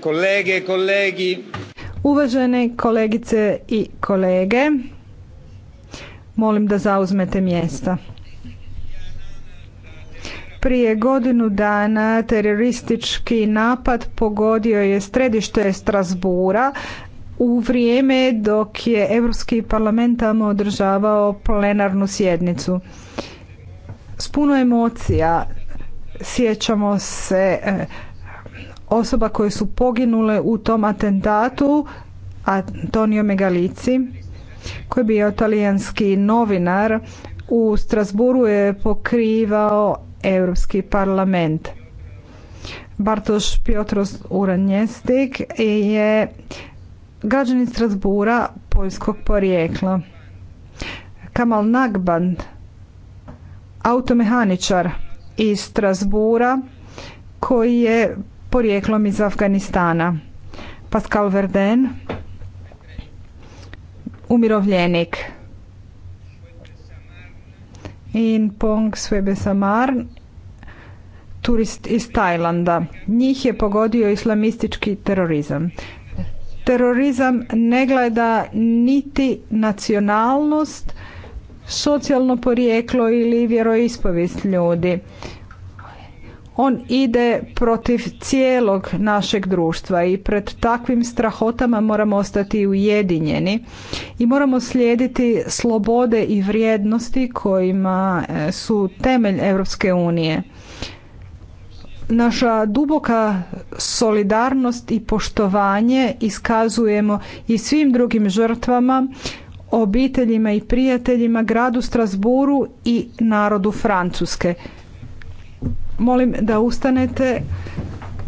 kolegi uvažene kolegice i kolege molim da zauzmete mjesta prije godinu dana teroristički napad pogodio je središte Strasbura u vrijeme dok je Europski parlament tamo održavao plenarnu sjednicu. S puno emocija sjećamo se eh, osoba koje su poginule u tom atentatu Antonio Megalici koji je bio talijanski novinar u Strasburu je pokrivao Europski parlament. Bartoš Piotros Uranjestik je građanin Strasbura poljskog porijekla. Kamal Nagband, automehaničar iz Strasbura koji je porijeklom iz Afganistana. Pascal Verden, umirovljenik. In Pong Svebe Samar, turist iz Tajlanda. Njih je pogodio islamistički terorizam. Terorizam ne gleda niti nacionalnost, socijalno porijeklo ili vjeroispovijest ljudi. On ide protiv cijelog našeg društva i pred takvim strahotama moramo ostati ujedinjeni i moramo slijediti slobode i vrijednosti kojima e, su temelj Europske unije naša duboka solidarnost i poštovanje iskazujemo i svim drugim žrtvama, obiteljima i prijateljima, gradu Strasburu i narodu Francuske. Molim da ustanete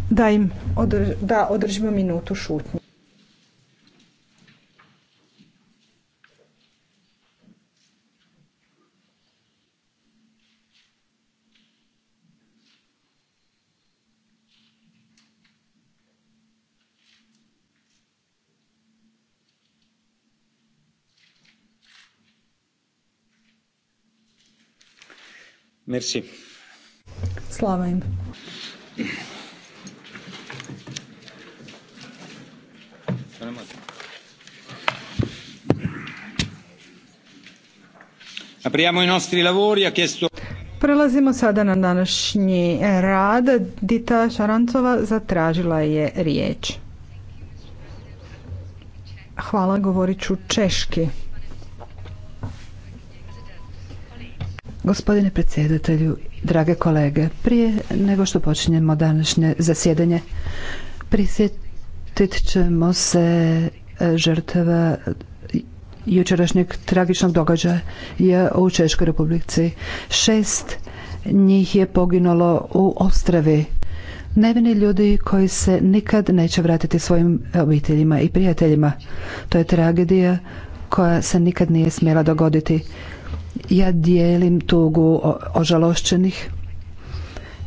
da im da održimo minutu šutnje. Merci. im. Apriamo i nostri lavori, ha Prelazimo sada na današnji rad. Dita Šarancova zatražila je riječ. Hvala, govorit ću češki. Gospodine predsjedatelju, drage kolege, prije nego što počinjemo današnje zasjedanje, prisjetit ćemo se e, žrtava jučerašnjeg tragičnog događaja u Češkoj republici. Šest njih je poginulo u Ostravi. Nevini ljudi koji se nikad neće vratiti svojim obiteljima i prijateljima. To je tragedija koja se nikad nije smjela dogoditi. Ja dijelim tugu ožalošćenih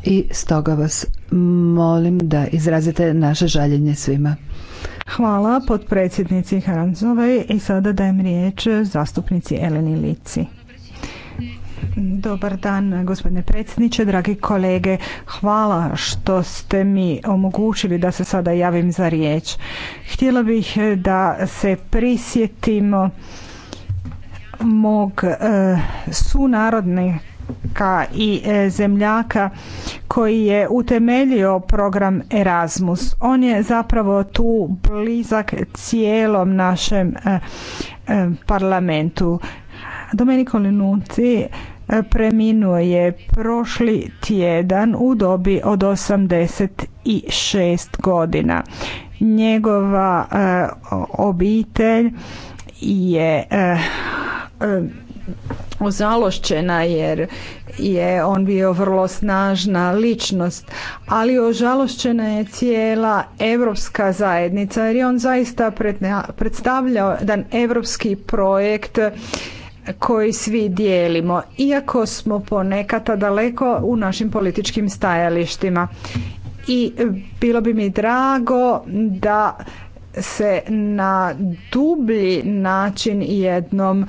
i stoga vas molim da izrazite naše žaljenje svima. Hvala potpredsjednici Haranzovej i sada dajem riječ zastupnici Eleni Lici. Dobar dan, gospodine predsjedniče, dragi kolege. Hvala što ste mi omogućili da se sada javim za riječ. Htjela bih da se prisjetimo mog e, sunarodnika i e, zemljaka koji je utemeljio program Erasmus. On je zapravo tu blizak cijelom našem e, parlamentu. Domenico Linuci preminuo je prošli tjedan u dobi od 86 godina. Njegova obitelj je E, ožalošćena jer je on bio vrlo snažna ličnost, ali ožalošćena je cijela europska zajednica jer je on zaista predstavljao jedan europski projekt koji svi dijelimo, iako smo ponekad daleko u našim političkim stajalištima. I bilo bi mi drago da se na dublji način jednom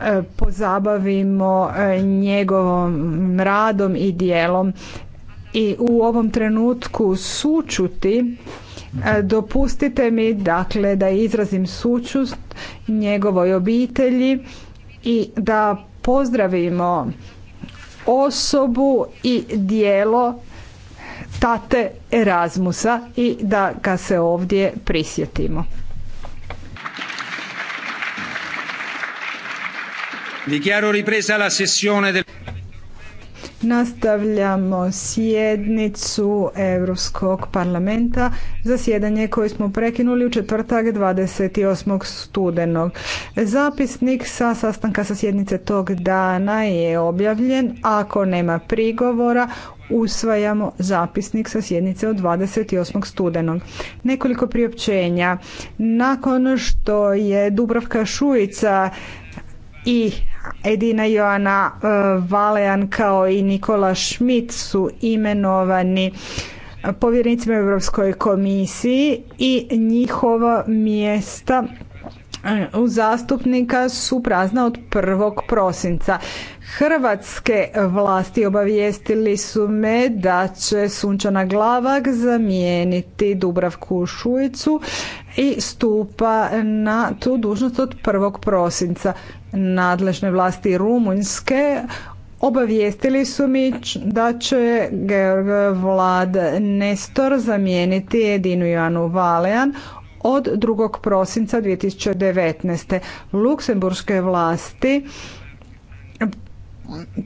E, pozabavimo e, njegovom radom i dijelom i u ovom trenutku sučuti e, dopustite mi dakle da izrazim sučust njegovoj obitelji i da pozdravimo osobu i dijelo tate Erasmusa i da ga se ovdje prisjetimo. ripresa la sessione Nastavljamo sjednicu Europskog parlamenta zasjedanje koje smo prekinuli u četvrtak 28. studenog. Zapisnik sa sastanka sa sjednice tog dana je objavljen. Ako nema prigovora, usvajamo zapisnik sa sjednice od 28. studenog. Nekoliko priopćenja. Nakon što je Dubravka Šuica i Edina Joana e, Valejan kao i Nikola Schmidt su imenovani e, povjernicima Europskoj komisiji i njihova mjesta e, u zastupnika su prazna od 1. prosinca. Hrvatske vlasti obavijestili su me da će Sunčana Glavak zamijeniti Dubravku Šuicu i stupa na tu dužnost od 1. prosinca. Nadležne vlasti Rumunjske obavijestili su mi da će Georg Vlad Nestor zamijeniti Edinu Joanu Valean od 2. prosinca 2019. Luksemburske vlasti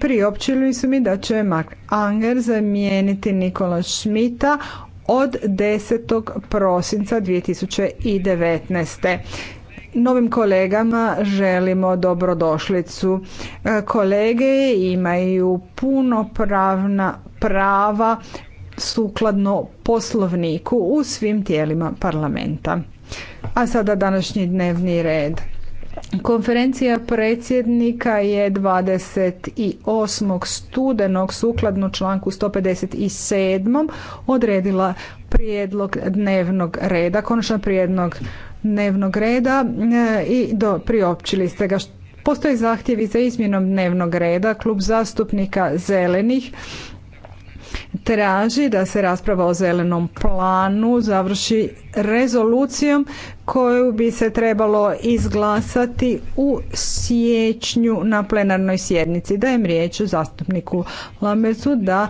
priopćili su mi da će Mark Anger zamijeniti Nikola Šmita od 10. prosinca 2019. Novim kolegama želimo dobrodošlicu. E, kolege imaju punopravna prava sukladno poslovniku u svim tijelima parlamenta. A sada današnji dnevni red. Konferencija predsjednika je 28. studenog sukladno članku 157. odredila prijedlog dnevnog reda, konačan prijedlog dnevnog reda e, i do, priopćili ste ga. Postoje zahtjevi za izmjenom dnevnog reda. Klub zastupnika zelenih traži da se rasprava o zelenom planu završi rezolucijom koju bi se trebalo izglasati u siječnju na plenarnoj sjednici. Dajem riječ zastupniku Lamesu da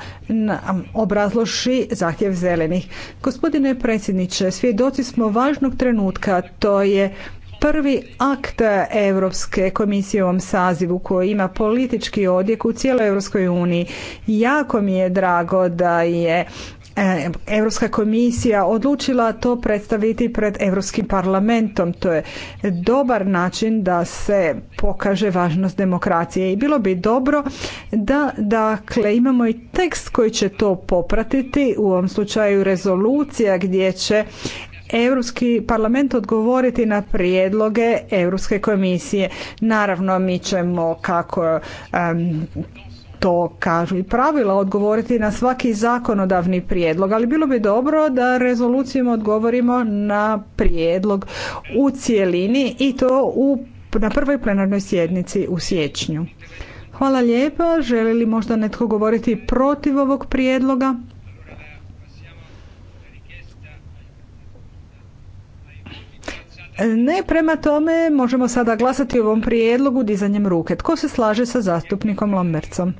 obrazloši zahtjev zelenih. Gospodine predsjedniče, svjedoci smo važnog trenutka, to je prvi akt Europske komisije u ovom sazivu koji ima politički odjek u cijeloj Europskoj uniji. Jako mi je drago da je e, Europska komisija odlučila to predstaviti pred Europskim parlamentom. To je dobar način da se pokaže važnost demokracije i bilo bi dobro da dakle imamo i tekst koji će to popratiti u ovom slučaju rezolucija gdje će Europski parlament odgovoriti na prijedloge Europske komisije. Naravno, mi ćemo kako to kažu i pravila odgovoriti na svaki zakonodavni prijedlog, ali bilo bi dobro da rezolucijom odgovorimo na prijedlog u cjelini i to u, na prvoj plenarnoj sjednici u siječnju. Hvala lijepa. Želi li možda netko govoriti protiv ovog prijedloga? Ne, prema tome možemo sada glasati o ovom prijedlogu dizanjem ruke. Tko se slaže sa zastupnikom Lambercom?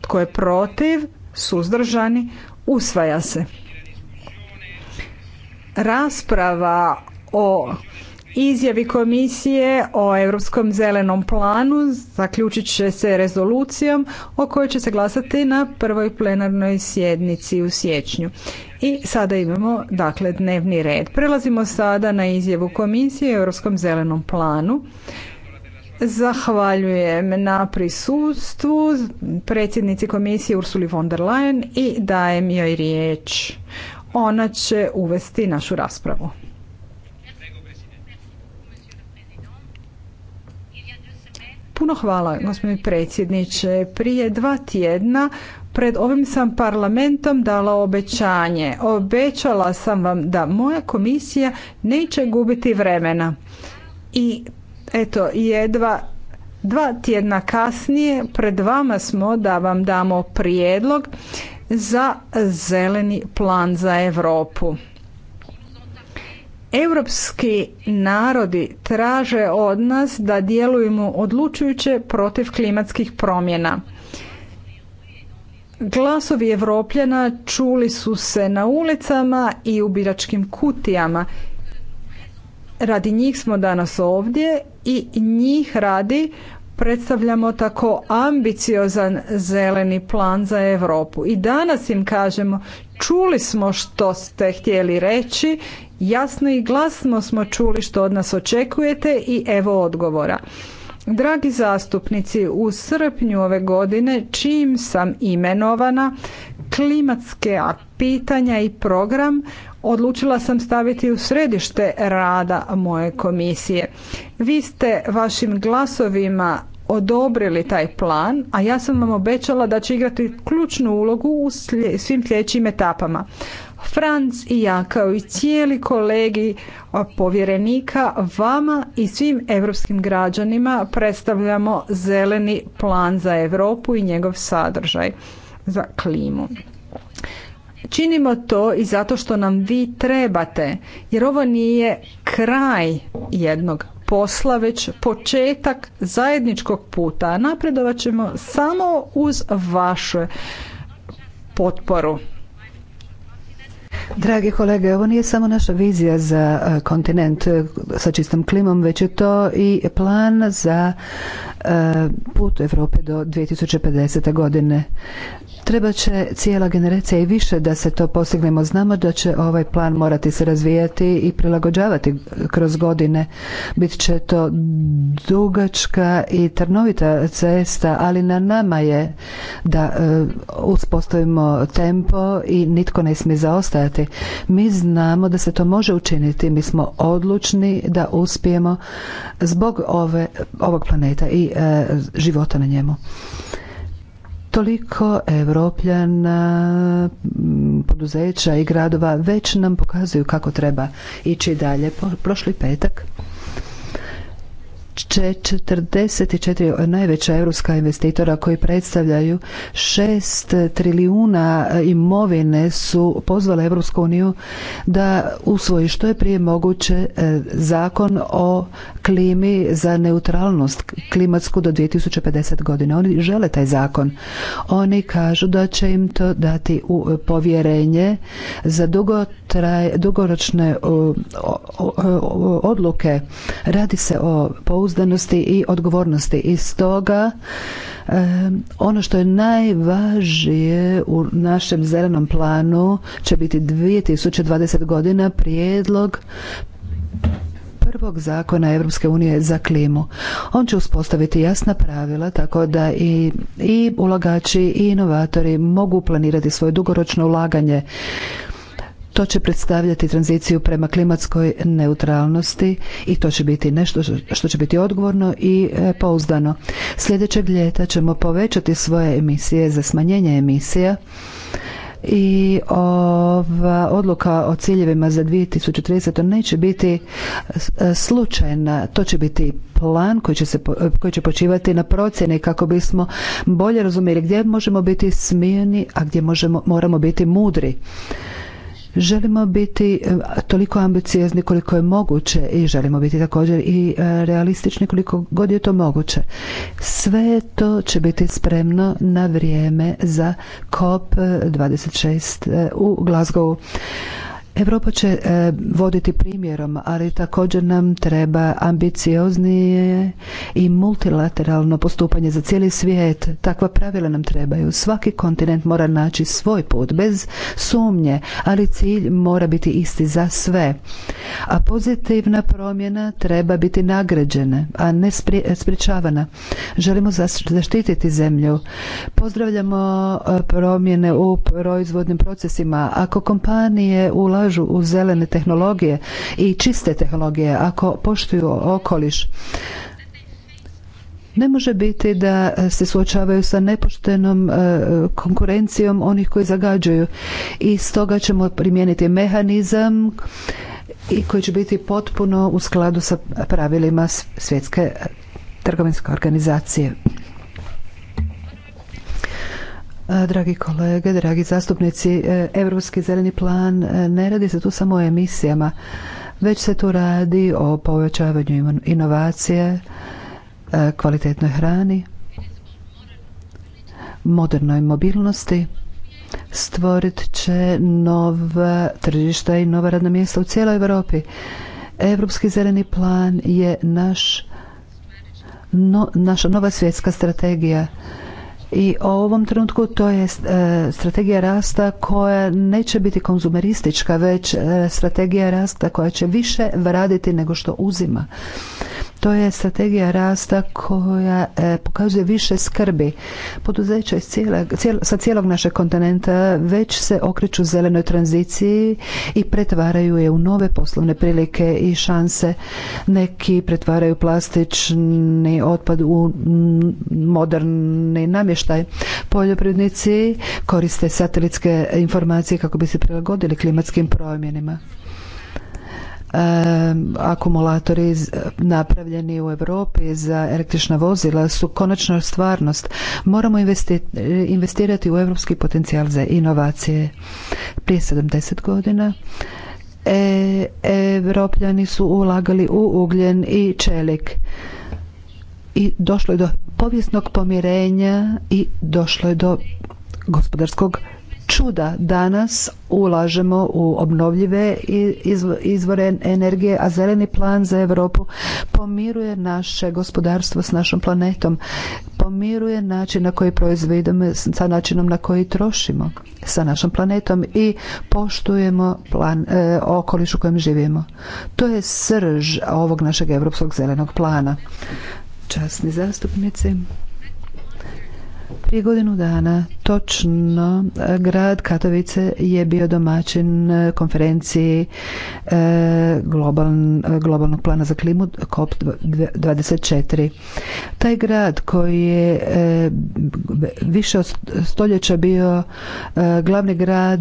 Tko je protiv? Suzdržani? Usvaja se. Rasprava o izjavi komisije o Europskom zelenom planu zaključit će se rezolucijom o kojoj će se glasati na prvoj plenarnoj sjednici u siječnju. I sada imamo dakle dnevni red. Prelazimo sada na izjavu Komisije o Europskom zelenom planu. Zahvaljujem na prisustvu predsjednici komisije Ursuli von der Leyen i dajem joj riječ. Ona će uvesti našu raspravu. Puno hvala, gospodine predsjedniče. Prije dva tjedna Pred ovim sam parlamentom dala obećanje. Obećala sam vam da moja komisija neće gubiti vremena. I eto, jedva dva tjedna kasnije pred vama smo da vam damo prijedlog za zeleni plan za Europu. Europski narodi traže od nas da djelujemo odlučujuće protiv klimatskih promjena. Glasovi Evropljana čuli su se na ulicama i u biračkim kutijama. Radi njih smo danas ovdje i njih radi predstavljamo tako ambiciozan zeleni plan za Europu. I danas im kažemo čuli smo što ste htjeli reći, jasno i glasno smo čuli što od nas očekujete i evo odgovora. Dragi zastupnici, u srpnju ove godine čim sam imenovana klimatske pitanja i program odlučila sam staviti u središte rada moje komisije. Vi ste vašim glasovima odobrili taj plan, a ja sam vam obećala da će igrati ključnu ulogu u svim sljedećim etapama. Franc i ja kao i cijeli kolegi povjerenika vama i svim europskim građanima predstavljamo zeleni plan za Europu i njegov sadržaj za klimu. Činimo to i zato što nam vi trebate, jer ovo nije kraj jednog posla, već početak zajedničkog puta. Napredovat ćemo samo uz vašu potporu. Dragi kolege, ovo nije samo naša vizija za e, kontinent e, sa čistom klimom, već je to i plan za e, put Evrope do 2050. godine. Treba će cijela generacija i više da se to postignemo. Znamo da će ovaj plan morati se razvijati i prilagođavati kroz godine. Bit će to dugačka i trnovita cesta, ali na nama je da e, uspostavimo tempo i nitko ne smije zaostajati. Mi znamo da se to može učiniti. Mi smo odlučni da uspijemo zbog ove, ovog planeta i e, života na njemu. Toliko evropljana, poduzeća i gradova već nam pokazuju kako treba ići dalje. Prošli petak 44 najveća europska investitora koji predstavljaju 6 trilijuna imovine su pozvale Europsku uniju da usvoji što je prije moguće e, zakon o klimi za neutralnost klimatsku do 2050 godine. Oni žele taj zakon. Oni kažu da će im to dati u e, povjerenje za dugoročne odluke. Radi se o pouzdanosti i odgovornosti. I stoga ono što je najvažnije u našem zelenom planu će biti 2020 godina prijedlog prvog zakona Europske unije za klimu. On će uspostaviti jasna pravila tako da i, i ulagači i inovatori mogu planirati svoje dugoročno ulaganje to će predstavljati tranziciju prema klimatskoj neutralnosti i to će biti nešto što će biti odgovorno i e, pouzdano. Sljedećeg ljeta ćemo povećati svoje emisije za smanjenje emisija i ova odluka o ciljevima za 2030. neće biti e, slučajna. To će biti plan koji će, se, e, koji će počivati na procjeni kako bismo bolje razumjeli gdje možemo biti smijeni, a gdje možemo, moramo biti mudri. Želimo biti e, toliko ambiciozni koliko je moguće i želimo biti također i e, realistični koliko god je to moguće. Sve to će biti spremno na vrijeme za COP26 e, u Glasgowu. Europa će e, voditi primjerom, ali također nam treba ambicioznije i multilateralno postupanje za cijeli svijet. Takva pravila nam trebaju. Svaki kontinent mora naći svoj put bez sumnje, ali cilj mora biti isti za sve. A pozitivna promjena treba biti nagrađena, a ne sprječavana. Želimo zaštititi zemlju. Pozdravljamo e, promjene u proizvodnim procesima. Ako kompanije ulažu ulažu u zelene tehnologije i čiste tehnologije, ako poštuju okoliš, ne može biti da se suočavaju sa nepoštenom e, konkurencijom onih koji zagađuju i stoga ćemo primijeniti mehanizam i koji će biti potpuno u skladu sa pravilima svjetske trgovinske organizacije. E, dragi kolege, dragi zastupnici, Europski zeleni plan e, ne radi se tu samo o emisijama, već se tu radi o povećavanju inovacije, e, kvalitetnoj hrani, modernoj mobilnosti, stvorit će nova tržišta i nova radna mjesta u cijeloj Europi. Europski zeleni plan je naš, naša nova svjetska strategija i u ovom trenutku to je e, strategija rasta koja neće biti konzumeristička, već e, strategija rasta koja će više raditi nego što uzima. To je strategija rasta koja e, pokazuje više skrbi. Poduzeća iz cijela, sa cijelog našeg kontinenta već se okreću zelenoj tranziciji i pretvaraju je u nove poslovne prilike i šanse. Neki pretvaraju plastični otpad u moderni namještaj. Poljoprivrednici koriste satelitske informacije kako bi se prilagodili klimatskim promjenama akumulatori napravljeni u Europi za električna vozila su konačna stvarnost. Moramo investirati u europski potencijal za inovacije. Prije 70 godina e, Evropljani su ulagali u ugljen i čelik i došlo je do povijesnog pomirenja i došlo je do gospodarskog čuda danas ulažemo u obnovljive izvore energije, a zeleni plan za Europu pomiruje naše gospodarstvo s našom planetom, pomiruje način na koji proizvedemo sa načinom na koji trošimo sa našom planetom i poštujemo plan, e, okoliš u kojem živimo. To je srž ovog našeg europskog zelenog plana. Časni zastupnici. Prije godinu dana, točno, grad Katovice je bio domaćin e, konferenciji e, e, globalnog plana za klimu COP24. Taj grad koji je više od stoljeća bio glavni grad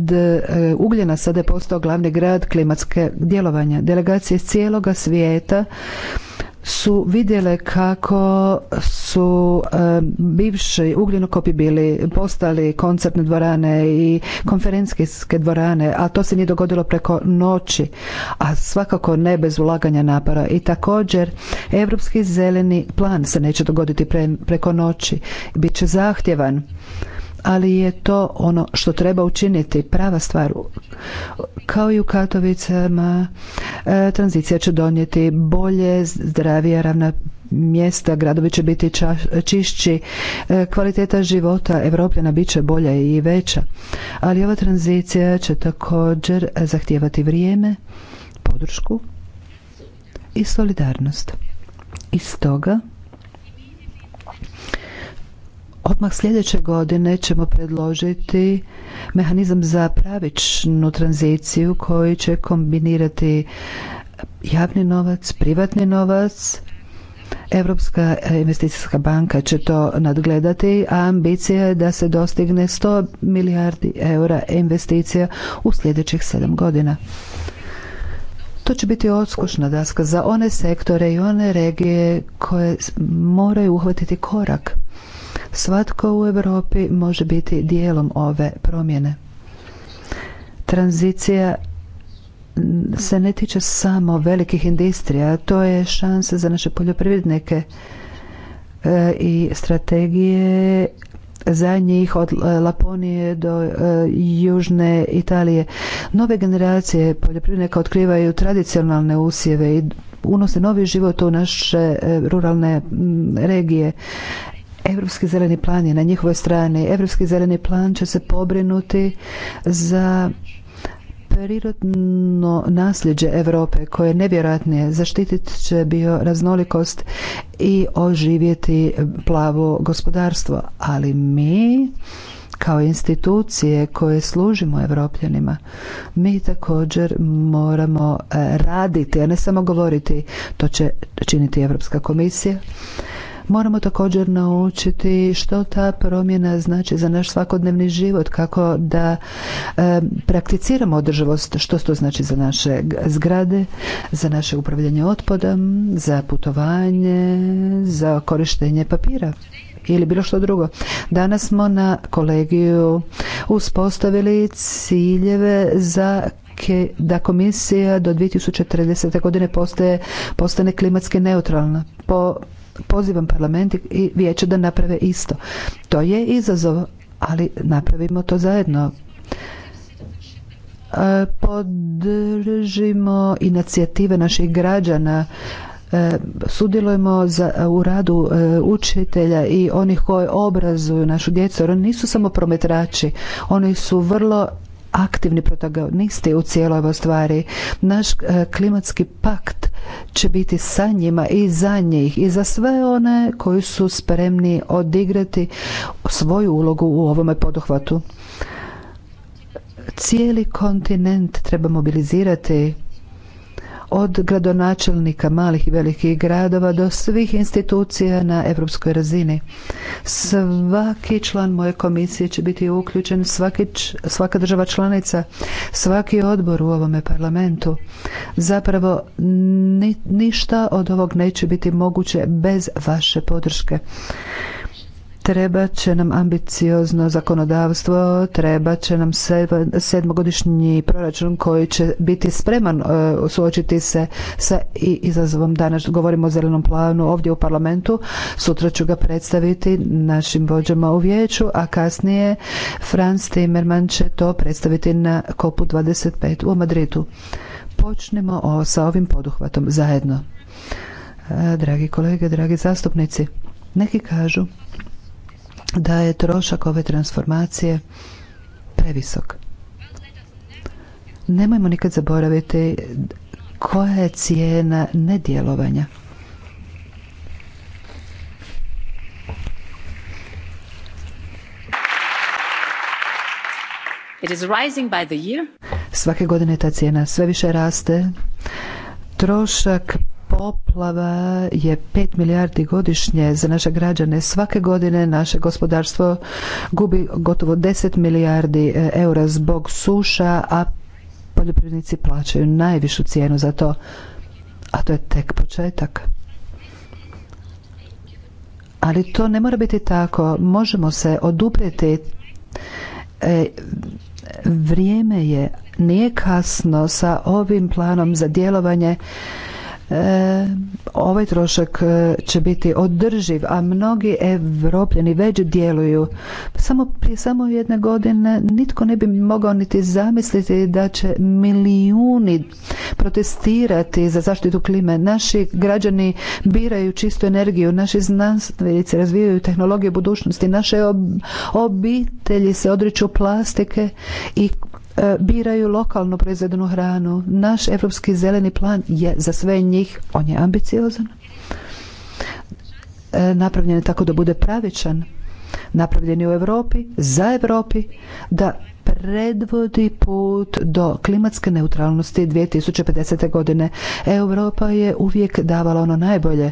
ugljena, sada je postao glavni grad klimatske djelovanja. Delegacije iz cijeloga svijeta su vidjele kako su e, bivši ugljenokopi bili postali koncertne dvorane i konferencijske dvorane, a to se nije dogodilo preko noći, a svakako ne bez ulaganja napora I također, Europski zeleni plan se neće dogoditi preko noći, bit će zahtjevan ali je to ono što treba učiniti, prava stvar. Kao i u Katovicama, e, tranzicija će donijeti bolje, zdravije, ravna mjesta, gradovi će biti čišći, e, kvaliteta života Evropljana bit će bolja i veća. Ali ova tranzicija će također zahtijevati vrijeme, podršku i solidarnost. I stoga Odmah sljedeće godine ćemo predložiti mehanizam za pravičnu tranziciju koji će kombinirati javni novac, privatni novac. Europska investicijska banka će to nadgledati, a ambicija je da se dostigne 100 milijardi eura investicija u sljedećih sedam godina. To će biti odskušna daska za one sektore i one regije koje moraju uhvatiti korak Svatko u Europi može biti dijelom ove promjene. Tranzicija se ne tiče samo velikih industrija, to je šansa za naše poljoprivrednike e, i strategije za njih od Laponije do e, južne Italije. Nove generacije poljoprivrednika otkrivaju tradicionalne usjeve i unose novi život u naše e, ruralne regije Europski zeleni plan je na njihovoj strani. Europski zeleni plan će se pobrinuti za prirodno nasljeđe Europe koje je nevjerojatnije zaštitit će bio raznolikost i oživjeti plavo gospodarstvo. Ali mi kao institucije koje služimo evropljenima, mi također moramo eh, raditi, a ne samo govoriti. To će činiti Europska komisija Moramo također naučiti što ta promjena znači za naš svakodnevni život, kako da e, prakticiramo održivost, što to znači za naše zgrade, za naše upravljanje otpadom, za putovanje, za korištenje papira ili bilo što drugo. Danas smo na kolegiju uspostavili ciljeve za da komisija do 2030. godine postane klimatski neutralna. Po pozivam parlament i vijeće da naprave isto. To je izazov, ali napravimo to zajedno. E, podržimo inicijative naših građana, e, sudjelujemo za, u radu e, učitelja i onih koji obrazuju našu djecu, jer oni nisu samo prometrači, oni su vrlo aktivni protagonisti u cijeloj ovoj stvari. Naš e, klimatski pakt će biti sa njima i za njih i za sve one koji su spremni odigrati svoju ulogu u ovome poduhvatu. Cijeli kontinent treba mobilizirati od gradonačelnika malih i velikih gradova do svih institucija na europskoj razini. Svaki član moje komisije će biti uključen, svaki, svaka država članica, svaki odbor u ovome parlamentu. Zapravo ništa od ovog neće biti moguće bez vaše podrške. Treba će nam ambiciozno zakonodavstvo, treba će nam sedmogodišnji proračun koji će biti spreman e, suočiti se sa izazovom. Danas govorimo o zelenom planu ovdje u parlamentu, sutra ću ga predstaviti našim vođama u vijeću, a kasnije Franz Timmerman će to predstaviti na kopu 25 u Madridu. Počnemo sa ovim poduhvatom zajedno. E, dragi kolege, dragi zastupnici, neki kažu da je trošak ove transformacije previsok. Nemojmo nikad zaboraviti koja je cijena nedjelovanja. Svake godine ta cijena sve više raste. Trošak poplava je 5 milijardi godišnje za naše građane. Svake godine naše gospodarstvo gubi gotovo 10 milijardi e, eura zbog suša, a poljoprivrednici plaćaju najvišu cijenu za to. A to je tek početak. Ali to ne mora biti tako. Možemo se oduprijeti. E, vrijeme je, nije kasno sa ovim planom za djelovanje E, ovaj trošak e, će biti održiv, a mnogi evropljani već djeluju. Samo prije samo jedne godine nitko ne bi mogao niti zamisliti da će milijuni protestirati za zaštitu klime. Naši građani biraju čistu energiju, naši znanstvenici razvijaju tehnologije budućnosti, naše obitelji se odriču plastike i E, biraju lokalno proizvedenu hranu. Naš europski zeleni plan je za sve njih, on je ambiciozan, e, napravljen je tako da bude pravičan, napravljen je u Europi, za Europi, da predvodi put do klimatske neutralnosti 2050. godine. Europa je uvijek davala ono najbolje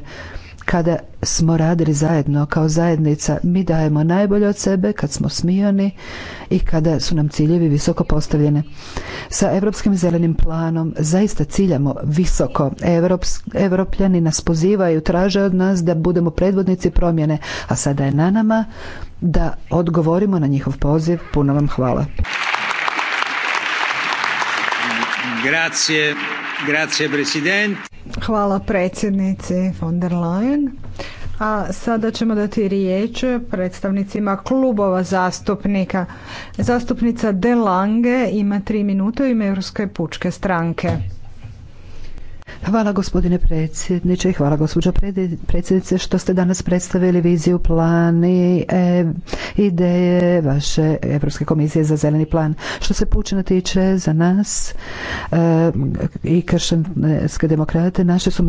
kada smo radili zajedno kao zajednica, mi dajemo najbolje od sebe kad smo smijani i kada su nam ciljevi visoko postavljene. Sa Europskim zelenim planom zaista ciljamo visoko. Evrops, Evropljani nas pozivaju, traže od nas da budemo predvodnici promjene, a sada je na nama da odgovorimo na njihov poziv. Puno vam hvala. Grazie. Hvala predsjednici von der Leyen. A sada ćemo dati riječ predstavnicima klubova zastupnika. Zastupnica De Lange ima tri minute u ime Europske pučke stranke. Hvala gospodine predsjedniče i hvala gospođo predsjednice što ste danas predstavili viziju, plan i e, ideje vaše Europske komisije za zeleni plan. Što se Pučina tiče za nas e, i kršćanske demokrate, naše su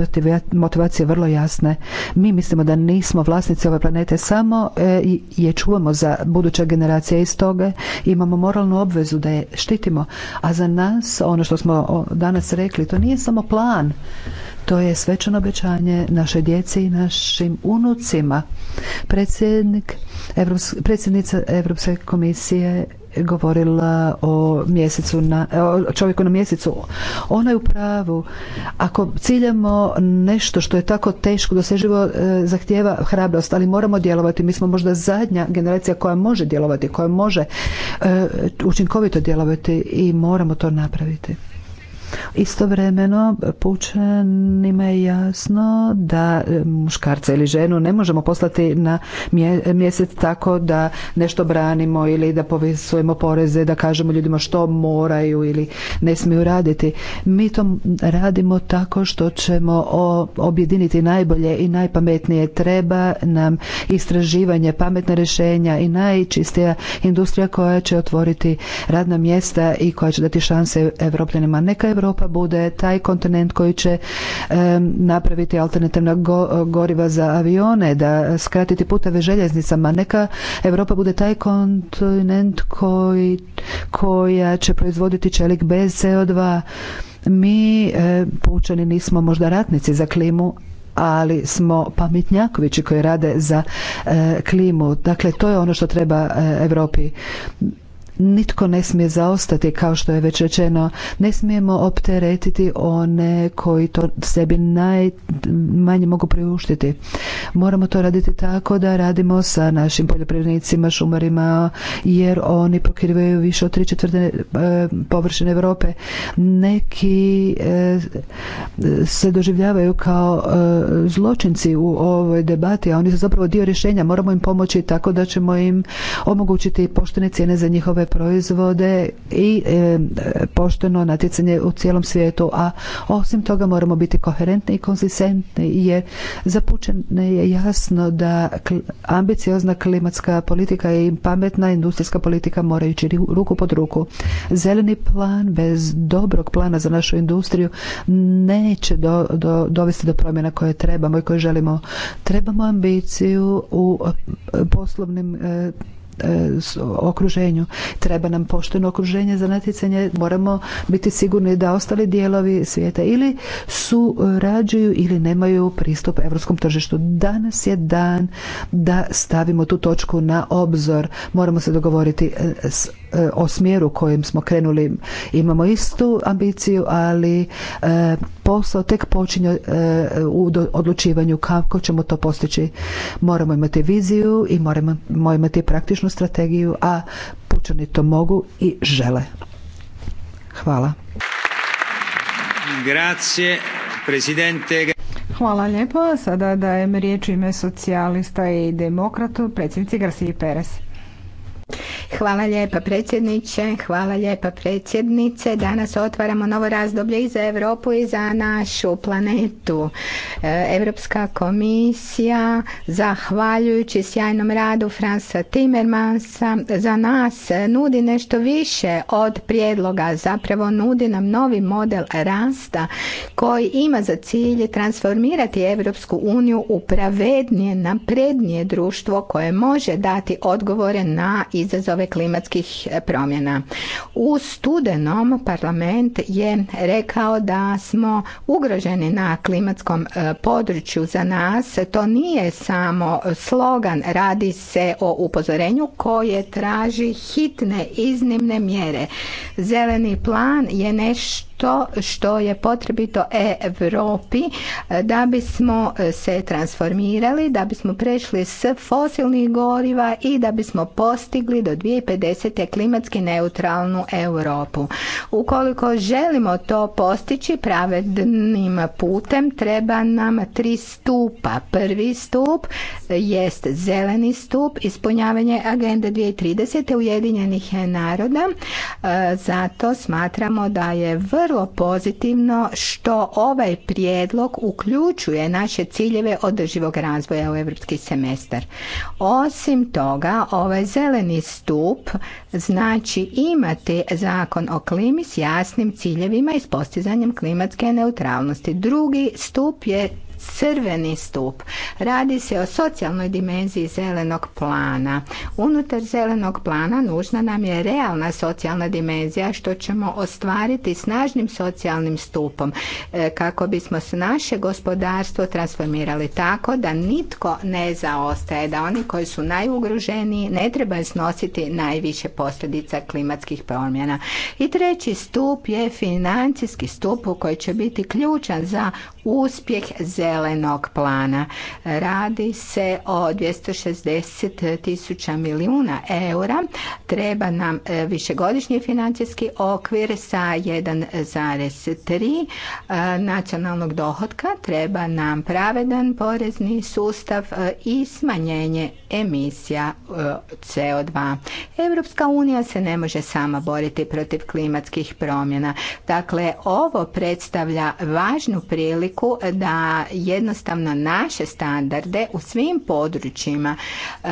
motivacije vrlo jasne. Mi mislimo da nismo vlasnici ove planete, samo i e, je čuvamo za buduća generacija iz toga. imamo moralnu obvezu da je štitimo. A za nas, ono što smo danas rekli, to nije samo plan, to je svečano obećanje naše djeci i našim unucima. Predsjednik, predsjednica Europske komisije govorila o mjesecu na, čovjeku na mjesecu. Ona je u pravu. Ako ciljamo nešto što je tako teško doseživo, e, zahtjeva hrabrost, ali moramo djelovati. Mi smo možda zadnja generacija koja može djelovati, koja može e, učinkovito djelovati i moramo to napraviti. Istovremeno, pučanima je jasno da e, muškarca ili ženu ne možemo poslati na mjesec tako da nešto branimo ili da povisujemo poreze, da kažemo ljudima što moraju ili ne smiju raditi. Mi to radimo tako što ćemo objediniti najbolje i najpametnije. Treba nam istraživanje, pametna rješenja i najčistija industrija koja će otvoriti radna mjesta i koja će dati šanse evropljanima. Neka Europa bude taj kontinent koji će napraviti alternativna goriva za avione, da skratiti puteve željeznicama. Neka Europa bude taj kontinent koji, koja će proizvoditi čelik bez CO2. Mi, pučani, nismo možda ratnici za klimu, ali smo pametnjakovići koji rade za eh, klimu. Dakle, to je ono što treba eh, Europi nitko ne smije zaostati kao što je već rečeno ne smijemo opteretiti one koji to sebi najmanje mogu priuštiti moramo to raditi tako da radimo sa našim poljoprivrednicima šumarima jer oni pokrivaju više od tri četvrte e, površine europe neki e, se doživljavaju kao e, zločinci u ovoj debati a oni su zapravo dio rješenja moramo im pomoći tako da ćemo im omogućiti poštene cijene za njihove proizvode i e, pošteno natjecanje u cijelom svijetu, a osim toga moramo biti koherentni i konzistentni jer zapučene je jasno da ambiciozna klimatska politika i pametna industrijska politika mora ići ruku pod ruku. Zeleni plan bez dobrog plana za našu industriju neće do, dovesti do promjena koje trebamo i koje želimo. Trebamo ambiciju u e, poslovnim e, E, okruženju. Treba nam pošteno okruženje za natjecanje, moramo biti sigurni da ostali dijelovi svijeta ili su surađuju ili nemaju pristup europskom tržištu. Danas je dan da stavimo tu točku na obzor. Moramo se dogovoriti e, e, o smjeru kojim smo krenuli imamo istu ambiciju, ali posao tek počinje u odlučivanju kako ćemo to postići. Moramo imati viziju i moramo imati praktičnu strategiju, a pučani to mogu i žele. Hvala. Grazie, presidente. Hvala lijepo. Sada dajem riječ ime socijalista i demokratu, predsjednici Garcia Perez. Hvala lijepa predsjedniče, hvala lijepa predsjednice. Danas otvaramo novo razdoblje i za Europu i za našu planetu. E, Europska komisija, zahvaljujući sjajnom radu Fransa Timmermansa, za nas nudi nešto više od prijedloga. Zapravo nudi nam novi model rasta koji ima za cilj transformirati Europsku uniju u pravednije, naprednije društvo koje može dati odgovore na izazove klimatskih e, promjena. U studenom parlament je rekao da smo ugroženi na klimatskom e, području za nas. To nije samo slogan, radi se o upozorenju koje traži hitne iznimne mjere. Zeleni plan je nešto to što je potrebito Europi eh, da bismo eh, se transformirali, da bismo prešli s fosilnih goriva i da bismo postigli do 2050. klimatski neutralnu Europu. Ukoliko želimo to postići pravednim putem, treba nam tri stupa. Prvi stup eh, jest zeleni stup, ispunjavanje agende 2030. Ujedinjenih naroda. Zato smatramo da je vrlo pozitivno što ovaj prijedlog uključuje naše ciljeve održivog razvoja u europski semestar. Osim toga, ovaj zeleni stup znači imati zakon o klimi s jasnim ciljevima i s postizanjem klimatske neutralnosti. Drugi stup je crveni stup. Radi se o socijalnoj dimenziji zelenog plana. Unutar zelenog plana nužna nam je realna socijalna dimenzija što ćemo ostvariti snažnim socijalnim stupom e, kako bismo se naše gospodarstvo transformirali tako da nitko ne zaostaje, da oni koji su najugroženiji ne trebaju snositi najviše posljedica klimatskih promjena. I treći stup je financijski stup koji će biti ključan za uspjeh zelenog zelenog plana. Radi se o 260 tisuća milijuna eura. Treba nam e, višegodišnji financijski okvir sa 1,3 e, nacionalnog dohotka. Treba nam pravedan porezni sustav e, i smanjenje emisija CO2. Europska unija se ne može sama boriti protiv klimatskih promjena. Dakle, ovo predstavlja važnu priliku da jednostavno naše standarde u svim područjima e,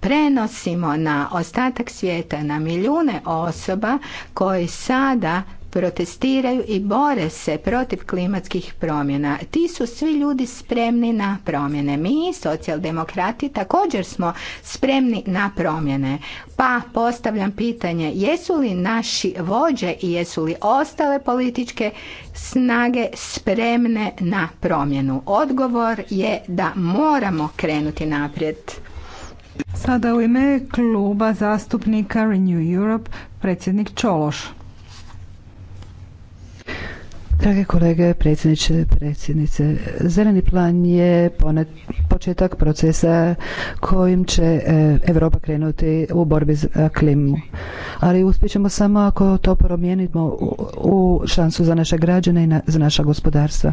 prenosimo na ostatak svijeta, na milijune osoba koji sada protestiraju i bore se protiv klimatskih promjena. Ti su svi ljudi spremni na promjene. Mi, socijaldemokrati, također smo spremni na promjene. Pa postavljam pitanje, jesu li naši vođe i jesu li ostale političke snage spremne na promjenu? Odgovor je da moramo krenuti naprijed. Sada u ime kluba zastupnika Renew Europe predsjednik Čološ. Drage kolege, predsjedniče, predsjednice, zeleni plan je početak procesa kojim će e, Europa krenuti u borbi za klimu. Ali uspjećemo samo ako to promijenimo u šansu za naše građane i za naša gospodarstva.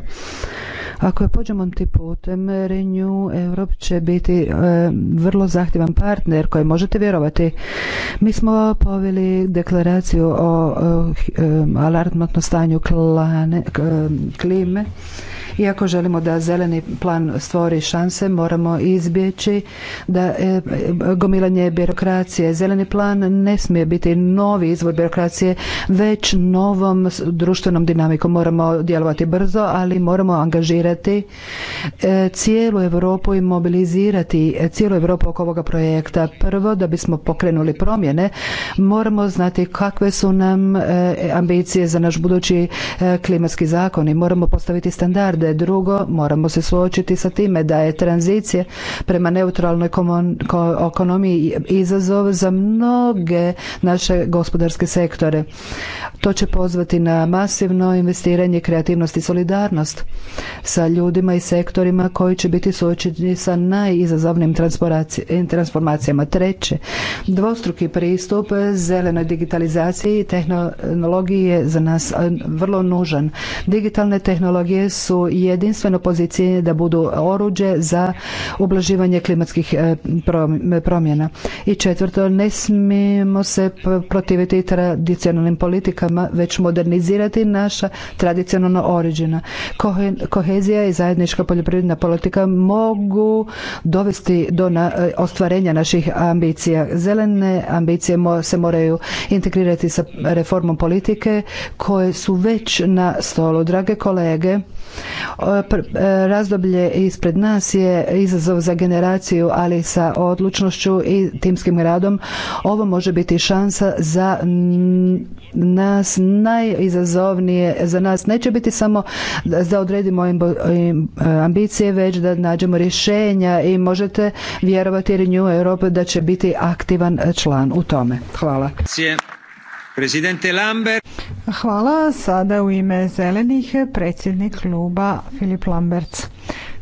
Ako je pođemo tim putem, Renju, Europe će biti e, vrlo zahtjevan partner koji možete vjerovati. Mi smo poveli deklaraciju o, e, alarmatno stanju klana klime iako želimo da zeleni plan stvori šanse, moramo izbjeći da e, gomilanje birokracije. Zeleni plan ne smije biti novi izvor birokracije, već novom društvenom dinamikom. Moramo djelovati brzo, ali moramo angažirati e, cijelu Europu i mobilizirati e, cijelu Europu oko ovoga projekta. Prvo, da bismo pokrenuli promjene, moramo znati kakve su nam ambicije za naš budući klimatski zakon i moramo postaviti standard. Drugo, moramo se suočiti sa time da je tranzicija prema neutralnoj ekonomiji izazov za mnoge naše gospodarske sektore. To će pozvati na masivno investiranje, kreativnosti i solidarnost sa ljudima i sektorima koji će biti suočeni sa najizazovnim transformacijama. Treće, dvostruki pristup zelenoj digitalizaciji i tehnologiji je za nas vrlo nužan. Digitalne tehnologije su jedinstveno pozicije da budu oruđe za ublaživanje klimatskih e, promjena. I četvrto, ne smijemo se protiviti tradicionalnim politikama, već modernizirati naša tradicionalna oriđena. Kohezija i zajednička poljoprivredna politika mogu dovesti do e, ostvarenja naših ambicija. Zelene ambicije se moraju integrirati sa reformom politike koje su već na stolu. Drage kolege, E, razdoblje ispred nas je izazov za generaciju, ali sa odlučnošću i timskim radom ovo može biti šansa za nas najizazovnije. Za nas neće biti samo da odredimo e, ambicije, već da nađemo rješenja i možete vjerovati Renew Europe da će biti aktivan član u tome. Hvala. Hvala. Sada u ime zelenih predsjednik kluba Filip Lamberts.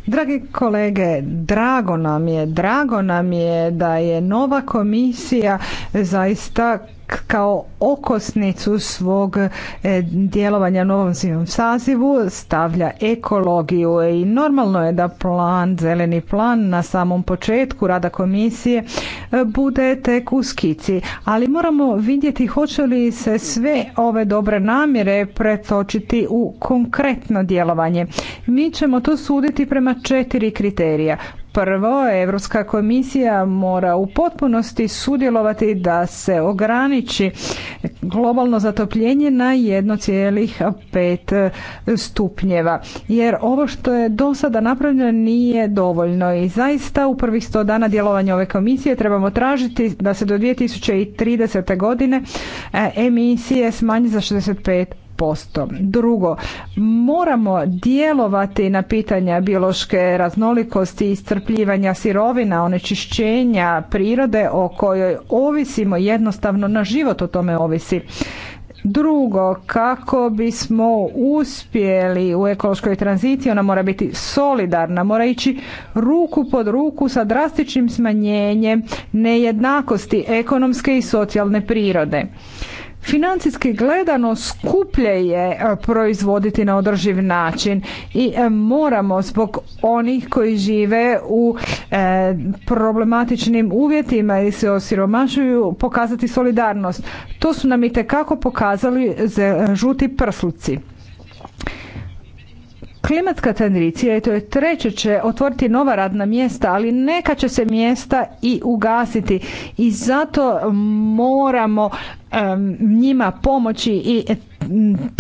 Dragi kolege, drago nam je, drago nam je da je nova komisija zaista kao okosnicu svog e, djelovanja novom zimom sazivu stavlja ekologiju e, i normalno je da plan, zeleni plan na samom početku rada komisije e, bude tek u skici, ali moramo vidjeti hoće li se sve ove dobre namjere pretočiti u konkretno djelovanje. Mi ćemo to suditi prema četiri kriterija. Prvo, Europska komisija mora u potpunosti sudjelovati da se ograniči globalno zatopljenje na 1,5 stupnjeva. Jer ovo što je do sada napravljeno nije dovoljno i zaista u prvih 100 dana djelovanja ove komisije trebamo tražiti da se do 2030. godine e, emisije smanji za 65% posto Drugo, moramo djelovati na pitanja biološke raznolikosti, iscrpljivanja sirovina, onečišćenja prirode o kojoj ovisimo jednostavno na život o tome ovisi. Drugo, kako bismo uspjeli u ekološkoj tranziciji, ona mora biti solidarna, mora ići ruku pod ruku sa drastičnim smanjenjem nejednakosti ekonomske i socijalne prirode. Financijski gledano skuplje je e, proizvoditi na održiv način i e, moramo zbog onih koji žive u e, problematičnim uvjetima i se osiromašuju pokazati solidarnost. To su nam i pokazali žuti prsluci. Klimatska tendricija i to je treće, će otvoriti nova radna mjesta, ali neka će se mjesta i ugasiti i zato moramo njima pomoći i e,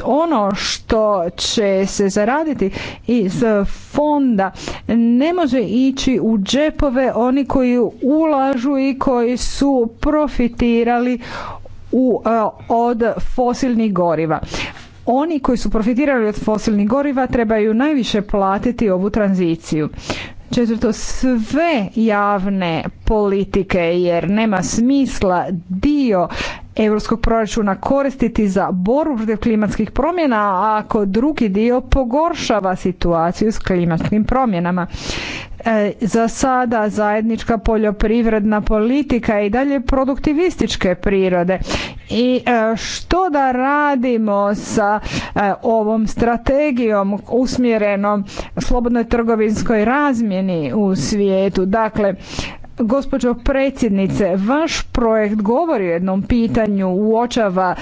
ono što će se zaraditi iz fonda ne može ići u džepove oni koji ulažu i koji su profitirali u, e, od fosilnih goriva oni koji su profitirali od fosilnih goriva trebaju najviše platiti ovu tranziciju. Četvrto, sve javne politike, jer nema smisla dio europskog proračuna koristiti za borbu protiv klimatskih promjena, ako drugi dio pogoršava situaciju s klimatskim promjenama. E, za sada zajednička poljoprivredna politika i dalje produktivističke prirode. I e, što da radimo sa e, ovom strategijom usmjerenom slobodnoj trgovinskoj razmjeni u svijetu? Dakle, Gospođo predsjednice, vaš projekt govori o jednom pitanju, uočava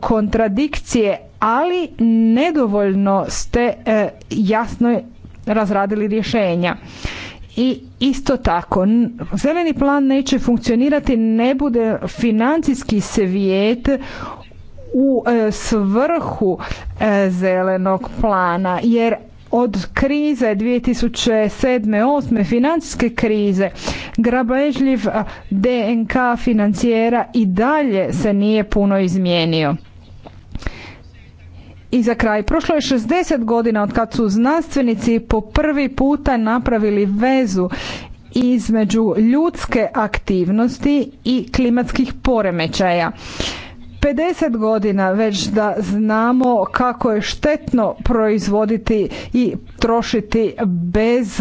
kontradikcije, ali nedovoljno ste jasno razradili rješenja. I isto tako, zeleni plan neće funkcionirati, ne bude financijski svijet u e, svrhu e, zelenog plana, jer od krize 2007. 2008 financijske krize grabežljiv e, DNK financijera i dalje se nije puno izmijenio. I za kraj, prošlo je 60 godina od kad su znanstvenici po prvi puta napravili vezu između ljudske aktivnosti i klimatskih poremećaja. 50 godina već da znamo kako je štetno proizvoditi i trošiti bez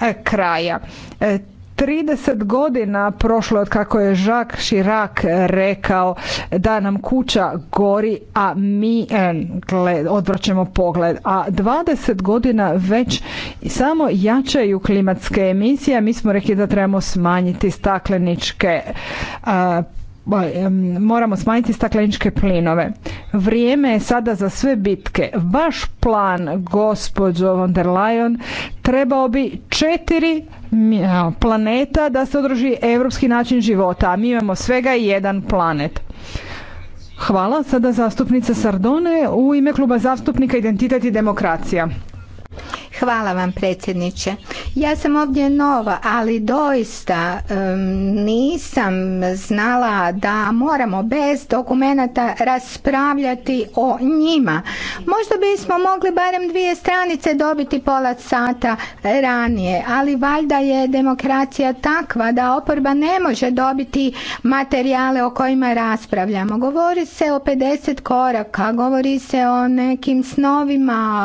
e, kraja. E, 30 godina prošlo od kako je Jacques Chirac rekao da nam kuća gori, a mi e, odvraćamo pogled. A 20 godina već samo jačaju klimatske emisije. Mi smo rekli da trebamo smanjiti stakleničke moramo smanjiti stakleničke plinove. Vrijeme je sada za sve bitke. Vaš plan, gospođo von der Leyen, trebao bi četiri planeta da se održi europski način života, a mi imamo svega jedan planet. Hvala. Sada zastupnica Sardone u ime kluba zastupnika Identitet i demokracija. Hvala vam predsjedniče. Ja sam ovdje nova, ali doista nisam znala da moramo bez dokumenata raspravljati o njima. Možda bismo mogli barem dvije stranice dobiti pola sata ranije, ali valjda je demokracija takva da oporba ne može dobiti materijale o kojima raspravljamo. Govori se o 50 koraka, govori se o nekim snovima,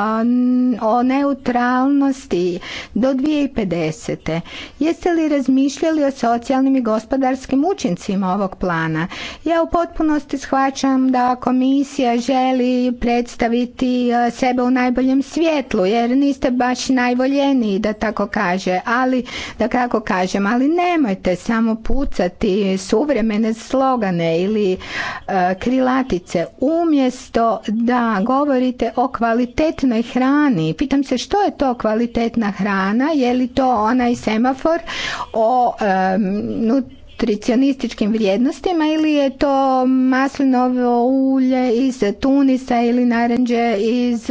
o neutra realnosti do 2050. Jeste li razmišljali o socijalnim i gospodarskim učincima ovog plana? Ja u potpunosti shvaćam da komisija želi predstaviti e, sebe u najboljem svjetlu, jer niste baš najvoljeniji, da tako kaže, ali, da kako kažem, ali nemojte samo pucati suvremene slogane ili e, krilatice. Umjesto da govorite o kvalitetnoj hrani, pitam se što je to kvalitetna hrana, je li to onaj semafor o um, nutricionističkim vrijednostima ili je to maslinovo ulje iz Tunisa ili naranđe iz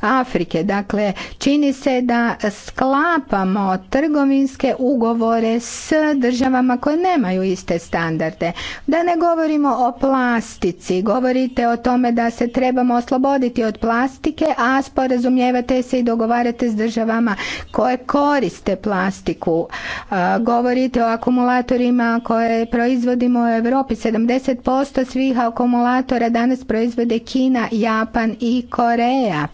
Afrike. Dakle, čini se da sklapamo trgovinske ugovore s državama koje nemaju iste standarde. Da ne govorimo o plastici, govorite o tome da se trebamo osloboditi od plastike, a sporazumijevate se i dogovarate s državama koje koriste plastiku. Govorite o akumulatorima koje proizvodimo u Europi. 70% svih akumulatora danas proizvode Kina, Japan i Koreja.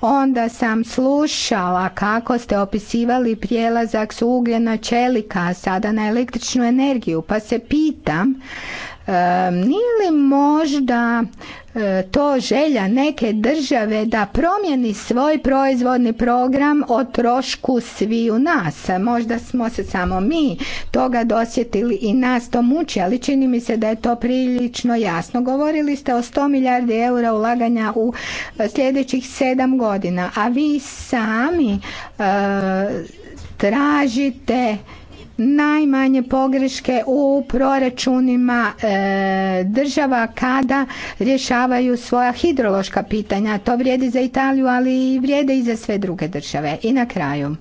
Onda sam slušala kako ste opisivali prijelazak s ugljena čelika sada na električnu energiju, pa se pitam nije li možda e, to želja neke države da promijeni svoj proizvodni program o trošku sviju nas. Možda smo se samo mi toga dosjetili i nas to muči, ali čini mi se da je to prilično jasno. Govorili ste o 100 milijardi eura ulaganja u e, sljedećih 7 godina, a vi sami e, tražite najmanje pogreške u proračunima e, država kada rješavaju svoja hidrološka pitanja. To vrijedi za Italiju, ali i vrijede i za sve druge države. I na kraju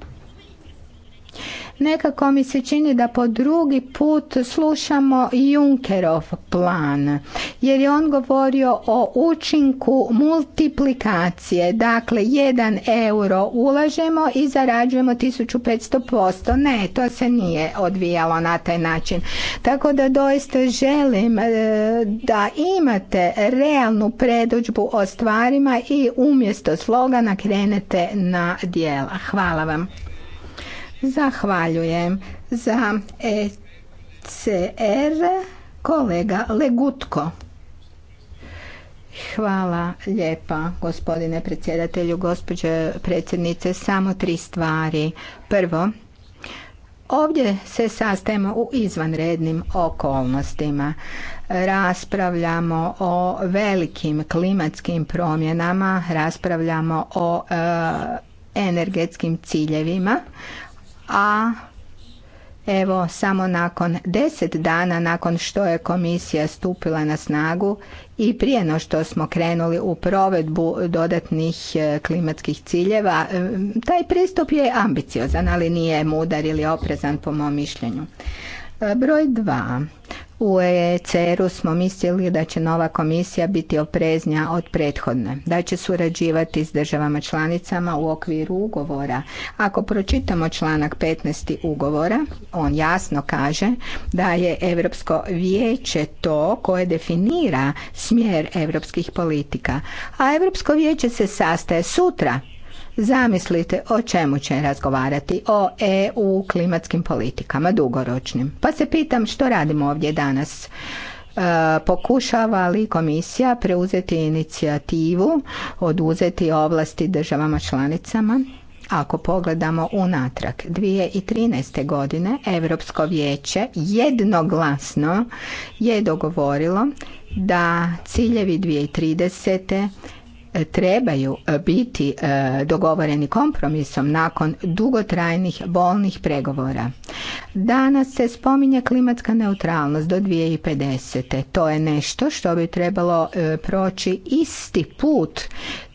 Nekako mi se čini da po drugi put slušamo Junkerov plan, jer je on govorio o učinku multiplikacije. Dakle, 1 euro ulažemo i zarađujemo 1500%. Ne, to se nije odvijalo na taj način. Tako da doista želim e, da imate realnu predođbu o stvarima i umjesto slogana krenete na dijela. Hvala vam. Zahvaljujem. Za ECR kolega Legutko. Hvala lijepa gospodine predsjedatelju, gospođe predsjednice, samo tri stvari. Prvo, ovdje se sastajemo u izvanrednim okolnostima raspravljamo o velikim klimatskim promjenama raspravljamo o e, energetskim ciljevima a evo samo nakon deset dana nakon što je komisija stupila na snagu i prije no što smo krenuli u provedbu dodatnih e, klimatskih ciljeva, e, taj pristup je ambiciozan, ali nije mudar ili oprezan po mom mišljenju. E, broj dva, u ECR-u e smo mislili da će nova komisija biti opreznija od prethodne, da će surađivati s državama članicama u okviru ugovora. Ako pročitamo članak 15. ugovora, on jasno kaže da je Europsko vijeće to koje definira smjer europskih politika, a Europsko vijeće se sastaje sutra Zamislite o čemu će razgovarati, o EU klimatskim politikama, dugoročnim. Pa se pitam što radimo ovdje danas. E, pokušava li komisija preuzeti inicijativu, oduzeti ovlasti državama članicama? Ako pogledamo unatrag 2013. godine Europsko vijeće jednoglasno je dogovorilo da ciljevi 2030 trebaju e, biti e, dogovoreni kompromisom nakon dugotrajnih bolnih pregovora. Danas se spominje klimatska neutralnost do 2050. To je nešto što bi trebalo e, proći isti put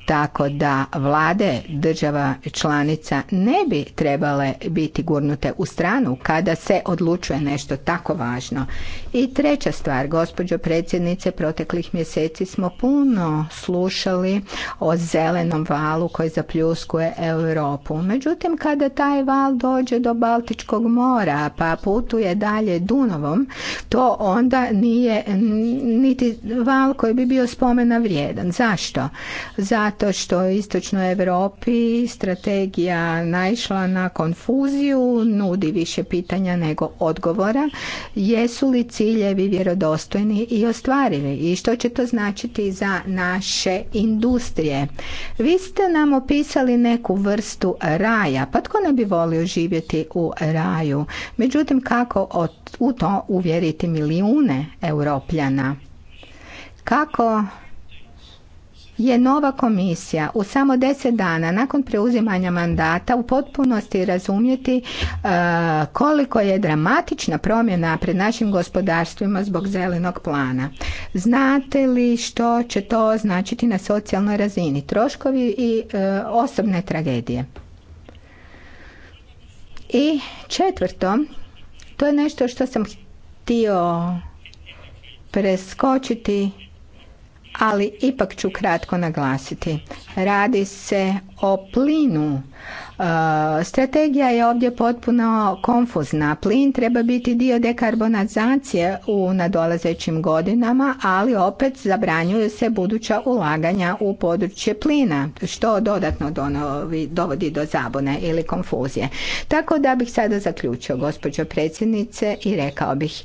tako da vlade država članica ne bi trebale biti gurnute u stranu kada se odlučuje nešto tako važno. I treća stvar, gospođo predsjednice, proteklih mjeseci smo puno slušali o zelenom valu koji zapljuskuje Europu. Međutim, kada taj val dođe do Baltičkog mora pa putuje dalje Dunovom, to onda nije niti val koji bi bio spomena vrijedan. Zašto? Zato to što je istočnoj Europi strategija naišla na konfuziju, nudi više pitanja nego odgovora. Jesu li ciljevi vjerodostojni i ostvarivi i što će to značiti za naše industrije? Vi ste nam opisali neku vrstu raja, pa tko ne bi volio živjeti u raju? Međutim, kako u to uvjeriti milijune europljana? Kako je nova komisija u samo deset dana nakon preuzimanja mandata u potpunosti razumjeti e, koliko je dramatična promjena pred našim gospodarstvima zbog zelenog plana. Znate li što će to značiti na socijalnoj razini? Troškovi i e, osobne tragedije. I četvrto, to je nešto što sam htio preskočiti ali ipak ću kratko naglasiti. Radi se o plinu. E, strategija je ovdje potpuno konfuzna. Plin treba biti dio dekarbonizacije u nadolazećim godinama, ali opet zabranjuju se buduća ulaganja u područje plina, što dodatno donovi, dovodi do zabune ili konfuzije. Tako da bih sada zaključio, gospođo predsjednice, i rekao bih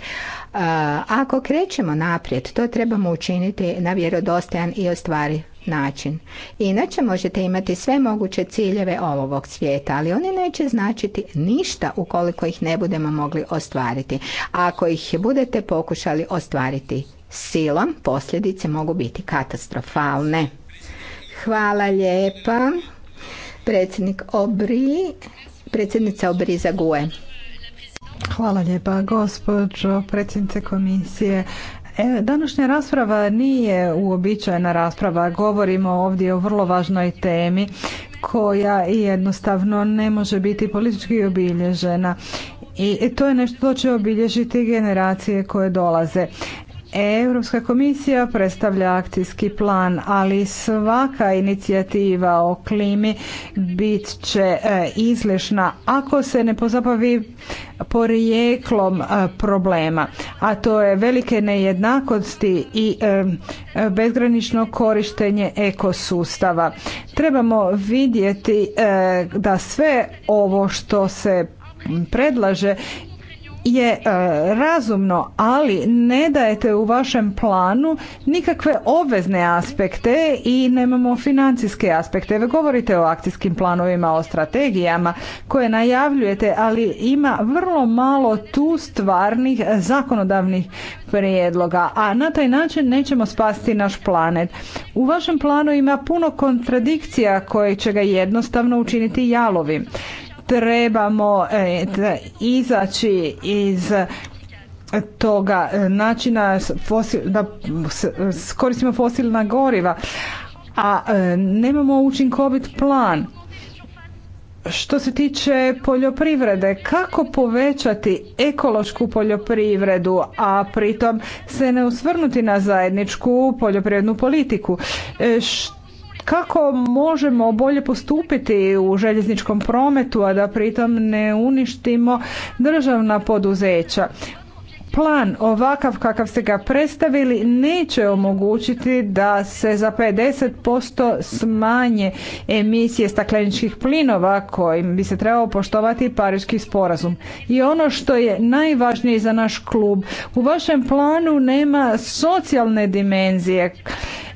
ako krećemo naprijed, to trebamo učiniti na vjerodostojan i ostvari način. Inače možete imati sve moguće ciljeve ovog svijeta, ali oni neće značiti ništa ukoliko ih ne budemo mogli ostvariti. ako ih budete pokušali ostvariti silom, posljedice mogu biti katastrofalne. Hvala lijepa. Predsjednik Obri, predsjednica Obri Gue. Hvala lijepa, gospođo predsjednice komisije. E, današnja rasprava nije uobičajena rasprava. Govorimo ovdje o vrlo važnoj temi koja jednostavno ne može biti politički obilježena. I to je nešto što će obilježiti generacije koje dolaze. Europska komisija predstavlja akcijski plan, ali svaka inicijativa o klimi bit će e, izlišna ako se ne pozabavi porijeklom e, problema, a to je velike nejednakosti i e, bezgranično korištenje ekosustava. Trebamo vidjeti da sve ovo što se predlaže je e, razumno, ali ne dajete u vašem planu nikakve obvezne aspekte i nemamo financijske aspekte. Vi govorite o akcijskim planovima, o strategijama koje najavljujete, ali ima vrlo malo tu stvarnih zakonodavnih prijedloga, a na taj način nećemo spasti naš planet. U vašem planu ima puno kontradikcija koje će ga jednostavno učiniti jalovi trebamo e, izaći iz toga e, načina da koristimo fosilna goriva, a e, nemamo učinkovit plan. Što se tiče poljoprivrede, kako povećati ekološku poljoprivredu, a pritom se ne osvrnuti na zajedničku poljoprivrednu politiku? Što kako možemo bolje postupiti u željezničkom prometu, a da pritom ne uništimo državna poduzeća? Plan ovakav kakav ste ga predstavili neće omogućiti da se za 50% smanje emisije stakleničkih plinova kojim bi se trebao poštovati Pariški sporazum. I ono što je najvažnije za naš klub, u vašem planu nema socijalne dimenzije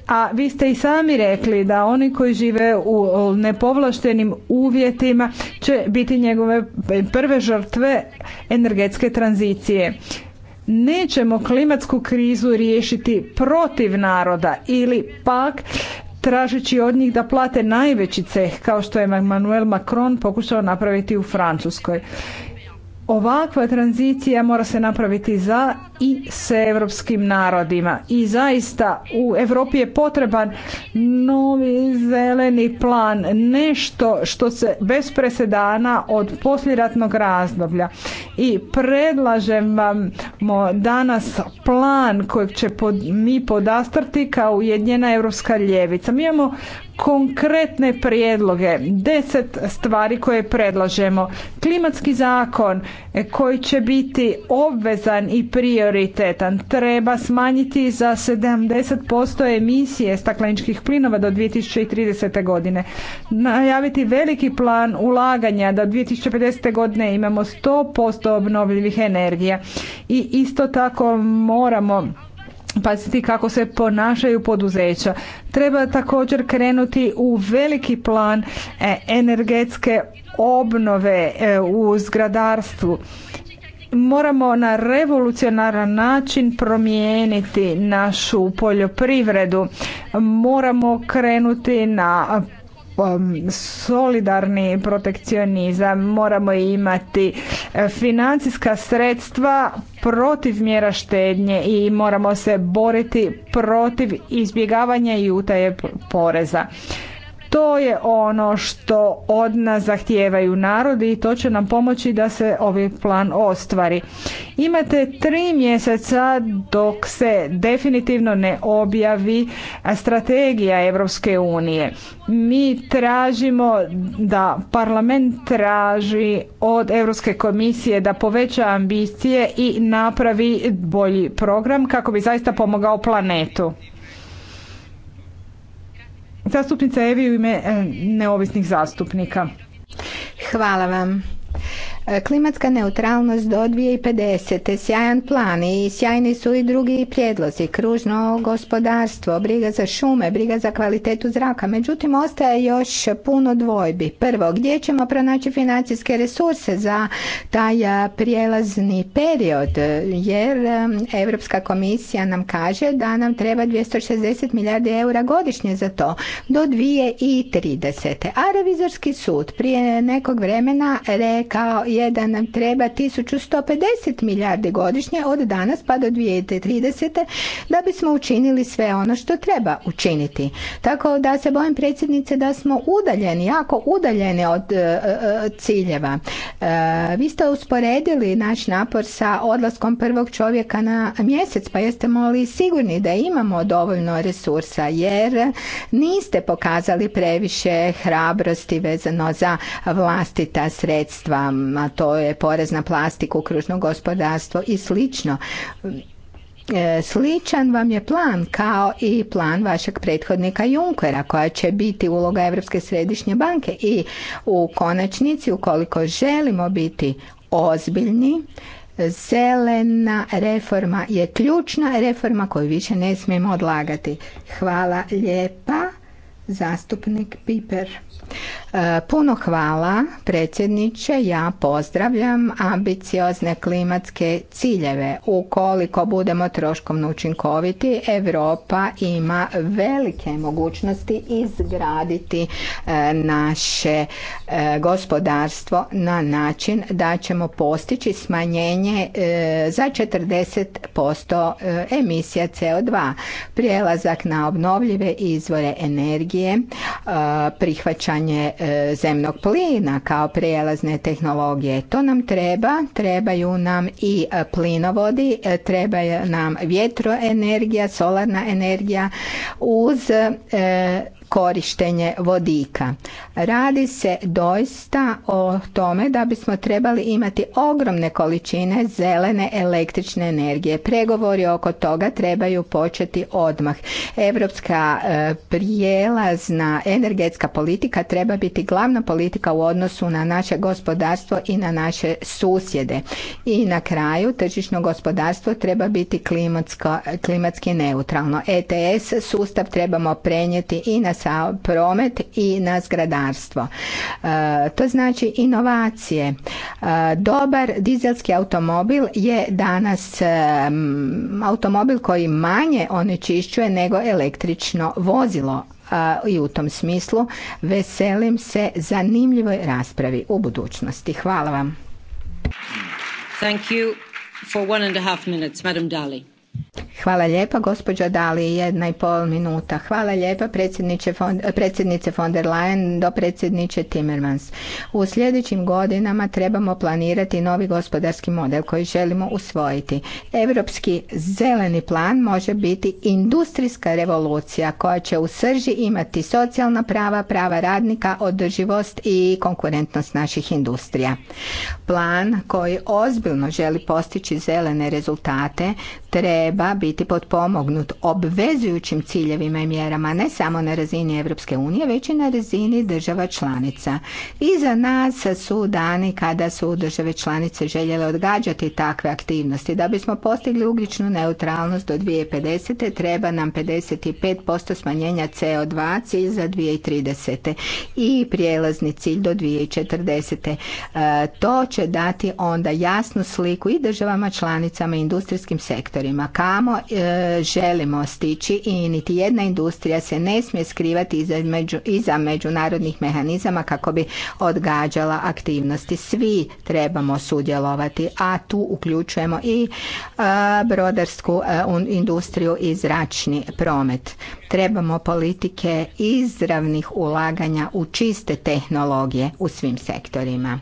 a vi ste i sami rekli da oni koji žive u nepovlaštenim uvjetima će biti njegove prve žrtve energetske tranzicije. Nećemo klimatsku krizu riješiti protiv naroda ili pak tražeći od njih da plate najveći ceh kao što je Emmanuel Macron pokušao napraviti u Francuskoj. Ovakva tranzicija mora se napraviti za i s europskim narodima. I zaista u Europi je potreban novi zeleni plan, nešto što se bez presedana od posljeratnog razdoblja. I predlažem vam danas plan kojeg će mi podastrti kao Ujedinjena europska ljevica. Mi imamo konkretne prijedloge, deset stvari koje predlažemo. Klimatski zakon e, koji će biti obvezan i prioritetan treba smanjiti za 70% emisije stakleničkih plinova do 2030. godine. Najaviti veliki plan ulaganja da 2050. godine imamo 100% obnovljivih energija i isto tako moramo paziti kako se ponašaju poduzeća. Treba također krenuti u veliki plan e, energetske obnove e, u zgradarstvu. Moramo na revolucionaran način promijeniti našu poljoprivredu. Moramo krenuti na Um, solidarni protekcionizam, moramo imati e, financijska sredstva protiv mjera štednje i moramo se boriti protiv izbjegavanja i utaje poreza. To je ono što od nas zahtijevaju narodi i to će nam pomoći da se ovaj plan ostvari. Imate tri mjeseca dok se definitivno ne objavi strategija Europske unije. Mi tražimo da parlament traži od Europske komisije da poveća ambicije i napravi bolji program kako bi zaista pomogao planetu. Zastupnica Evi u ime e, neovisnih zastupnika. Hvala vam. E, klimatska neutralnost do 2050. Sjajan plan i sjajni su i drugi prijedlozi. Kružno gospodarstvo, briga za šume, briga za kvalitetu zraka. Međutim, ostaje još puno dvojbi. Prvo, gdje ćemo pronaći financijske resurse za taj e, prijelazni period? Jer e, Europska komisija nam kaže da nam treba 260 milijardi eura godišnje za to do 2030. A revizorski sud prije nekog vremena rekao je je da nam treba 1150 milijardi godišnje od danas pa do 2030. da bismo učinili sve ono što treba učiniti. Tako da se bojim predsjednice da smo udaljeni, jako udaljeni od e, e, ciljeva. E, vi ste usporedili naš napor sa odlaskom prvog čovjeka na mjesec, pa jeste li sigurni da imamo dovoljno resursa jer niste pokazali previše hrabrosti vezano za vlastita sredstva, to je porez na plastiku, kružno gospodarstvo i slično. E, sličan vam je plan kao i plan vašeg prethodnika Junkera koja će biti uloga Europske središnje banke i u konačnici ukoliko želimo biti ozbiljni zelena reforma je ključna reforma koju više ne smijemo odlagati. Hvala lijepa zastupnik Piper. E, puno hvala predsjedniče, ja pozdravljam ambiciozne klimatske ciljeve. Ukoliko budemo troškovno učinkoviti, Europa ima velike mogućnosti izgraditi e, naše e, gospodarstvo na način da ćemo postići smanjenje za 40% emisija CO2. Prijelazak na obnovljive izvore energije prihvaća jačanje e, zemnog plina kao prijelazne tehnologije. To nam treba, trebaju nam i e, plinovodi, e, treba nam vjetroenergija, solarna energija uz korištenje vodika. Radi se doista o tome da bismo trebali imati ogromne količine zelene električne energije. Pregovori oko toga trebaju početi odmah. Europska e, prijelazna energetska politika treba biti glavna politika u odnosu na naše gospodarstvo i na naše susjede. I na kraju tržišno gospodarstvo treba biti klimatski neutralno. ETS sustav trebamo prenijeti i na sa promet i na zgradarstvo. E, to znači inovacije. E, dobar dizelski automobil je danas e, automobil koji manje onečišćuje nego električno vozilo i u tom smislu veselim se zanimljivoj raspravi u budućnosti. Hvala vam. Thank you for Hvala lijepa, gospođa Dali, jedna i pol minuta. Hvala lijepa, predsjednice von, der Leyen, do predsjedniče Timmermans. U sljedećim godinama trebamo planirati novi gospodarski model koji želimo usvojiti. Europski zeleni plan može biti industrijska revolucija koja će u srži imati socijalna prava, prava radnika, održivost i konkurentnost naših industrija. Plan koji ozbiljno želi postići zelene rezultate treba biti potpomognut obvezujućim ciljevima i mjerama ne samo na razini Europske unije, već i na razini država članica. Iza nas su dani kada su države članice željele odgađati takve aktivnosti. Da bismo postigli ugljičnu neutralnost do 2050. treba nam 55% smanjenja CO2 cilj za 2030. i prijelazni cilj do 2040. E, to će dati onda jasnu sliku i državama članicama i industrijskim sektorima sektorima. Kamo e, želimo stići i niti jedna industrija se ne smije skrivati iza, među, međunarodnih mehanizama kako bi odgađala aktivnosti. Svi trebamo sudjelovati, a tu uključujemo i e, brodarsku e, industriju i zračni promet. Trebamo politike izravnih ulaganja u čiste tehnologije u svim sektorima.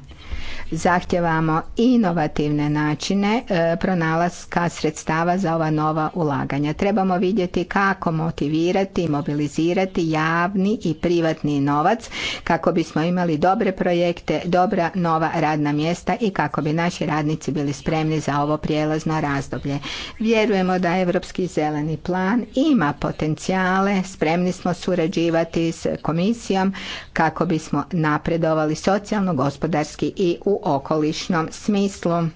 Zahtjevamo inovativne načine e, pronalaska sredstava za ova nova ulaganja. Trebamo vidjeti kako motivirati i mobilizirati javni i privatni novac kako bismo imali dobre projekte, dobra nova radna mjesta i kako bi naši radnici bili spremni za ovo prijelazno razdoblje. Vjerujemo da Europski zeleni plan ima potencijale, spremni smo surađivati s komisijom kako bismo napredovali socijalno, gospodarski i u okolišnom smislu.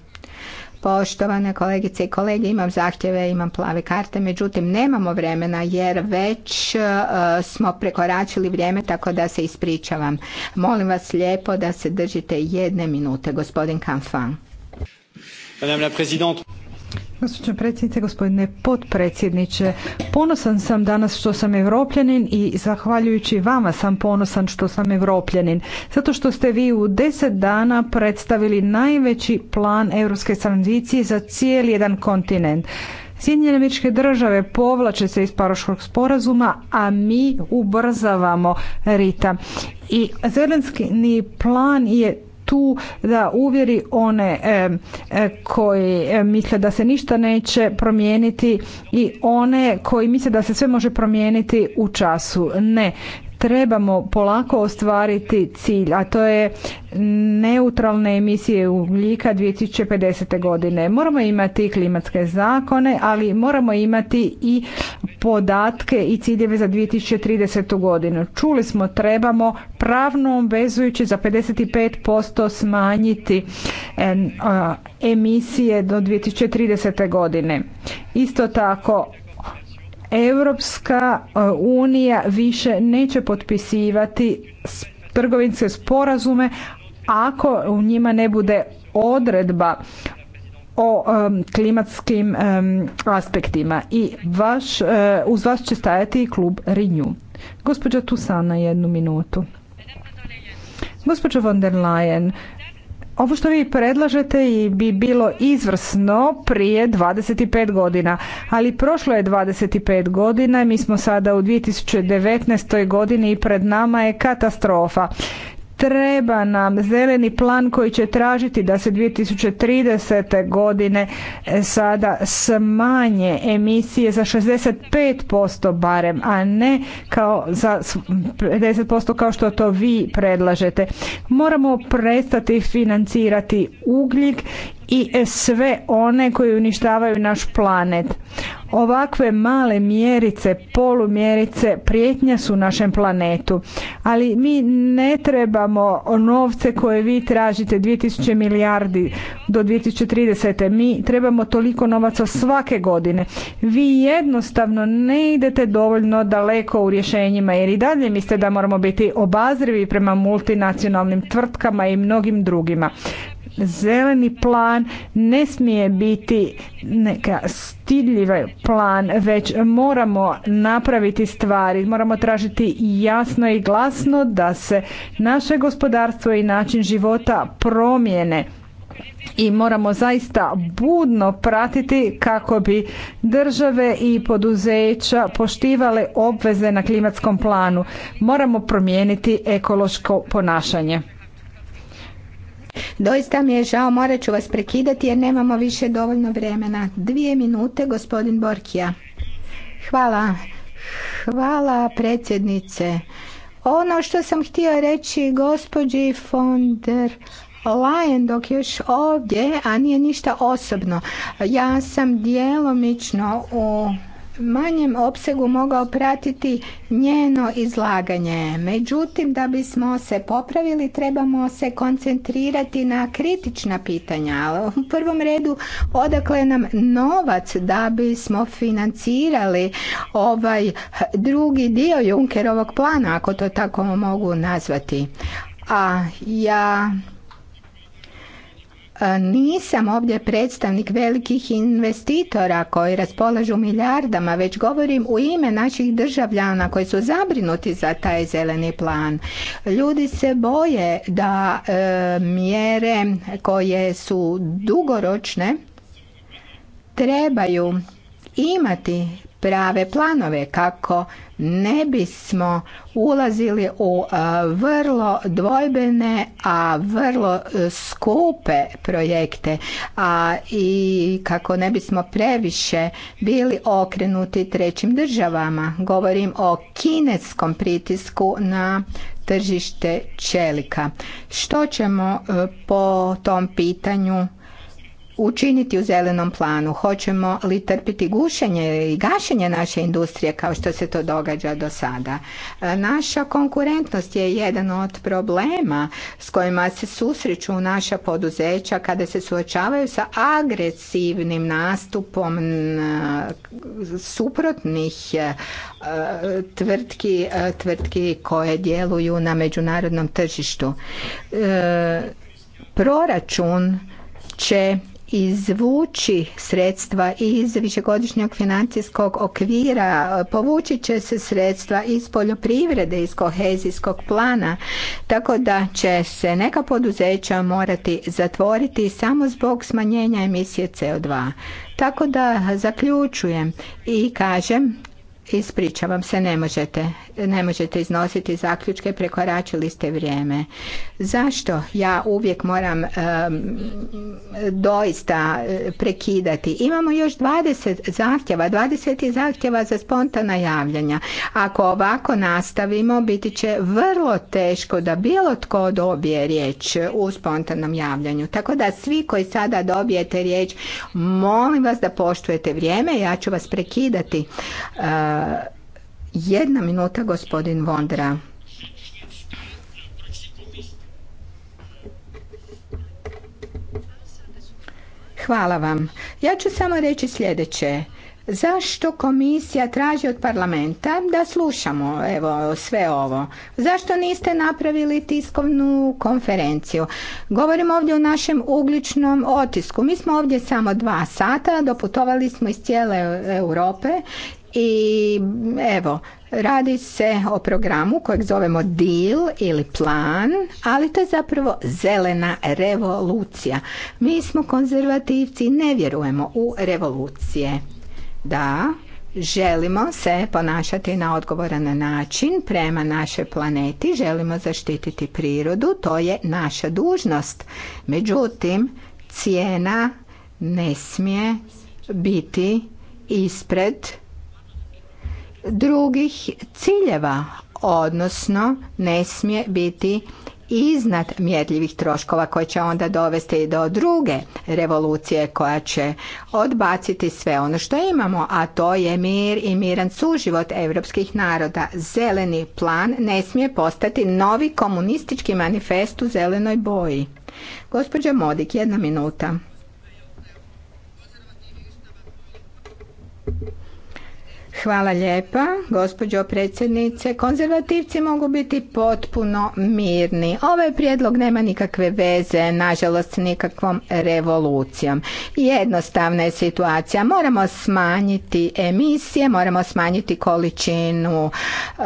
Poštovane kolegice i kolege, imam zahtjeve, imam plave karte, međutim nemamo vremena jer već e, smo prekoračili vrijeme tako da se ispričavam. Molim vas lijepo da se držite jedne minute. Gospodin Kamfan. Madame Gospođo predsjednice, gospodine potpredsjedniče, ponosan sam danas što sam evropljanin i zahvaljujući vama sam ponosan što sam evropljanin. Zato što ste vi u deset dana predstavili najveći plan europske tranzicije za cijeli jedan kontinent. Sjedinjene američke države povlače se iz Paroškog sporazuma, a mi ubrzavamo Rita. I Zelenski plan je tu da uvjeri one e, e, koji e, misle da se ništa neće promijeniti i one koji misle da se sve može promijeniti u času. Ne, trebamo polako ostvariti cilj, a to je neutralne emisije ugljika 2050. godine. Moramo imati klimatske zakone, ali moramo imati i podatke i ciljeve za 2030. godinu. Čuli smo trebamo pravno obvezujući za 55% smanjiti e, emisije do 2030. godine. Isto tako Europska e, unija više neće potpisivati trgovinske sporazume ako u njima ne bude odredba o e, klimatskim e, aspektima i vaš, uz vas će stajati i klub Renew. Gospođa Tusana, jednu minutu. Gospođo von der Leyen, ovo što vi predlažete i bi bilo izvrsno prije 25 godina, ali prošlo je 25 godina, i mi smo sada u 2019. godini i pred nama je katastrofa. Treba nam zeleni plan koji će tražiti da se 2030. godine e, sada smanje emisije za 65% barem, a ne kao za 50% kao što to vi predlažete. Moramo prestati financirati ugljik i sve one koji uništavaju naš planet. Ovakve male mjerice, polumjerice prijetnja su našem planetu. Ali mi ne trebamo novce koje vi tražite 2000 milijardi do 2030. Mi trebamo toliko novaca svake godine. Vi jednostavno ne idete dovoljno daleko u rješenjima jer i dalje mislite da moramo biti obazrivi prema multinacionalnim tvrtkama i mnogim drugima zeleni plan ne smije biti neka stidljiva plan, već moramo napraviti stvari, moramo tražiti jasno i glasno da se naše gospodarstvo i način života promijene i moramo zaista budno pratiti kako bi države i poduzeća poštivale obveze na klimatskom planu. Moramo promijeniti ekološko ponašanje. Doista mi je žao, morat ću vas prekidati jer nemamo više dovoljno vremena. Dvije minute, gospodin Borkija. Hvala. Hvala predsjednice. Ono što sam htio reći gospođi von der Leyen, dok još ovdje, a nije ništa osobno. Ja sam djelomično u manjem opsegu mogao pratiti njeno izlaganje. Međutim, da bismo se popravili, trebamo se koncentrirati na kritična pitanja. U prvom redu, odakle nam novac da bismo financirali ovaj drugi dio Junkerovog plana, ako to tako mogu nazvati. A ja E, nisam ovdje predstavnik velikih investitora koji raspolažu milijardama, već govorim u ime naših državljana koji su zabrinuti za taj zeleni plan. Ljudi se boje da e, mjere koje su dugoročne trebaju imati prave planove kako ne bismo ulazili u e, vrlo dvojbene, a vrlo e, skupe projekte a i kako ne bismo previše bili okrenuti trećim državama. Govorim o kineskom pritisku na tržište čelika. Što ćemo e, po tom pitanju učiniti u zelenom planu? Hoćemo li trpiti gušenje i gašenje naše industrije kao što se to događa do sada? E, naša konkurentnost je jedan od problema s kojima se susreću naša poduzeća kada se suočavaju sa agresivnim nastupom e, suprotnih e, tvrtki, tvrtki koje djeluju na međunarodnom tržištu. Proračun će izvući sredstva iz višegodišnjeg financijskog okvira, povući će se sredstva iz poljoprivrede, iz kohezijskog plana, tako da će se neka poduzeća morati zatvoriti samo zbog smanjenja emisije CO2. Tako da zaključujem i kažem Ispričavam se, ne možete, ne možete iznositi zaključke, prekoračili ste vrijeme. Zašto ja uvijek moram doista e, prekidati? Imamo još 20 zahtjeva, 20 zahtjeva za spontana javljanja. Ako ovako nastavimo, biti će vrlo teško da bilo tko dobije riječ u spontanom javljanju. Tako da svi koji sada dobijete riječ, molim vas da poštujete vrijeme, ja ću vas prekidati. E, jedna minuta, gospodin Vondra. Hvala vam. Ja ću samo reći sljedeće. Zašto komisija traži od parlamenta da slušamo evo, sve ovo? Zašto niste napravili tiskovnu konferenciju? Govorim ovdje o našem ugličnom otisku. Mi smo ovdje samo dva sata, doputovali smo iz cijele Europe i evo, Radi se o programu kojeg zovemo deal ili plan, ali to je zapravo zelena revolucija. Mi smo konzervativci i ne vjerujemo u revolucije. Da, Želimo se ponašati na odgovoran način prema našoj planeti, želimo zaštititi prirodu, to je naša dužnost. Međutim, cijena ne smije biti ispred drugih ciljeva, odnosno ne smije biti iznad mjerljivih troškova koje će onda dovesti do druge revolucije koja će odbaciti sve ono što imamo, a to je mir i miran suživot europskih naroda. Zeleni plan ne smije postati novi komunistički manifest u zelenoj boji. Gospođa Modik, jedna minuta. Hvala lijepa, gospođo predsjednice. Konzervativci mogu biti potpuno mirni. Ovaj prijedlog nema nikakve veze, nažalost, nikakvom revolucijom. Jednostavna je situacija. Moramo smanjiti emisije, moramo smanjiti količinu e,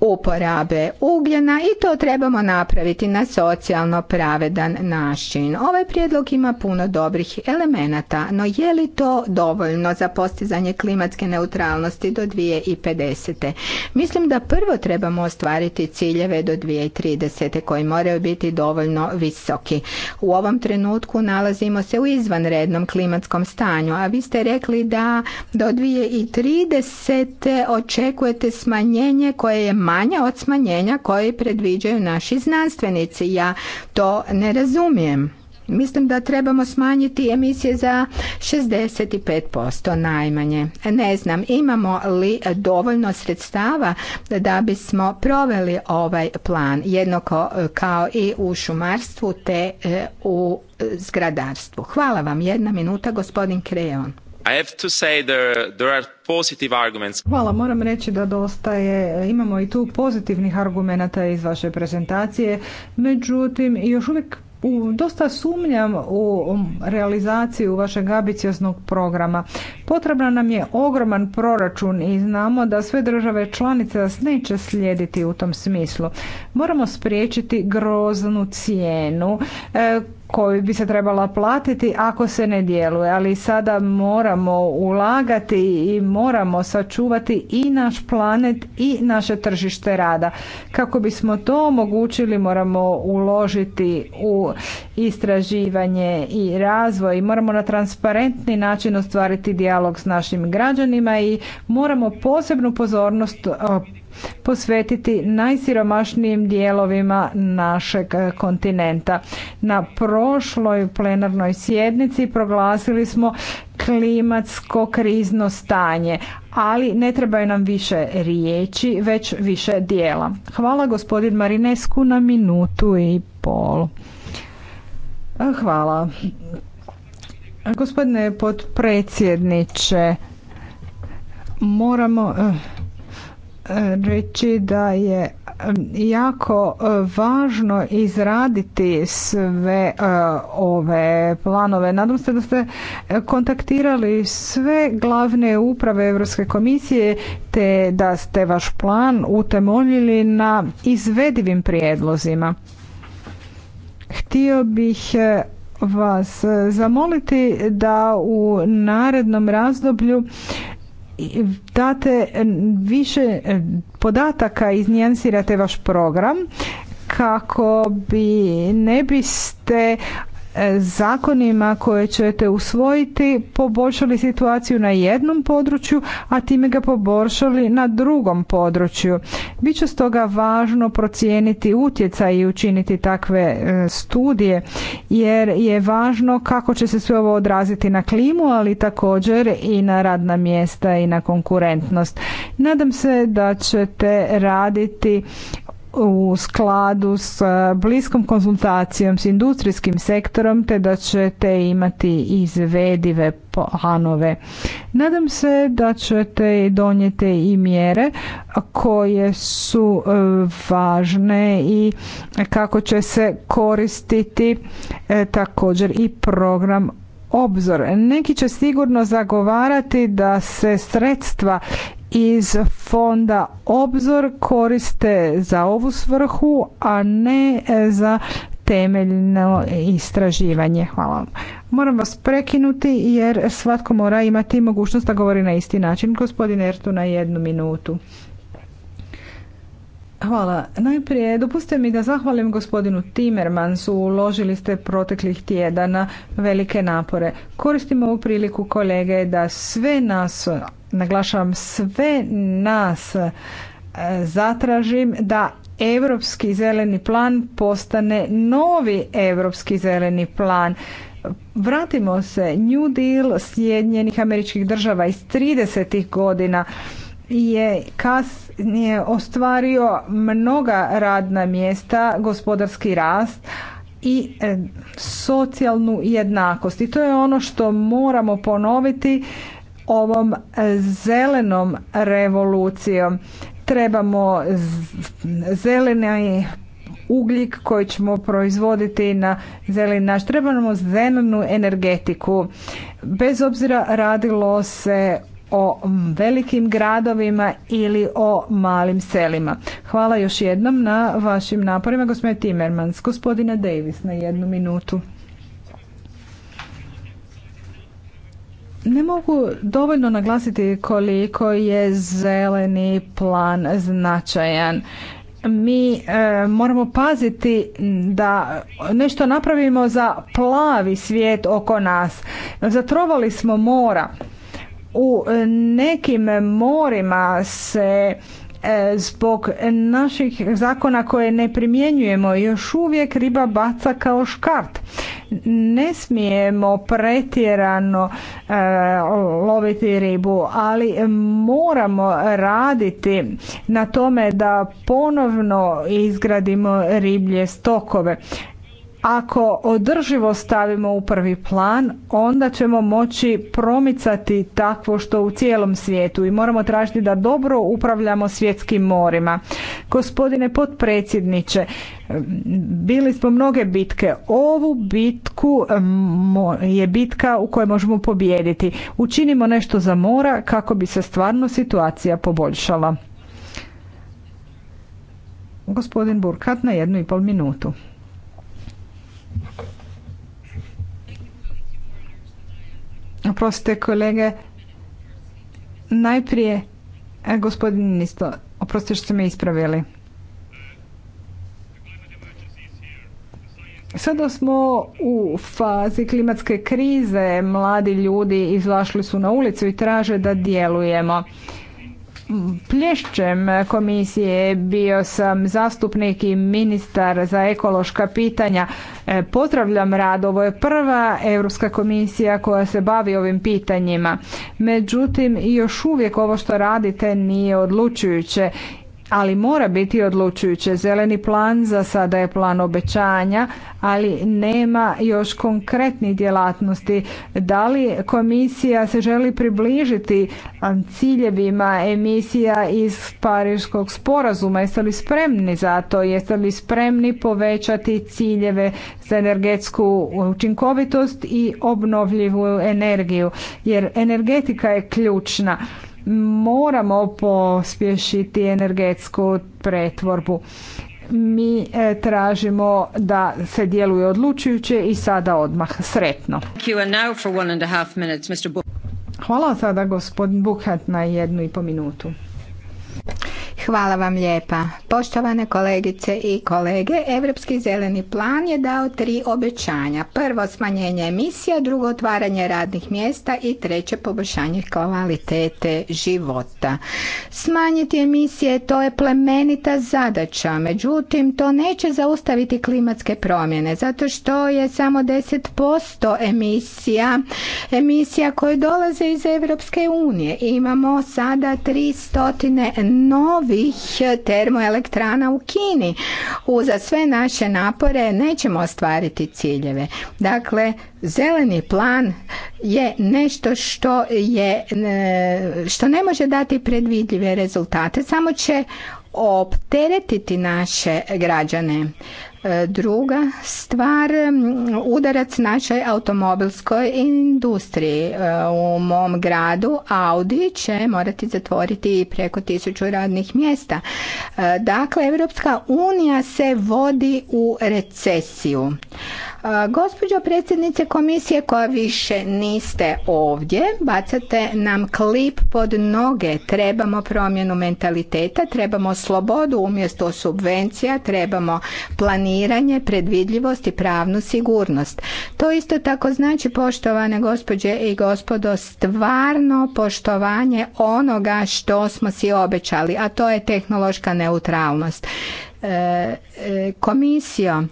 uporabe ugljena i to trebamo napraviti na socijalno pravedan način. Ovaj prijedlog ima puno dobrih elemenata, no je li to dovoljno za postizanje klimatske neutralnosti? do 2050. Mislim da prvo trebamo ostvariti ciljeve do 2030. koji moraju biti dovoljno visoki. U ovom trenutku nalazimo se u izvanrednom klimatskom stanju, a vi ste rekli da do 2030. očekujete smanjenje koje je manje od smanjenja koje predviđaju naši znanstvenici. Ja to ne razumijem. Mislim da trebamo smanjiti emisije za 65% najmanje. Ne znam, imamo li dovoljno sredstava da bismo proveli ovaj plan, jednako e, kao i u šumarstvu te e, u zgradarstvu. Hvala vam. Jedna minuta, gospodin Kreon. Hvala, moram reći da dosta je, imamo i tu pozitivnih argumenata iz vaše prezentacije, međutim još uvijek dosta sumnjam u realizaciju vašeg ambicioznog programa. Potrebna nam je ogroman proračun i znamo da sve države članice nas neće slijediti u tom smislu. Moramo spriječiti groznu cijenu e, koju bi se trebala platiti ako se ne djeluje. Ali sada moramo ulagati i moramo sačuvati i naš planet i naše tržište rada. Kako bismo to omogućili moramo uložiti u istraživanje i razvoj. Moramo na transparentni način ostvariti dijalog s našim građanima i moramo posebnu pozornost posvetiti najsiromašnijim dijelovima našeg kontinenta. Na prošloj plenarnoj sjednici proglasili smo klimatsko krizno stanje, ali ne trebaju nam više riječi, već više dijela. Hvala gospodin Marinesku na minutu i pol. Hvala. Gospodine potpredsjedniče, moramo eh, reći da je jako e, važno izraditi sve e, ove planove. Nadam se da ste kontaktirali sve glavne uprave Europske komisije te da ste vaš plan utemoljili na izvedivim prijedlozima. Htio bih e, vas zamoliti da u narednom razdoblju date e, više e, podataka, iznijansirate vaš program kako bi ne biste E, zakonima koje ćete usvojiti poboljšali situaciju na jednom području, a time ga poboljšali na drugom području. Biće stoga važno procijeniti utjecaj i učiniti takve e, studije jer je važno kako će se sve ovo odraziti na klimu, ali također i na radna mjesta i na konkurentnost. Nadam se da ćete raditi u skladu s e, bliskom konzultacijom s industrijskim sektorom te da ćete imati izvedive planove. Nadam se da ćete donijeti i mjere koje su e, važne i kako će se koristiti e, također i program obzor. Neki će sigurno zagovarati da se sredstva iz fonda Obzor koriste za ovu svrhu, a ne e, za temeljno istraživanje. Hvala vam. Moram vas prekinuti jer svatko mora imati mogućnost da govori na isti način. Gospodin Ertu na jednu minutu. Hvala. Najprije dopustite mi da zahvalim gospodinu Timermansu. Uložili ste proteklih tjedana velike napore. Koristim ovu priliku kolege da sve nas, naglašavam sve nas, e, zatražim da Europski zeleni plan postane novi Europski zeleni plan. Vratimo se New Deal Sjedinjenih američkih država iz 30. godina je kas nije ostvario mnoga radna mjesta, gospodarski rast i e, socijalnu jednakost. I to je ono što moramo ponoviti ovom e, zelenom revolucijom. Trebamo zeleni ugljik koji ćemo proizvoditi na zeleni naš. Trebamo zelenu energetiku. Bez obzira radilo se o velikim gradovima ili o malim selima. Hvala još jednom na vašim naporima, gospodine Timmermans. Gospodina Davis na jednu minutu. Ne mogu dovoljno naglasiti koliko je zeleni plan značajan. Mi e, moramo paziti da nešto napravimo za plavi svijet oko nas. Zatrovali smo mora u e, nekim morima se e, zbog naših zakona koje ne primjenjujemo još uvijek riba baca kao škart. Ne smijemo pretjerano e, loviti ribu, ali moramo raditi na tome da ponovno izgradimo riblje stokove. Ako održivo stavimo u prvi plan, onda ćemo moći promicati takvo što u cijelom svijetu i moramo tražiti da dobro upravljamo svjetskim morima. Gospodine potpredsjedniče, bili smo mnoge bitke. Ovu bitku je bitka u kojoj možemo pobijediti. Učinimo nešto za mora kako bi se stvarno situacija poboljšala. Gospodin Burkat na jednu i pol minutu. Oprostite kolege, najprije e, gospodin ministro, oprostite što ste me ispravili. Sada smo u fazi klimatske krize, mladi ljudi izašli su na ulicu i traže da djelujemo plješćem komisije bio sam zastupnik i ministar za ekološka pitanja. E, pozdravljam rad, ovo je prva Europska komisija koja se bavi ovim pitanjima. Međutim, još uvijek ovo što radite nije odlučujuće ali mora biti odlučujuće. Zeleni plan za sada je plan obećanja, ali nema još konkretnih djelatnosti. Da li komisija se želi približiti um, ciljevima emisija iz Pariškog sporazuma? Jeste li spremni za to? Jeste li spremni povećati ciljeve za energetsku učinkovitost i obnovljivu energiju? Jer energetika je ključna moramo pospješiti energetsku pretvorbu. Mi e, tražimo da se djeluje odlučujuće i sada odmah sretno. Hvala sada gospodin Buhat na jednu i po minutu. Hvala vam lijepa. Poštovane kolegice i kolege, Europski zeleni plan je dao tri obećanja. Prvo smanjenje emisija, drugo otvaranje radnih mjesta i treće poboljšanje kvalitete života. Smanjiti emisije to je plemenita zadaća, međutim to neće zaustaviti klimatske promjene zato što je samo 10% emisija emisija koje dolaze iz Europske unije. Imamo sada 300 novi novih termoelektrana u Kini. Uza sve naše napore nećemo ostvariti ciljeve. Dakle, zeleni plan je nešto što je e, što ne može dati predvidljive rezultate, samo će opteretiti naše građane. E, druga stvar, udarac našoj automobilskoj industriji. E, u mom gradu Audi će morati zatvoriti preko tisuću radnih mjesta. E, dakle, Europska unija se vodi u recesiju. Gospođo predsjednice komisije koja više niste ovdje, bacate nam klip pod noge. Trebamo promjenu mentaliteta, trebamo slobodu umjesto subvencija, trebamo planiranje, predvidljivost i pravnu sigurnost. To isto tako znači, poštovane gospođe i gospodo, stvarno poštovanje onoga što smo si obećali, a to je tehnološka neutralnost. E, e, Komisijo, e,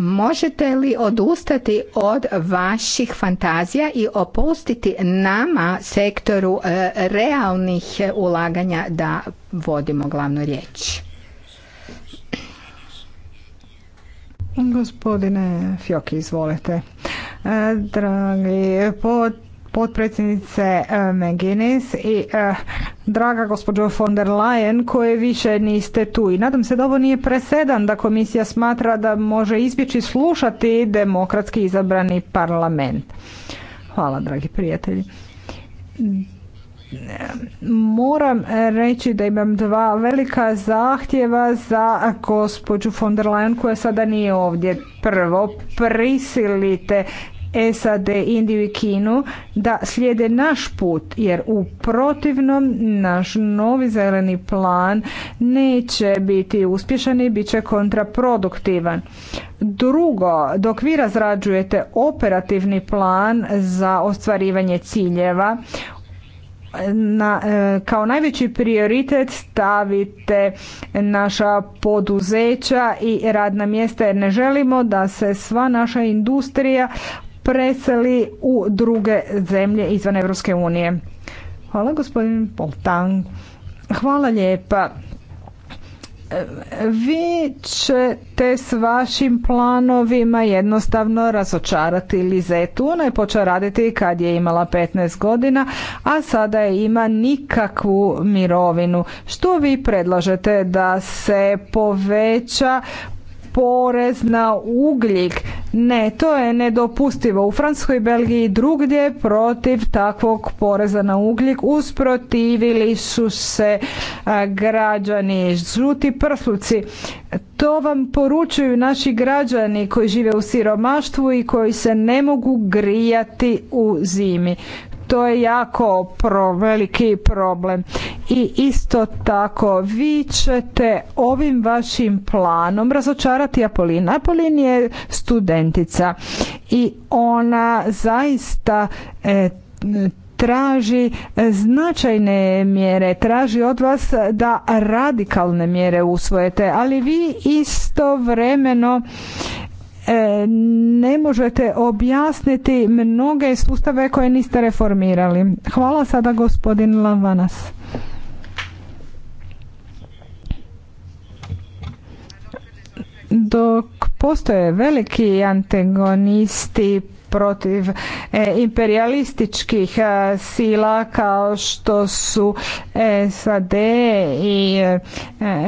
možete li odustati od vaših fantazija i opustiti nama sektoru realnih ulaganja da vodimo glavnu riječ? Gospodine Fjoki, izvolite. Dragi pod potpredsjednice eh, McGuinness i eh, draga gospođo von der Leyen koje više niste tu i nadam se da ovo nije presedan da komisija smatra da može izbjeći slušati demokratski izabrani parlament. Hvala dragi prijatelji. Moram reći da imam dva velika zahtjeva za gospođu von der Leyen koja sada nije ovdje. Prvo, prisilite SAD, Indiju i Kinu da slijede naš put jer u protivnom naš novi zeleni plan neće biti uspješan i bit će kontraproduktivan. Drugo, dok vi razrađujete operativni plan za ostvarivanje ciljeva, na, e, kao najveći prioritet stavite naša poduzeća i radna mjesta jer ne želimo da se sva naša industrija preseli u druge zemlje izvan Europske unije. Hvala gospodin Poltan. Hvala lijepa. Vi ćete s vašim planovima jednostavno razočarati Lizetu. Ona je počela raditi kad je imala 15 godina, a sada je ima nikakvu mirovinu. Što vi predlažete da se poveća porez na ugljik. Ne, to je nedopustivo. U Francuskoj i Belgiji drugdje protiv takvog poreza na ugljik usprotivili su se e, građani žuti prsluci. To vam poručuju naši građani koji žive u siromaštvu i koji se ne mogu grijati u zimi. To je jako pro, veliki problem. I isto tako, vi ćete ovim vašim planom razočarati Apolin. Apolin je studentica i ona zaista e, traži značajne mjere, traži od vas da radikalne mjere usvojete, ali vi isto istovremeno E, ne možete objasniti mnoge sustave koje niste reformirali. Hvala sada gospodin Lavanas. Dok postoje veliki antagonisti protiv e, imperialističkih e, sila kao što su e, SAD i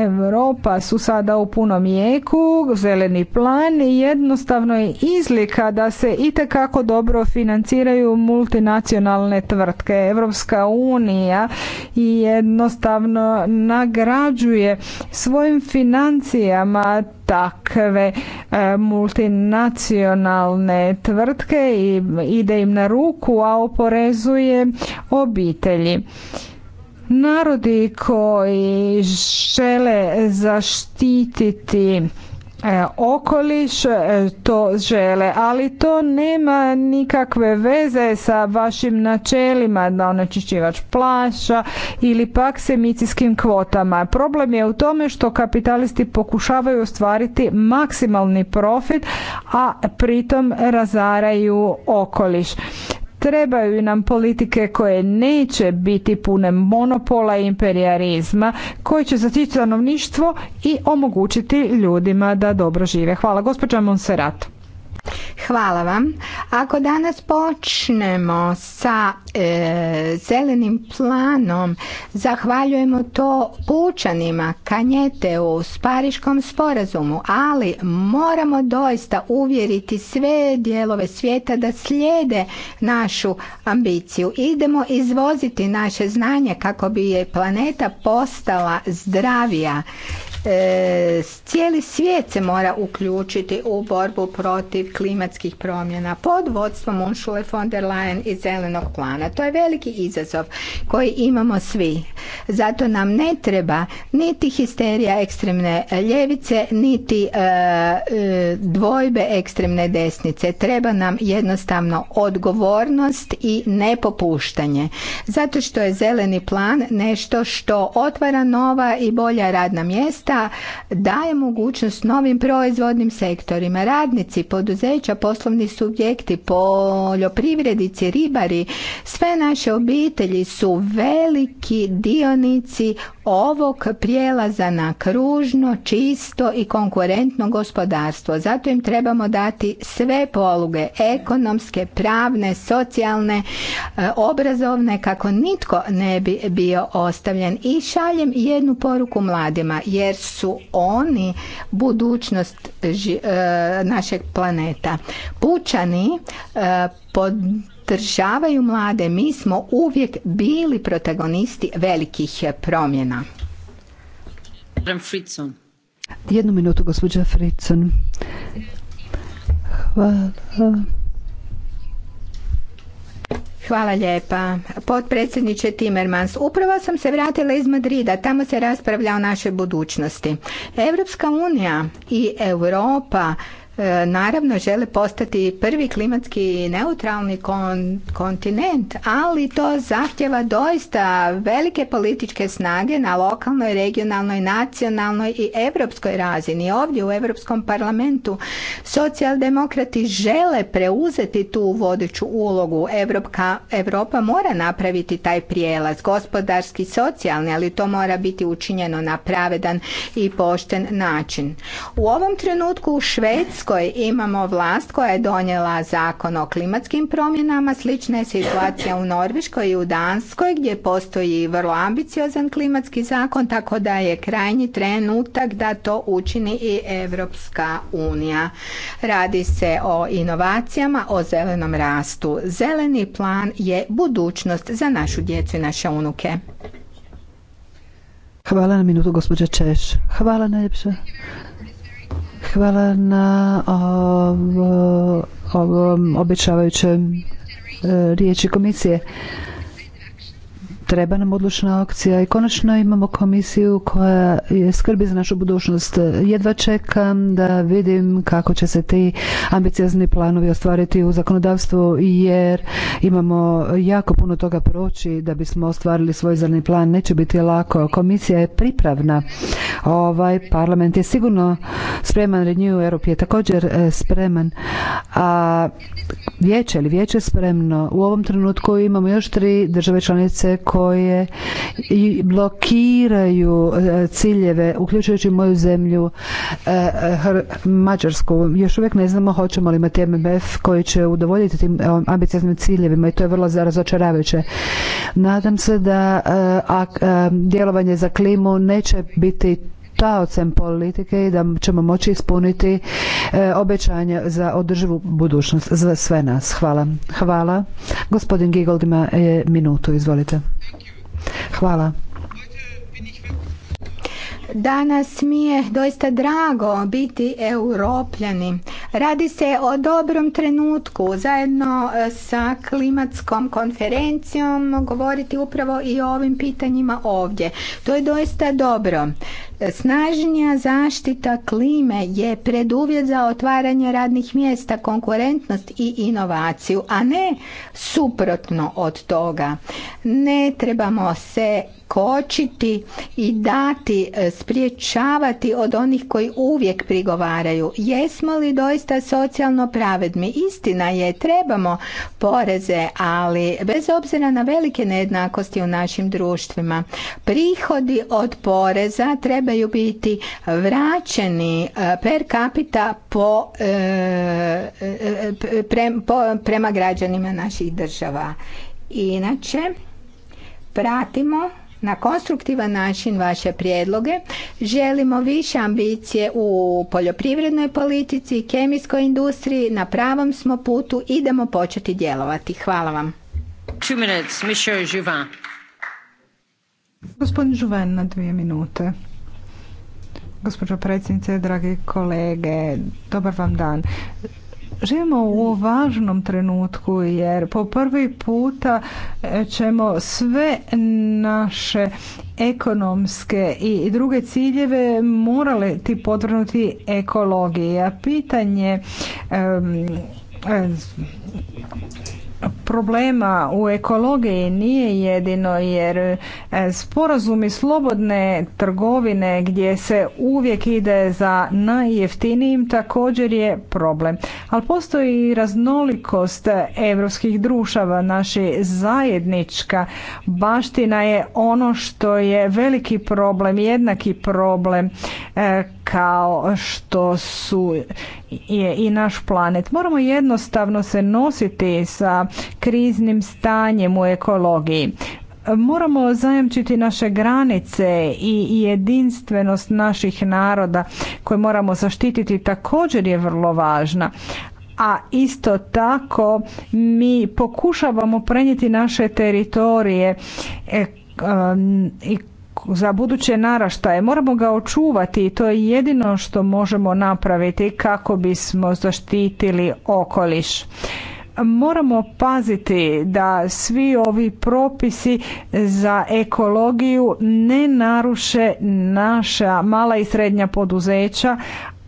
Europa su sada u punom jeku, zeleni plan i jednostavno je izlika da se itekako dobro financiraju multinacionalne tvrtke. Evropska unija jednostavno nagrađuje svojim financijama takve e, multinacionalne tvrtke i ide im na ruku, a oporezuje obitelji. Narodi koji žele zaštititi E, okoliš e, to žele, ali to nema nikakve veze sa vašim načelima da onečišćivač plaša ili pak s emicijskim kvotama. Problem je u tome što kapitalisti pokušavaju ostvariti maksimalni profit, a pritom razaraju okoliš. Trebaju nam politike koje neće biti pune monopola i imperijarizma, koji će zatići stanovništvo i omogućiti ljudima da dobro žive. Hvala, gospođa Monserrat. Hvala vam. Ako danas počnemo sa e, zelenim planom, zahvaljujemo to pučanima, kanjete u spariškom sporazumu, ali moramo doista uvjeriti sve dijelove svijeta da slijede našu ambiciju. Idemo izvoziti naše znanje kako bi je planeta postala zdravija E, cijeli svijet se mora uključiti u borbu protiv klimatskih promjena pod vodstvom Ursula von der Leyen i zelenog plana. To je veliki izazov koji imamo svi. Zato nam ne treba niti histerija ekstremne ljevice, niti e, e, dvojbe ekstremne desnice. Treba nam jednostavno odgovornost i nepopuštanje. Zato što je zeleni plan nešto što otvara nova i bolja radna mjesta da daje mogućnost novim proizvodnim sektorima. Radnici, poduzeća, poslovni subjekti, poljoprivrednici, ribari, sve naše obitelji su veliki dionici ovog prijelaza na kružno, čisto i konkurentno gospodarstvo. Zato im trebamo dati sve poluge, ekonomske, pravne, socijalne, e, obrazovne, kako nitko ne bi bio ostavljen. I šaljem jednu poruku mladima, jer su oni budućnost e, našeg planeta. Pučani e, podržavaju mlade, mi smo uvijek bili protagonisti velikih promjena. Jednu minutu, gospođa Fritzon. Hvala. Hvala lijepa. Potpredsjedniče Timmermans, upravo sam se vratila iz Madrida, tamo se raspravlja o našoj budućnosti. Europska unija i Europa E, naravno žele postati prvi klimatski neutralni kontinent, ali to zahtjeva doista velike političke snage na lokalnoj, regionalnoj, nacionalnoj i europskoj razini. Ovdje u Europskom parlamentu socijaldemokrati žele preuzeti tu vodeću ulogu. Evropka, Evropa mora napraviti taj prijelaz, gospodarski, socijalni, ali to mora biti učinjeno na pravedan i pošten način. U ovom trenutku u Švedskoj koje imamo vlast koja je donijela zakon o klimatskim promjenama, slična je situacija u Norveškoj i u Danskoj gdje postoji vrlo ambiciozan klimatski zakon, tako da je krajnji trenutak da to učini i Europska unija. Radi se o inovacijama, o zelenom rastu. Zeleni plan je budućnost za našu djecu i naše unuke. Hvala na minutu, gospođa Češ. Hvala najljepša. Hvala na ovom obećavajućem e, riječi komisije treba nam odlučna akcija i konačno imamo komisiju koja je skrbi za našu budućnost. Jedva čekam da vidim kako će se ti ambiciozni planovi ostvariti u zakonodavstvu jer imamo jako puno toga proći da bismo ostvarili svoj zeleni plan. Neće biti lako. Komisija je pripravna. Ovaj parlament je sigurno spreman. Renew Europe je također e, spreman. A vijeće ili vijeće spremno. U ovom trenutku imamo još tri države članice koje koje blokiraju e, ciljeve, uključujući moju zemlju e, Mađarsku. Još uvijek ne znamo hoćemo li imati MMF koji će udovoljiti tim e, ambicioznim ciljevima i to je vrlo razočaravajuće. Nadam se da djelovanje za klimu neće biti taocem politike i da ćemo moći ispuniti e, obećanja za održivu budućnost za sve nas. Hvala. Hvala. Gospodin Gigold ima e, minutu, izvolite. Hvala. Danas mi je doista drago biti europljani. Radi se o dobrom trenutku zajedno e, sa klimatskom konferencijom govoriti upravo i o ovim pitanjima ovdje. To je doista dobro. Snažnija zaštita klime je preduvjet za otvaranje radnih mjesta, konkurentnost i inovaciju, a ne suprotno od toga. Ne trebamo se kočiti i dati, e, spriječavati od onih koji uvijek prigovaraju. Jesmo li doista socijalno pravedni? Istina je, trebamo poreze, ali bez obzira na velike nejednakosti u našim društvima, prihodi od poreza treba trebaju biti vraćeni eh, per capita eh, eh, po, prema građanima naših država. Inače, pratimo na konstruktivan način vaše prijedloge. Želimo više ambicije u poljoprivrednoj politici i kemijskoj industriji. Na pravom smo putu. Idemo početi djelovati. Hvala vam. Two Gospodin Žuven na dvije minute gospođo predsjednice, dragi kolege, dobar vam dan. Živimo u važnom trenutku jer po prvi puta e, ćemo sve naše ekonomske i druge ciljeve morale ti podvrnuti ekologiji. A pitanje e, problema u ekologiji nije jedino jer e, sporazumi slobodne trgovine gdje se uvijek ide za najjeftinijim također je problem. Ali postoji i raznolikost europskih društava, naši zajednička baština je ono što je veliki problem, jednaki problem e, kao što su je i naš planet. Moramo jednostavno se nositi sa kriznim stanjem u ekologiji. Moramo zajamčiti naše granice i jedinstvenost naših naroda koje moramo zaštititi također je vrlo važna a isto tako mi pokušavamo prenijeti naše teritorije e, um, i za buduće naraštaje. Moramo ga očuvati i to je jedino što možemo napraviti kako bismo zaštitili okoliš. Moramo paziti da svi ovi propisi za ekologiju ne naruše naša mala i srednja poduzeća,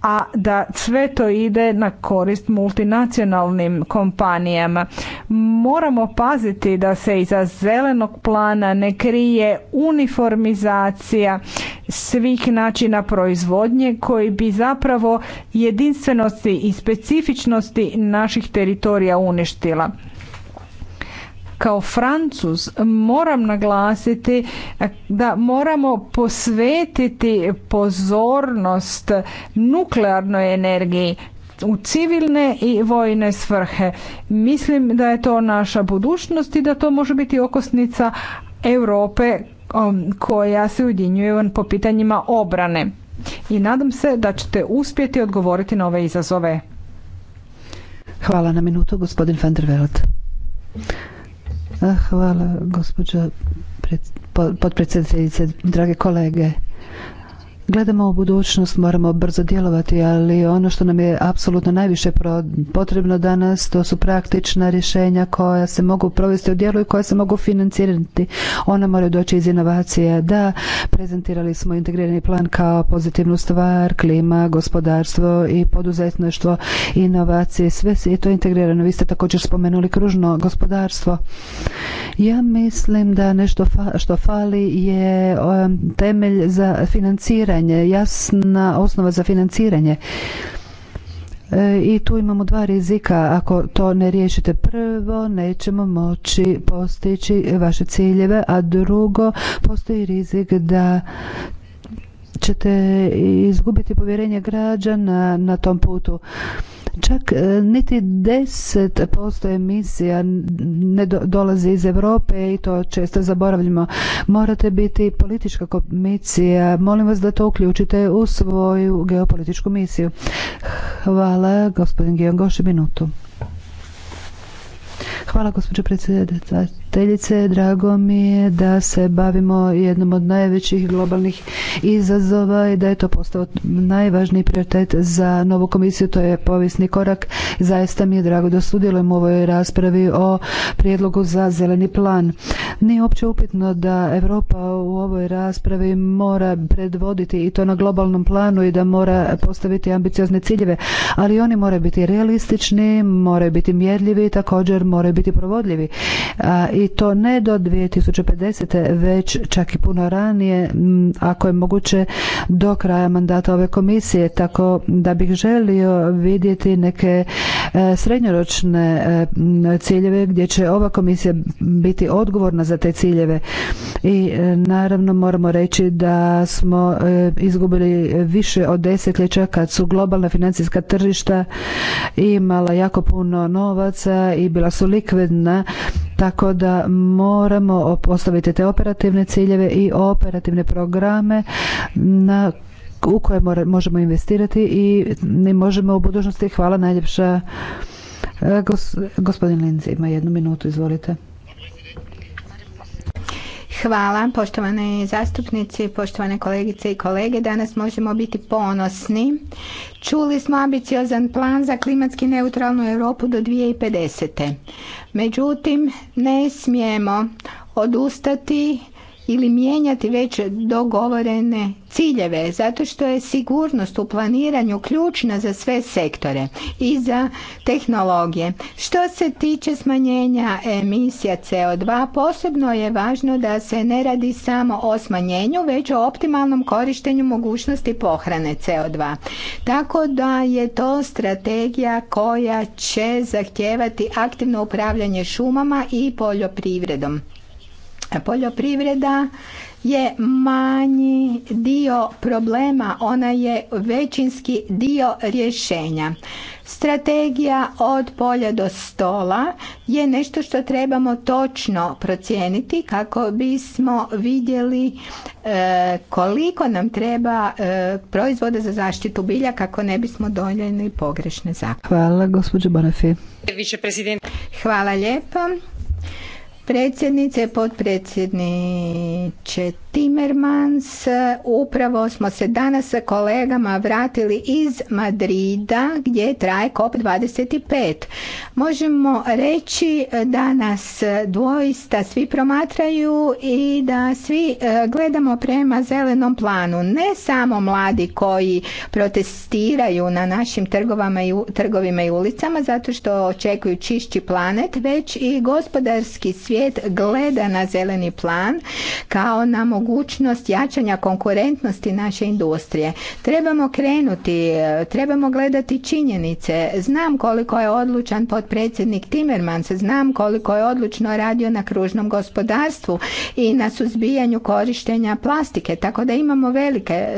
a da sve to ide na korist multinacionalnim kompanijama. Moramo paziti da se iza zelenog plana ne krije uniformizacija svih načina proizvodnje koji bi zapravo jedinstvenosti i specifičnosti naših teritorija uništila kao Francus moram naglasiti eh, da moramo posvetiti pozornost nuklearnoj energiji u civilne i vojne svrhe. Mislim da je to naša budućnost i da to može biti okosnica Europe um, koja se ujedinjuje po pitanjima obrane. I nadam se da ćete uspjeti odgovoriti na ove izazove. Hvala na minutu, gospodin van Hvala gospođo potpredsjednice, drage kolege gledamo u budućnost, moramo brzo djelovati, ali ono što nam je apsolutno najviše potrebno danas, to su praktična rješenja koja se mogu provesti u djelu i koja se mogu financirati. Ona moraju doći iz inovacija. Da, prezentirali smo integrirani plan kao pozitivnu stvar, klima, gospodarstvo i poduzetništvo, inovacije, sve je to integrirano. Vi ste također spomenuli kružno gospodarstvo. Ja mislim da nešto što fali je um, temelj za financiranje financiranje, jasna osnova za financiranje. E, I tu imamo dva rizika. Ako to ne riješite prvo, nećemo moći postići vaše ciljeve, a drugo, postoji rizik da ćete izgubiti povjerenje građana na tom putu. Čak e, niti 10% emisija ne dolazi iz Europe i to često zaboravljamo. Morate biti politička komisija. Molim vas da to uključite u svoju geopolitičku misiju. Hvala, gospodin Gion Goši, minutu. Hvala, gospođo predsjedateljice. Drago mi je da se bavimo jednom od najvećih globalnih izazova i da je to postao najvažniji prioritet za novu komisiju. To je povijesni korak. Zaista mi je drago da sudjelujem u ovoj raspravi o prijedlogu za zeleni plan. Nije uopće upitno da Europa u ovoj raspravi mora predvoditi i to na globalnom planu i da mora postaviti ambiciozne ciljeve, ali oni moraju biti realistični, moraju biti mjerljivi, također moraju biti provodljivi. A, i to ne do 2050. već čak i puno ranije ako je moguće do kraja mandata ove komisije tako da bih želio vidjeti neke e, srednjoročne e, ciljeve gdje će ova komisija biti odgovorna za te ciljeve i e, naravno moramo reći da smo izgubili više od desetljeća kad su globalna financijska tržišta imala jako puno novaca i bila su likvidna tako da moramo postaviti te operativne ciljeve i operativne programe na u koje možemo investirati i ne možemo u budućnosti. Hvala najljepša. E, gospodin Linzi. ima jednu minutu, izvolite. Hvala poštovane zastupnici, poštovane kolegice i kolege. Danas možemo biti ponosni. Čuli smo ambiciozan plan za klimatski neutralnu Europu do 2050. Međutim, ne smijemo odustati ili mijenjati već dogovorene ciljeve zato što je sigurnost u planiranju ključna za sve sektore i za tehnologije. Što se tiče smanjenja emisija CO2 posebno je važno da se ne radi samo o smanjenju već o optimalnom korištenju mogućnosti pohrane CO2. Tako da je to strategija koja će zahtijevati aktivno upravljanje šumama i poljoprivredom. Poljoprivreda je manji dio problema, ona je većinski dio rješenja. Strategija od polja do stola je nešto što trebamo točno procijeniti kako bismo vidjeli e, koliko nam treba e, proizvoda za zaštitu bilja kako ne bismo donijeli pogrešne zakone. Hvala gospođo Hvala lijepo predsjednice, potpredsjedniče Timermans. Upravo smo se danas sa kolegama vratili iz Madrida gdje traje COP25. Možemo reći da nas dvojista svi promatraju i da svi e, gledamo prema zelenom planu. Ne samo mladi koji protestiraju na našim trgovima i ulicama zato što očekuju čišći planet, već i gospodarski svijet gleda na zeleni plan kao na mogućnost jačanja konkurentnosti naše industrije. Trebamo krenuti, e, trebamo gledati činjenice. Znam koliko je odlučan potpredsjednik Timmermans, znam koliko je odlučno radio na kružnom gospodarstvu i na suzbijanju korištenja plastike, tako da imamo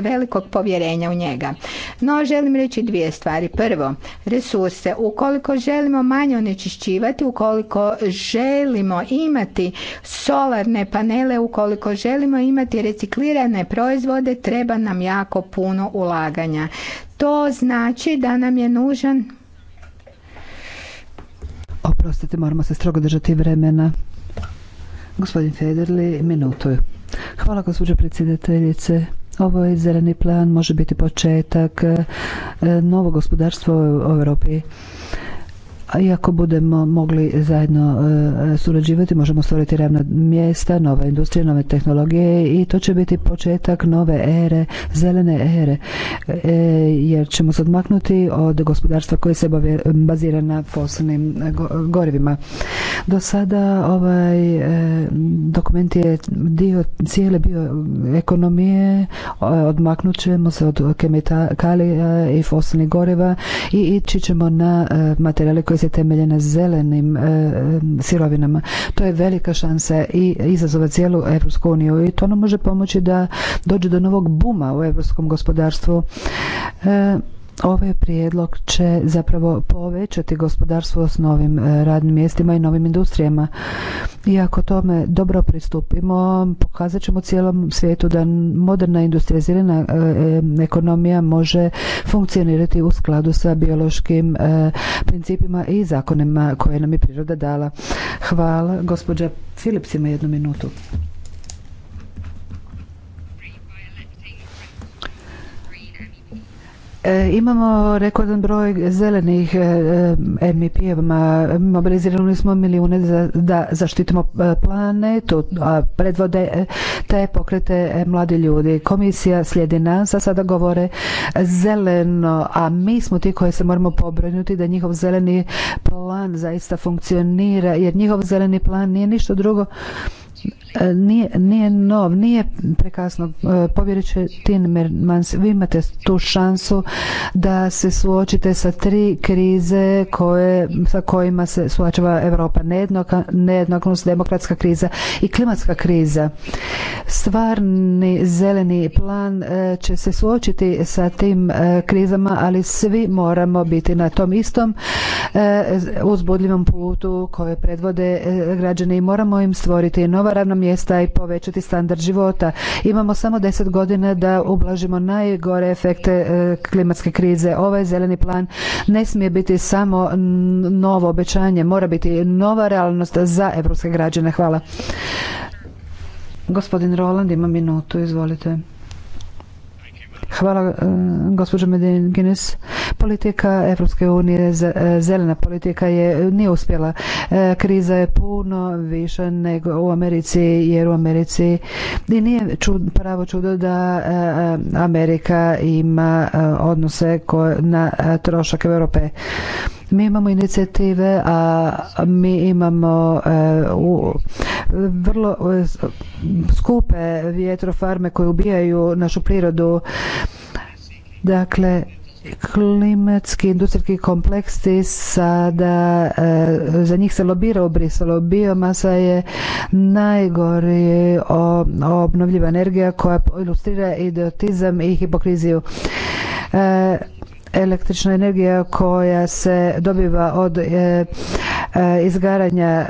velikog povjerenja u njega. No, želim reći dvije stvari. Prvo, resurse. Ukoliko želimo manje onečišćivati, ukoliko želimo imati solarne panele, ukoliko želimo imati imati reciklirane proizvode treba nam jako puno ulaganja. To znači da nam je nužan Oprostite, moramo se strogo držati vremena. Gospodin Federli, minutu. Hvala gospođo predsjedateljice. Ovo je zeleni plan, može biti početak e, novog gospodarstva u Europi i ako budemo mogli zajedno e, e, surađivati možemo stvoriti ravna mjesta, nove industrije, nove tehnologije i to će biti početak nove ere, zelene ere e, jer ćemo se odmaknuti od gospodarstva koje se bazira na fosilnim gorivima. Do sada ovaj dokument je dio cijele ekonomije. odmaknut ćemo se od kemikalija i fosilnih goriva i ići ćemo na materijale koje se temeljene na zelenim e, e, sirovinama. To je velika šansa i izazova cijelu Europsku uniju i to nam može pomoći da dođe do novog buma u europskom gospodarstvu. E, Ovaj prijedlog će zapravo povećati gospodarstvo s novim e, radnim mjestima i novim industrijama. I ako tome dobro pristupimo, pokazat ćemo cijelom svijetu da moderna industrializirana e, e, ekonomija može funkcionirati u skladu sa biološkim principima i zakonima koje nam je priroda dala. Hvala. Gospođa Filips ima jednu minutu. E, imamo rekordan broj zelenih mip e, eva Mobilizirali smo milijune da zaštitimo e, planetu, a predvode te pokrete mladi ljudi. Komisija slijedi nas, a sada govore zeleno, a mi smo ti koji se moramo pobrinuti da njihov zeleni plan zaista funkcionira, jer njihov zeleni plan nije ništa drugo E, nije, nije nov, nije prekasno. E, tin Mermans, vi imate tu šansu da se suočite sa tri krize koje, sa kojima se suočava Europa. Nejednakost, demokratska kriza i klimatska kriza. Stvarni zeleni plan e, će se suočiti sa tim krizama, ali svi moramo biti na tom istom uzbudljivom putu koje predvode građani i moramo im stvoriti nova ravnomjera mjesta i povećati standard života. Imamo samo deset godina da ublažimo najgore efekte e, klimatske krize. Ovaj zeleni plan ne smije biti samo novo obećanje, mora biti nova realnost za evropske građane. Hvala. Gospodin Roland ima minutu, izvolite. Hvala eh, gospođo Medinginis. Politika Evropske unije, eh, zelena politika je, nije uspjela. Eh, kriza je puno više nego u Americi, jer u Americi i nije čud, pravo čudo da Amerika ima odnose na trošak Europe. Mi imamo inicijative, a mi imamo e, u, vrlo e, skupe vjetrofarme koje ubijaju našu prirodu. Dakle, klimatski industrijski kompleksi sada e, za njih se lobira u Briselu. Biomasa je najgori obnovljiva energija koja ilustrira idiotizam i hipokriziju. E, električna energija koja se dobiva od e, e, izgaranja e,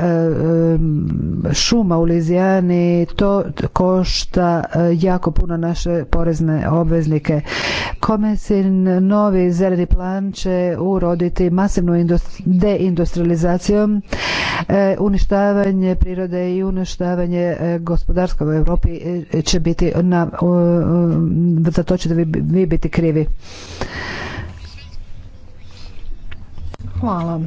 šuma u Lizijani, to košta jako puno naše porezne obveznike. Komesin novi zeleni plan će uroditi masivnu deindustrializacijom, uništavanje prirode i uništavanje gospodarstva u Europi će biti na, za to ćete vi biti krivi. Hvala.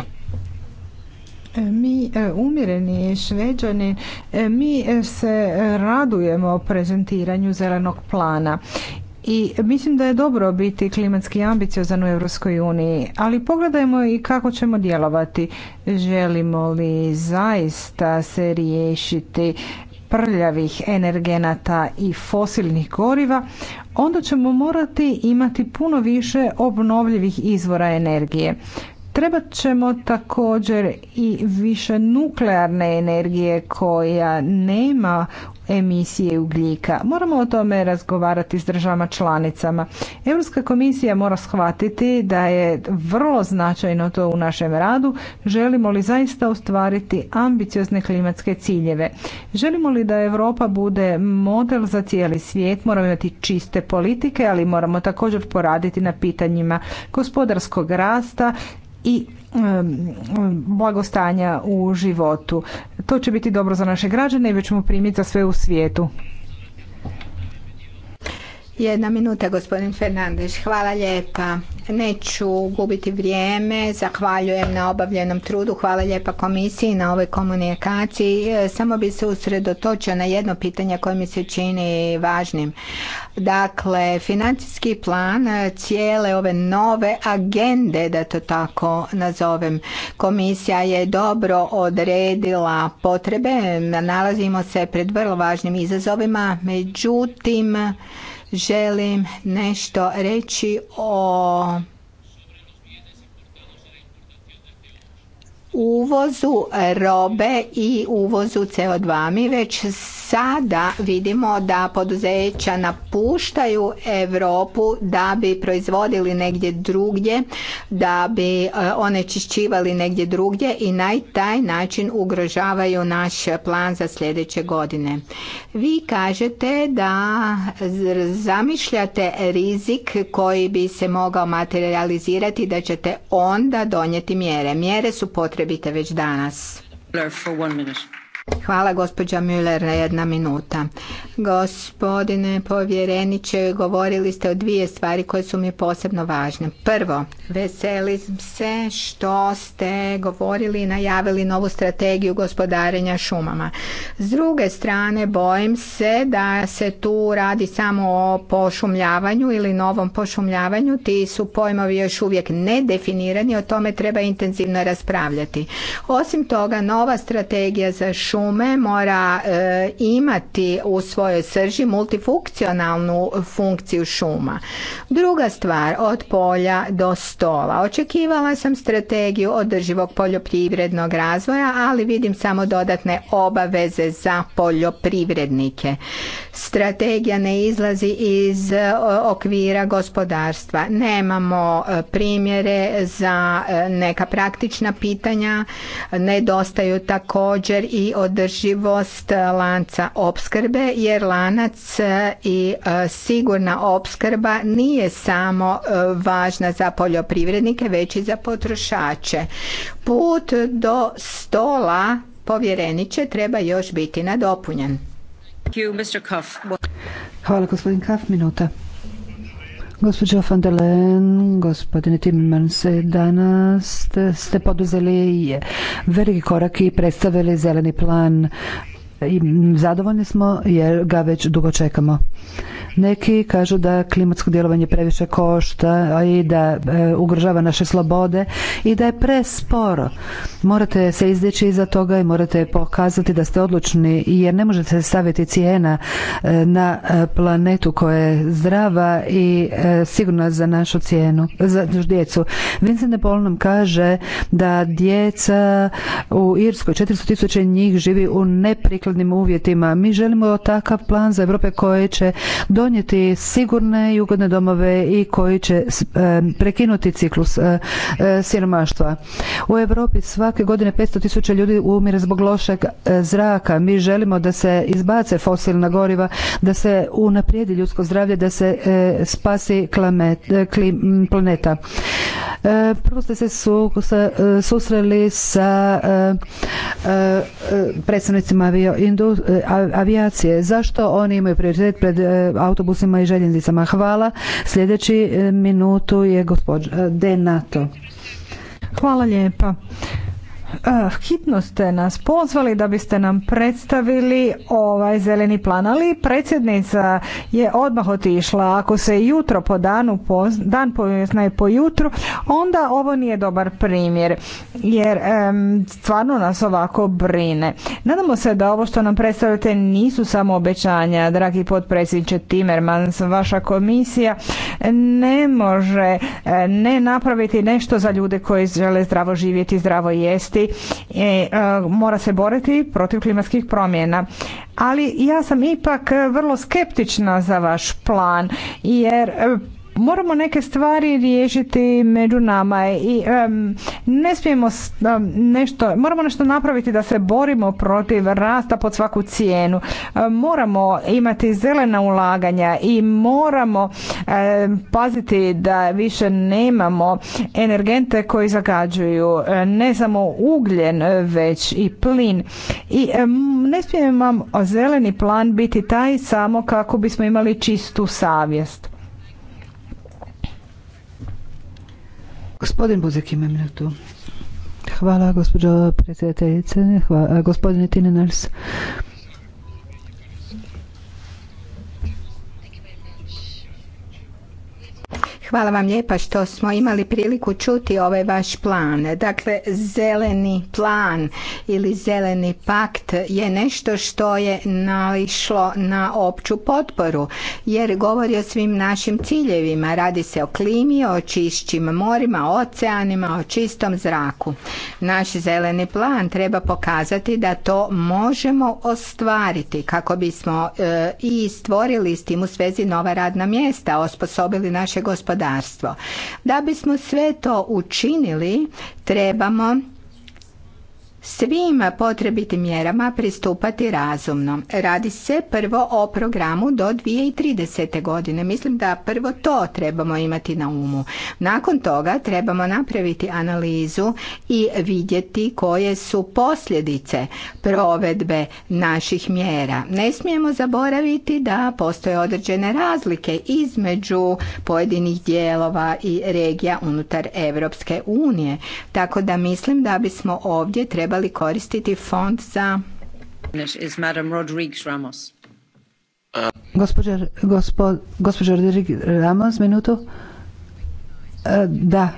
E, mi e, umjereni šveđani, e, mi se radujemo prezentiranju zelenog plana i mislim da je dobro biti klimatski ambiciozan u Europskoj uniji, ali pogledajmo i kako ćemo djelovati. Želimo li zaista se riješiti prljavih energenata i fosilnih goriva, onda ćemo morati imati puno više obnovljivih izvora energije. Trebat ćemo također i više nuklearne energije koja nema emisije ugljika. Moramo o tome razgovarati s državama članicama. Europska komisija mora shvatiti da je vrlo značajno to u našem radu. Želimo li zaista ostvariti ambiciozne klimatske ciljeve? Želimo li da Europa bude model za cijeli svijet? Moramo imati čiste politike, ali moramo također poraditi na pitanjima gospodarskog rasta i blagostanja u životu. To će biti dobro za naše građane i već ćemo primiti za sve u svijetu. Jedna minuta, gospodin Fernandez. Hvala lijepa. Neću gubiti vrijeme. Zahvaljujem na obavljenom trudu. Hvala lijepa komisiji na ovoj komunikaciji. E, samo bi se usredotočio na jedno pitanje koje mi se čini važnim. Dakle, financijski plan e, cijele ove nove agende, da to tako nazovem. Komisija je dobro odredila potrebe. Nalazimo se pred vrlo važnim izazovima. Međutim, želim nešto reći o uvozu e, robe i uvozu CO2. Mi već sada vidimo da poduzeća napuštaju Europu da bi proizvodili negdje drugdje, da bi e, onečišćivali negdje drugdje i na taj način ugrožavaju naš plan za sljedeće godine. Vi kažete da zamišljate rizik koji bi se mogao materializirati da ćete onda donijeti mjere. Mjere su potrebne upotrijebite već danas. Hvala gospođa Müller na jedna minuta. Gospodine povjereniče, govorili ste o dvije stvari koje su mi posebno važne. Prvo, veselim se što ste govorili i najavili novu strategiju gospodarenja šumama. S druge strane, bojim se da se tu radi samo o pošumljavanju ili novom pošumljavanju. Ti su pojmovi još uvijek nedefinirani, o tome treba intenzivno raspravljati. Osim toga, nova strategija za šume šume mora e, imati u svojoj srži multifunkcionalnu funkciju šuma. Druga stvar, od polja do stola. Očekivala sam strategiju održivog poljoprivrednog razvoja, ali vidim samo dodatne obaveze za poljoprivrednike. Strategija ne izlazi iz e, okvira gospodarstva. Nemamo e, primjere za neka praktična pitanja, nedostaju također i od održivost lanca opskrbe jer lanac e, i e, sigurna opskrba nije samo e, važna za poljoprivrednike već i za potrošače. Put do stola povjereniče treba još biti nadopunjen. Hvala gospodin Kaf, minuta. Gospođo van der Leyen, gospodine Timmermans, danas ste, ste poduzeli veliki korak i predstavili zeleni plan i zadovoljni smo jer ga već dugo čekamo. Neki kažu da klimatsko djelovanje previše košta i da e, ugrožava naše slobode i da je presporo. Morate se izdići iza toga i morate pokazati da ste odlučni jer ne možete staviti cijena e, na e, planetu koja je zdrava i e, sigurna za našu cijenu, za djecu. Vincent de Paul nam kaže da djeca u Irskoj 400 tisuća njih živi u neprikladnosti uvjetima. Mi želimo takav plan za Europe koji će donijeti sigurne i ugodne domove i koji će e, prekinuti ciklus e, e, siromaštva. U Europi svake godine 500 tisuća ljudi umire zbog lošeg zraka. Mi želimo da se izbace fosilna goriva, da se unaprijedi ljudsko zdravlje, da se spasi planeta. Prvo ste se susreli sa predstavnicima avio E, aviacije. Zašto oni imaju prioritet pred e, autobusima i željeznicama? Hvala. Sljedeći e, minutu je gospođa Denato. Hvala lijepa. Eh, hitno ste nas pozvali da biste nam predstavili ovaj zeleni plan, ali predsjednica je odmah otišla. Ako se jutro po danu, dan dan poznaje po jutru, onda ovo nije dobar primjer, jer stvarno nas ovako brine. Nadamo se da ovo što nam predstavljate nisu samo obećanja, dragi potpredsjedniče Timmermans, vaša komisija ne može eh, ne napraviti nešto za ljude koji žele zdravo živjeti, zdravo jesti, i e, mora se boriti protiv klimatskih promjena. Ali ja sam ipak vrlo skeptična za vaš plan jer Moramo neke stvari riješiti među nama i ne smijemo nešto, moramo nešto napraviti da se borimo protiv rasta pod svaku cijenu. moramo imati zelena ulaganja i moramo paziti da više nemamo energente koji zagađuju ne samo ugljen već i plin. I ne smijemo zeleni plan biti taj samo kako bismo imali čistu savjest. Gospodin Buzek ima minutu. Hvala gospođo predsjedateljice, hvala, gospodine Tinenars. Hvala vam lijepa što smo imali priliku čuti ovaj vaš plan. Dakle, zeleni plan ili zeleni pakt je nešto što je naišlo na opću potporu jer govori o svim našim ciljevima. Radi se o klimi, o čišćim morima, oceanima, o čistom zraku. Naš zeleni plan treba pokazati da to možemo ostvariti kako bismo e, i stvorili s tim u svezi nova radna mjesta, osposobili naše gospodarstvo gospodarstvo. Da bismo sve to učinili trebamo svim potrebitim mjerama pristupati razumno. Radi se prvo o programu do 2030. godine. Mislim da prvo to trebamo imati na umu. Nakon toga trebamo napraviti analizu i vidjeti koje su posljedice provedbe naših mjera. Ne smijemo zaboraviti da postoje određene razlike između pojedinih dijelova i regija unutar Europske unije. Tako da mislim da bismo ovdje trebali trebali koristiti fond za... Rodriguez Ramos. Gospođa, gospo, gospođa Rodriguez Ramos, minutu. E, da,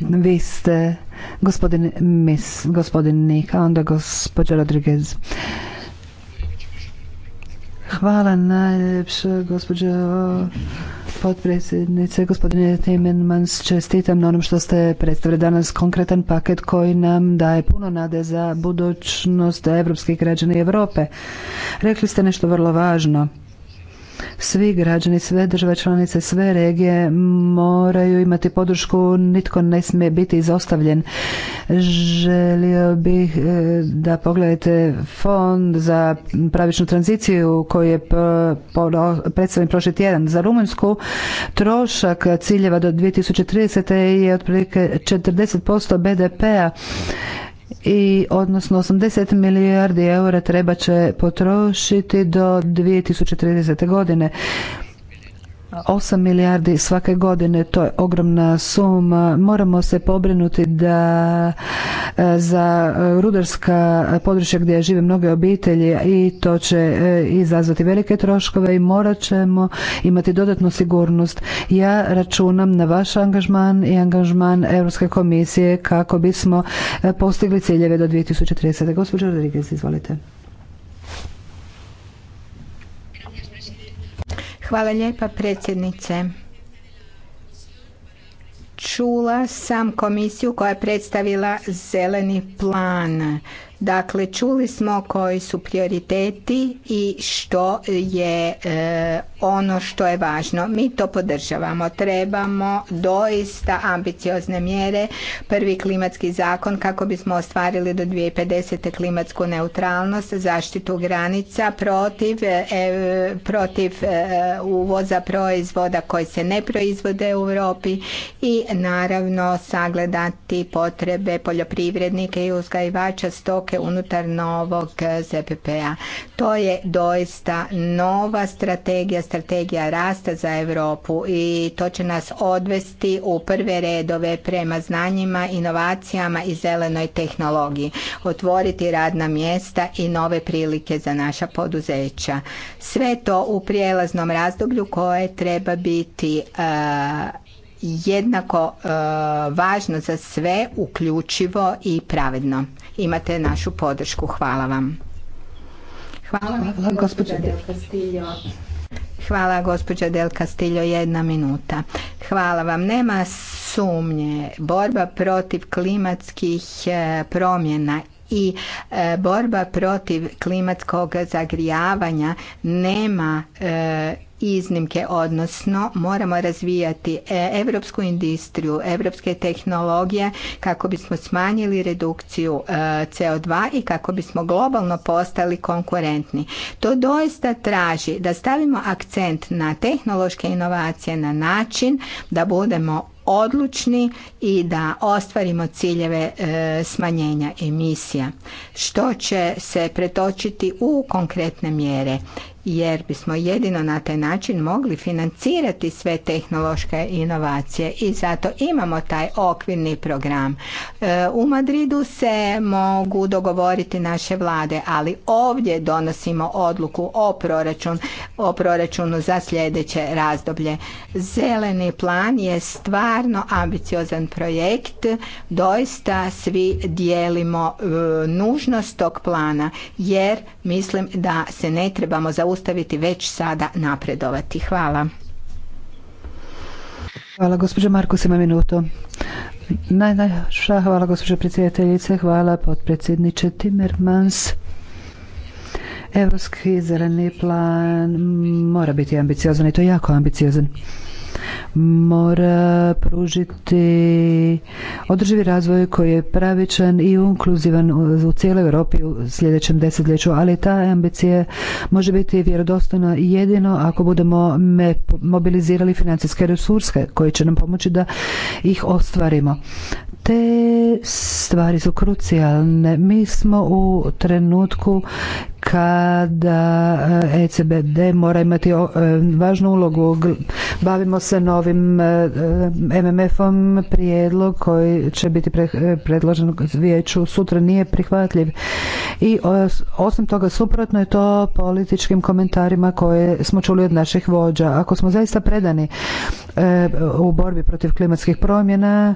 vi ste gospodin, mis, gospodin Nika, onda gospođa Rodriguez. Hvala najljepša gospođo potpredsjednice, gospodine Timmermans, čestitam na onom što ste predstavili danas konkretan paket koji nam daje puno nade za budućnost evropskih građana i Europe. Rekli ste nešto vrlo važno svi građani, sve države članice, sve regije moraju imati podršku, nitko ne smije biti izostavljen. Želio bih e, da pogledate fond za pravičnu tranziciju koji je predstavljen prošli tjedan za Rumunjsku. Trošak ciljeva do 2030. je otprilike 40% BDP-a i odnosno 80 milijardi eura treba će potrošiti do 2030. godine. Osam milijardi svake godine, to je ogromna suma. Moramo se pobrinuti da e, za e, rudarska područja gdje žive mnoge obitelji i to će e, izazvati velike troškove i morat ćemo imati dodatnu sigurnost. Ja računam na vaš angažman i angažman Europske komisije kako bismo postigli ciljeve do 2030. Gospođo Rodriguez, izvolite. Hvala lijepa predsjednice. Čula sam komisiju koja je predstavila zeleni plan. Dakle, čuli smo koji su prioriteti i što je e, ono što je važno. Mi to podržavamo. Trebamo doista ambiciozne mjere, prvi klimatski zakon kako bismo ostvarili do 2050. klimatsku neutralnost, zaštitu granica protiv, e, protiv e, uvoza proizvoda koji se ne proizvode u Europi i naravno sagledati potrebe poljoprivrednike i uzgajivača stoke unutar novog ZPP-a. Eh, to je doista nova strategija, strategija rasta za Europu i to će nas odvesti u prve redove prema znanjima, inovacijama i zelenoj tehnologiji, otvoriti radna mjesta i nove prilike za naša poduzeća. Sve to u prijelaznom razdoblju koje treba biti eh, jednako eh, važno za sve, uključivo i pravedno imate našu podršku. Hvala vam. Hvala, Hvala gospođa Del Castillo. Hvala gospođa Del Castillo, jedna minuta. Hvala vam. Nema sumnje, borba protiv klimatskih e, promjena i e, borba protiv klimatskog zagrijavanja nema e, iznimke, odnosno moramo razvijati e, evropsku industriju, evropske tehnologije kako bismo smanjili redukciju e, CO2 i kako bismo globalno postali konkurentni. To doista traži da stavimo akcent na tehnološke inovacije na način da budemo odlučni i da ostvarimo ciljeve e, smanjenja emisija što će se pretočiti u konkretne mjere jer bismo jedino na taj način mogli financirati sve tehnološke inovacije i zato imamo taj okvirni program. E, u Madridu se mogu dogovoriti naše vlade, ali ovdje donosimo odluku o, proračun, o proračunu za sljedeće razdoblje. Zeleni plan je stvarno ambiciozan projekt, doista svi dijelimo e, nužnost tog plana jer mislim da se ne trebamo zaustaviti zaustaviti, već sada napredovati. Hvala. Hvala gospođo Markus, ima minuto. Najnaša hvala gospođo predsjedateljice, hvala potpredsjedniče Timmermans. Evropski zeleni plan mora biti ambiciozan i to jako ambiciozan mora pružiti održivi razvoj koji je pravičan i inkluzivan u cijeloj Europi u sljedećem desetljeću, ali ta ambicija može biti vjerodostojna jedino ako budemo mobilizirali financijske resurse koji će nam pomoći da ih ostvarimo. Te stvari su krucijalne. Mi smo u trenutku kada ECBD e mora imati e, važnu ulogu. Bavimo se novim e, MMF-om, prijedlog koji će biti predložen vijeću sutra nije prihvatljiv. I osim toga suprotno je to političkim komentarima koje smo čuli od naših vođa. Ako smo zaista predani u borbi protiv klimatskih promjena,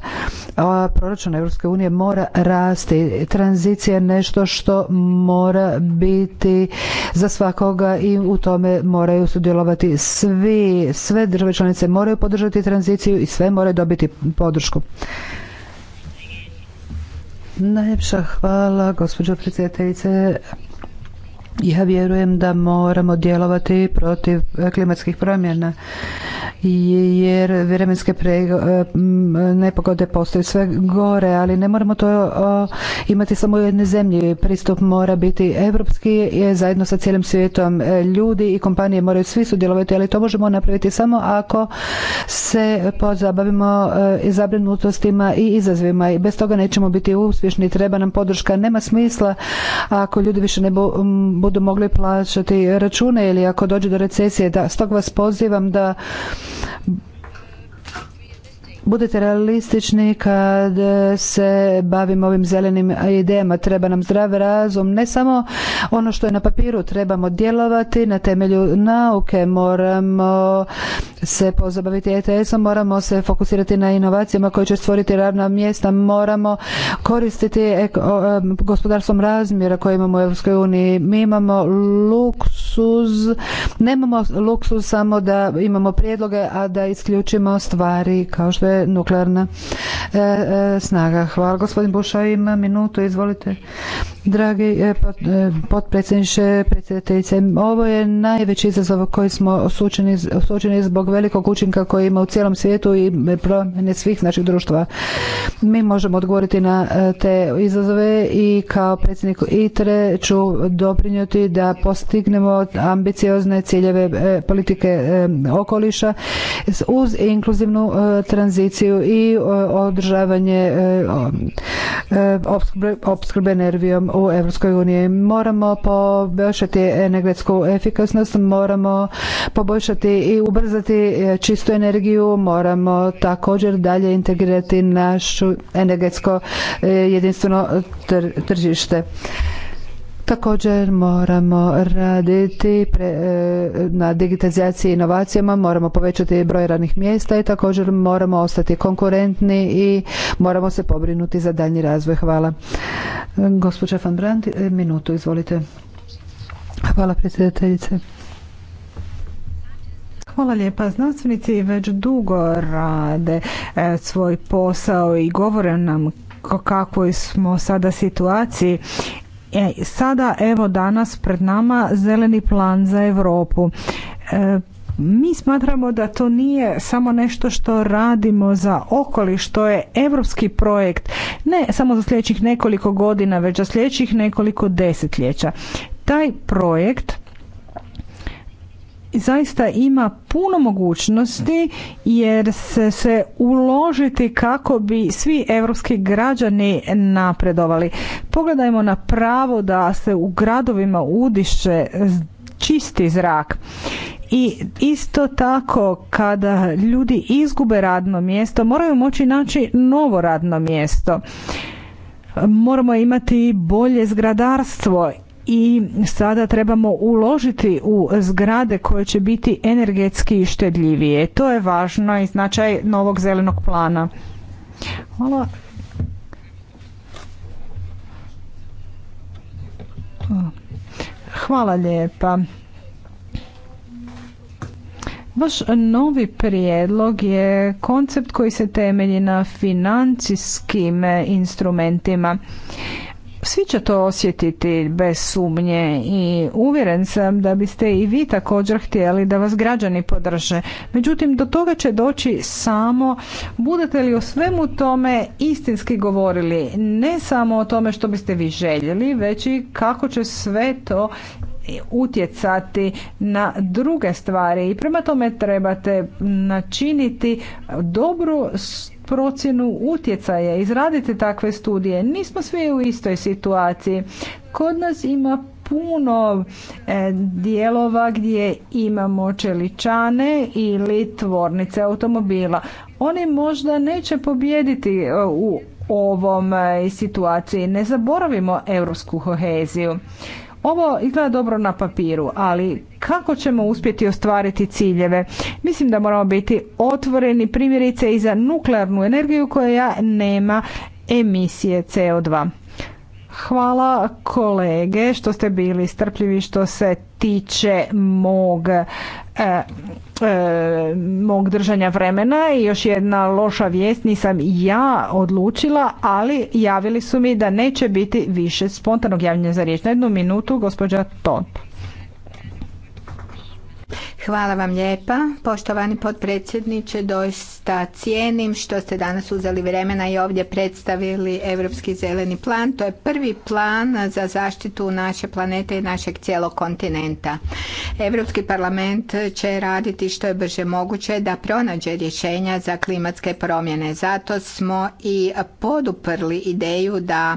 proračun EU mora rasti. Tranzicija je nešto što mora biti biti za svakoga i u tome moraju sudjelovati svi. Sve države članice moraju podržati tranziciju i sve moraju dobiti podršku. Najljepša hvala, gospođo predsjedateljice. Ja vjerujem da moramo djelovati protiv e, klimatskih promjena jer vremenske e, nepogode postaju sve gore, ali ne moramo to imati samo u jednoj zemlji. Pristup mora biti evropski e, zajedno sa cijelim svijetom. Ljudi i kompanije moraju svi sudjelovati, ali to možemo napraviti samo ako se pozabavimo zabrinutostima i izazvima i bez toga nećemo biti uspješni. Treba nam podrška. Nema smisla ako ljudi više ne budu budu mogli plaćati račune ili ako dođe do recesije. Da, stog vas pozivam da Budete realistični kad se bavimo ovim zelenim idejama. Treba nam zdrav razum, ne samo ono što je na papiru, trebamo djelovati na temelju nauke, moramo se pozabaviti ETS-om, moramo se fokusirati na inovacijama koje će stvoriti ravna mjesta, moramo koristiti gospodarstvom razmjera koje imamo u EU. Mi imamo luksuz, nemamo luksuz samo da imamo prijedloge, a da isključimo stvari kao što je nuklearna e, e, snaga. Hvala. Gospodin Buša ima minutu, izvolite. Dragi e, e, potpredsjedniče, predsjedateljice, ovo je najveći izazov koji smo osučeni zbog velikog učinka koji ima u cijelom svijetu i promjene svih naših društva. Mi možemo odgovoriti na e, te izazove i kao predsjednik ITRE ću doprinijeti da postignemo ambiciozne ciljeve politike okoliša uz inkluzivnu tranziciju i održavanje opskrbe energijom u Europskoj uniji. Moramo poboljšati energetsku efikasnost, moramo poboljšati i ubrzati e, čistu energiju, moramo također dalje integrirati našu energetsko e, jedinstveno tržište. Također moramo raditi e, na digitalizaciji i inovacijama, moramo povećati broj radnih mjesta i također moramo ostati konkurentni i moramo se pobrinuti za daljnji razvoj. Hvala. Gospođa Van Brandt, e, minutu, izvolite. Hvala predsjedateljice. Hvala lijepa. Znanstvenici već dugo rade e, svoj posao i govore nam kakvoj smo sada situaciji E, sada evo danas pred nama zeleni plan za Europu. E, mi smatramo da to nije samo nešto što radimo za okoliš, to je europski projekt, ne samo za sljedećih nekoliko godina, već za sljedećih nekoliko desetljeća. Taj projekt zaista ima puno mogućnosti jer se se uložiti kako bi svi europski građani napredovali. Pogledajmo na pravo da se u gradovima udiše čisti zrak. I isto tako kada ljudi izgube radno mjesto moraju moći naći novo radno mjesto. Moramo imati bolje zgradarstvo i sada trebamo uložiti u zgrade koje će biti energetski štedljivije. To je važno i značaj novog zelenog plana. Hvala. Hvala lijepa. Vaš novi prijedlog je koncept koji se temelji na financijskim instrumentima. Svi će to osjetiti bez sumnje i uvjeren sam da biste i vi također htjeli da vas građani podrže. Međutim, do toga će doći samo budete li o svemu tome istinski govorili, ne samo o tome što biste vi željeli, već i kako će sve to utjecati na druge stvari i prema tome trebate načiniti dobru procjenu utjecaja, izradite takve studije. Nismo svi u istoj situaciji. Kod nas ima puno e, dijelova gdje imamo čeličane ili tvornice automobila. Oni možda neće pobijediti e, u ovom e, situaciji. Ne zaboravimo europsku koheziju. Ovo izgleda dobro na papiru, ali kako ćemo uspjeti ostvariti ciljeve? Mislim da moramo biti otvoreni primjerice i za nuklearnu energiju koja nema emisije CO2. Hvala kolege što ste bili strpljivi što se tiče mog, e, e, mog držanja vremena i još jedna loša vijest nisam ja odlučila, ali javili su mi da neće biti više spontanog javljanja za riječ. Na jednu minutu gospođa Top. Hvala vam lijepa. Poštovani potpredsjedniče, doista cijenim što ste danas uzeli vremena i ovdje predstavili Europski zeleni plan. To je prvi plan za zaštitu naše planete i našeg cijelog kontinenta. Europski parlament će raditi što je brže moguće da pronađe rješenja za klimatske promjene. Zato smo i poduprli ideju da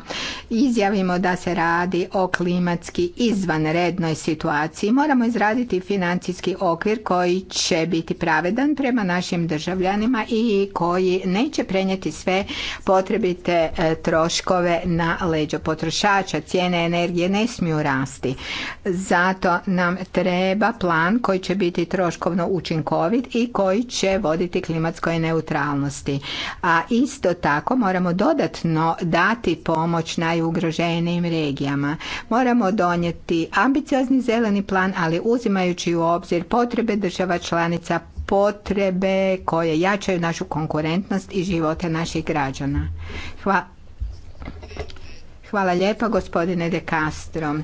izjavimo da se radi o klimatski izvanrednoj situaciji. Moramo izraditi financijski okvir okvir koji će biti pravedan prema našim državljanima i koji neće prenijeti sve potrebite e, troškove na leđo potrošača. Cijene energije ne smiju rasti. Zato nam treba plan koji će biti troškovno učinkovit i koji će voditi klimatskoj neutralnosti. A isto tako moramo dodatno dati pomoć najugroženijim regijama. Moramo donijeti ambiciozni zeleni plan, ali uzimajući u obzir pod potrebe država članica, potrebe koje jačaju našu konkurentnost i živote naših građana. Hvala lijepa gospodine De Castro.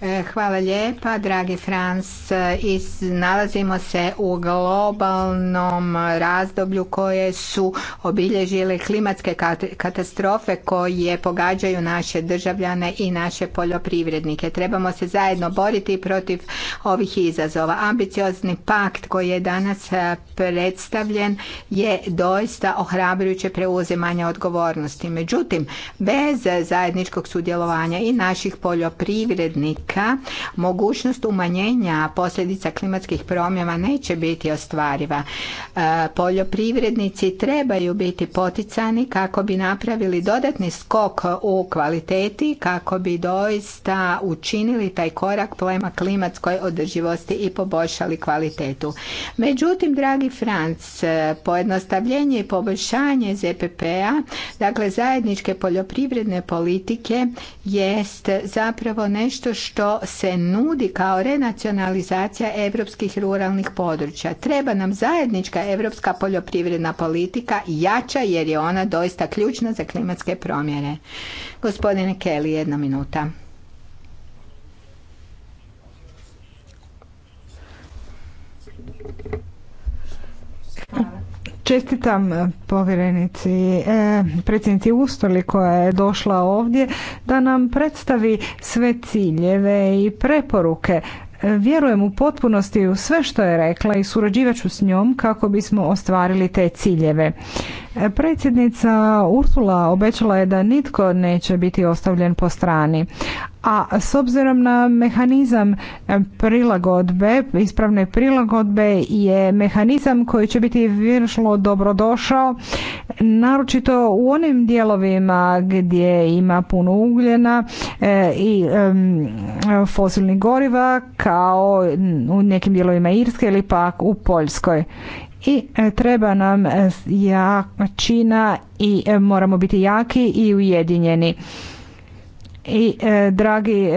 E, hvala lijepa, dragi Franz. E, nalazimo se u globalnom razdoblju koje su obilježile klimatske katastrofe koje pogađaju naše državljane i naše poljoprivrednike. Trebamo se zajedno boriti protiv ovih izazova. Ambiciozni pakt koji je danas e, predstavljen je doista ohrabrujuće preuzimanje odgovornosti. Međutim, bez zajedničkog sudjelovanja i naših poljoprivrednika mogućnost umanjenja posljedica klimatskih promjena neće biti ostvariva. E, poljoprivrednici trebaju biti poticani kako bi napravili dodatni skok u kvaliteti, kako bi doista učinili taj korak prema klimatskoj održivosti i poboljšali kvalitetu. Međutim, dragi Franc, pojednostavljenje i poboljšanje ZPP-a, dakle zajedničke poljoprivredne politike, jest zapravo nešto što što se nudi kao renacionalizacija europskih ruralnih područja. Treba nam zajednička europska poljoprivredna politika jača jer je ona doista ključna za klimatske promjene. Gospodine Kelly, jedna minuta. Hvala. Čestitam e, povjerenici, e, predsjednici Ustoli koja je došla ovdje da nam predstavi sve ciljeve i preporuke. E, vjerujem u potpunosti u sve što je rekla i surađivaću s njom kako bismo ostvarili te ciljeve. Predsjednica Ursula obećala je da nitko neće biti ostavljen po strani. A s obzirom na mehanizam prilagodbe, ispravne prilagodbe je mehanizam koji će biti vrlo dobrodošao, naročito u onim dijelovima gdje ima puno ugljena e, i fosilnih goriva kao u nekim dijelovima Irske ili pak u Poljskoj i e, treba nam e, jačina i e, moramo biti jaki i ujedinjeni. I dragi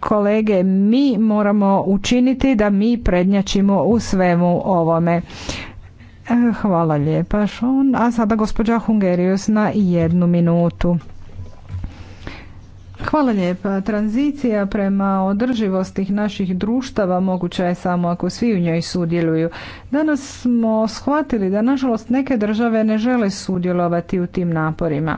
kolege, mi moramo učiniti da mi prednjačimo u svemu ovome. hvala lijepa, Šon. A sada gospođa Hungerius na jednu minutu. Hvala lijepa. Tranzicija prema održivosti naših društava moguća je samo ako svi u njoj sudjeluju. Danas smo shvatili da nažalost neke države ne žele sudjelovati u tim naporima.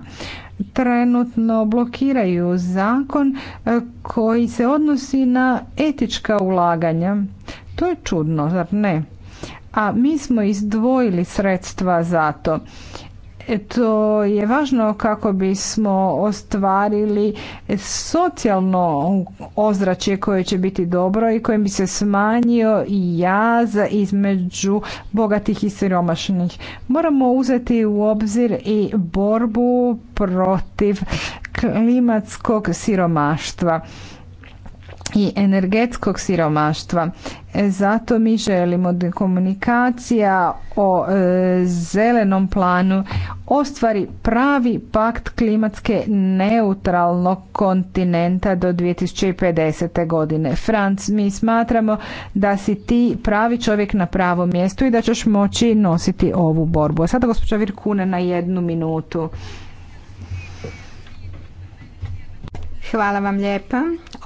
Trenutno blokiraju zakon e, koji se odnosi na etička ulaganja. To je čudno, zar ne? A mi smo izdvojili sredstva za to. E, to je važno kako bismo ostvarili socijalno ozračje koje će biti dobro i kojim bi se smanjio i jaz između bogatih i siromašnih. Moramo uzeti u obzir i borbu protiv klimatskog siromaštva i energetskog siromaštva. E, zato mi želimo da komunikacija o e, zelenom planu ostvari pravi pakt klimatske neutralnog kontinenta do 2050. godine. Franc, mi smatramo da si ti pravi čovjek na pravom mjestu i da ćeš moći nositi ovu borbu. sada gospođa Virkune na jednu minutu. Hvala vam lijepa.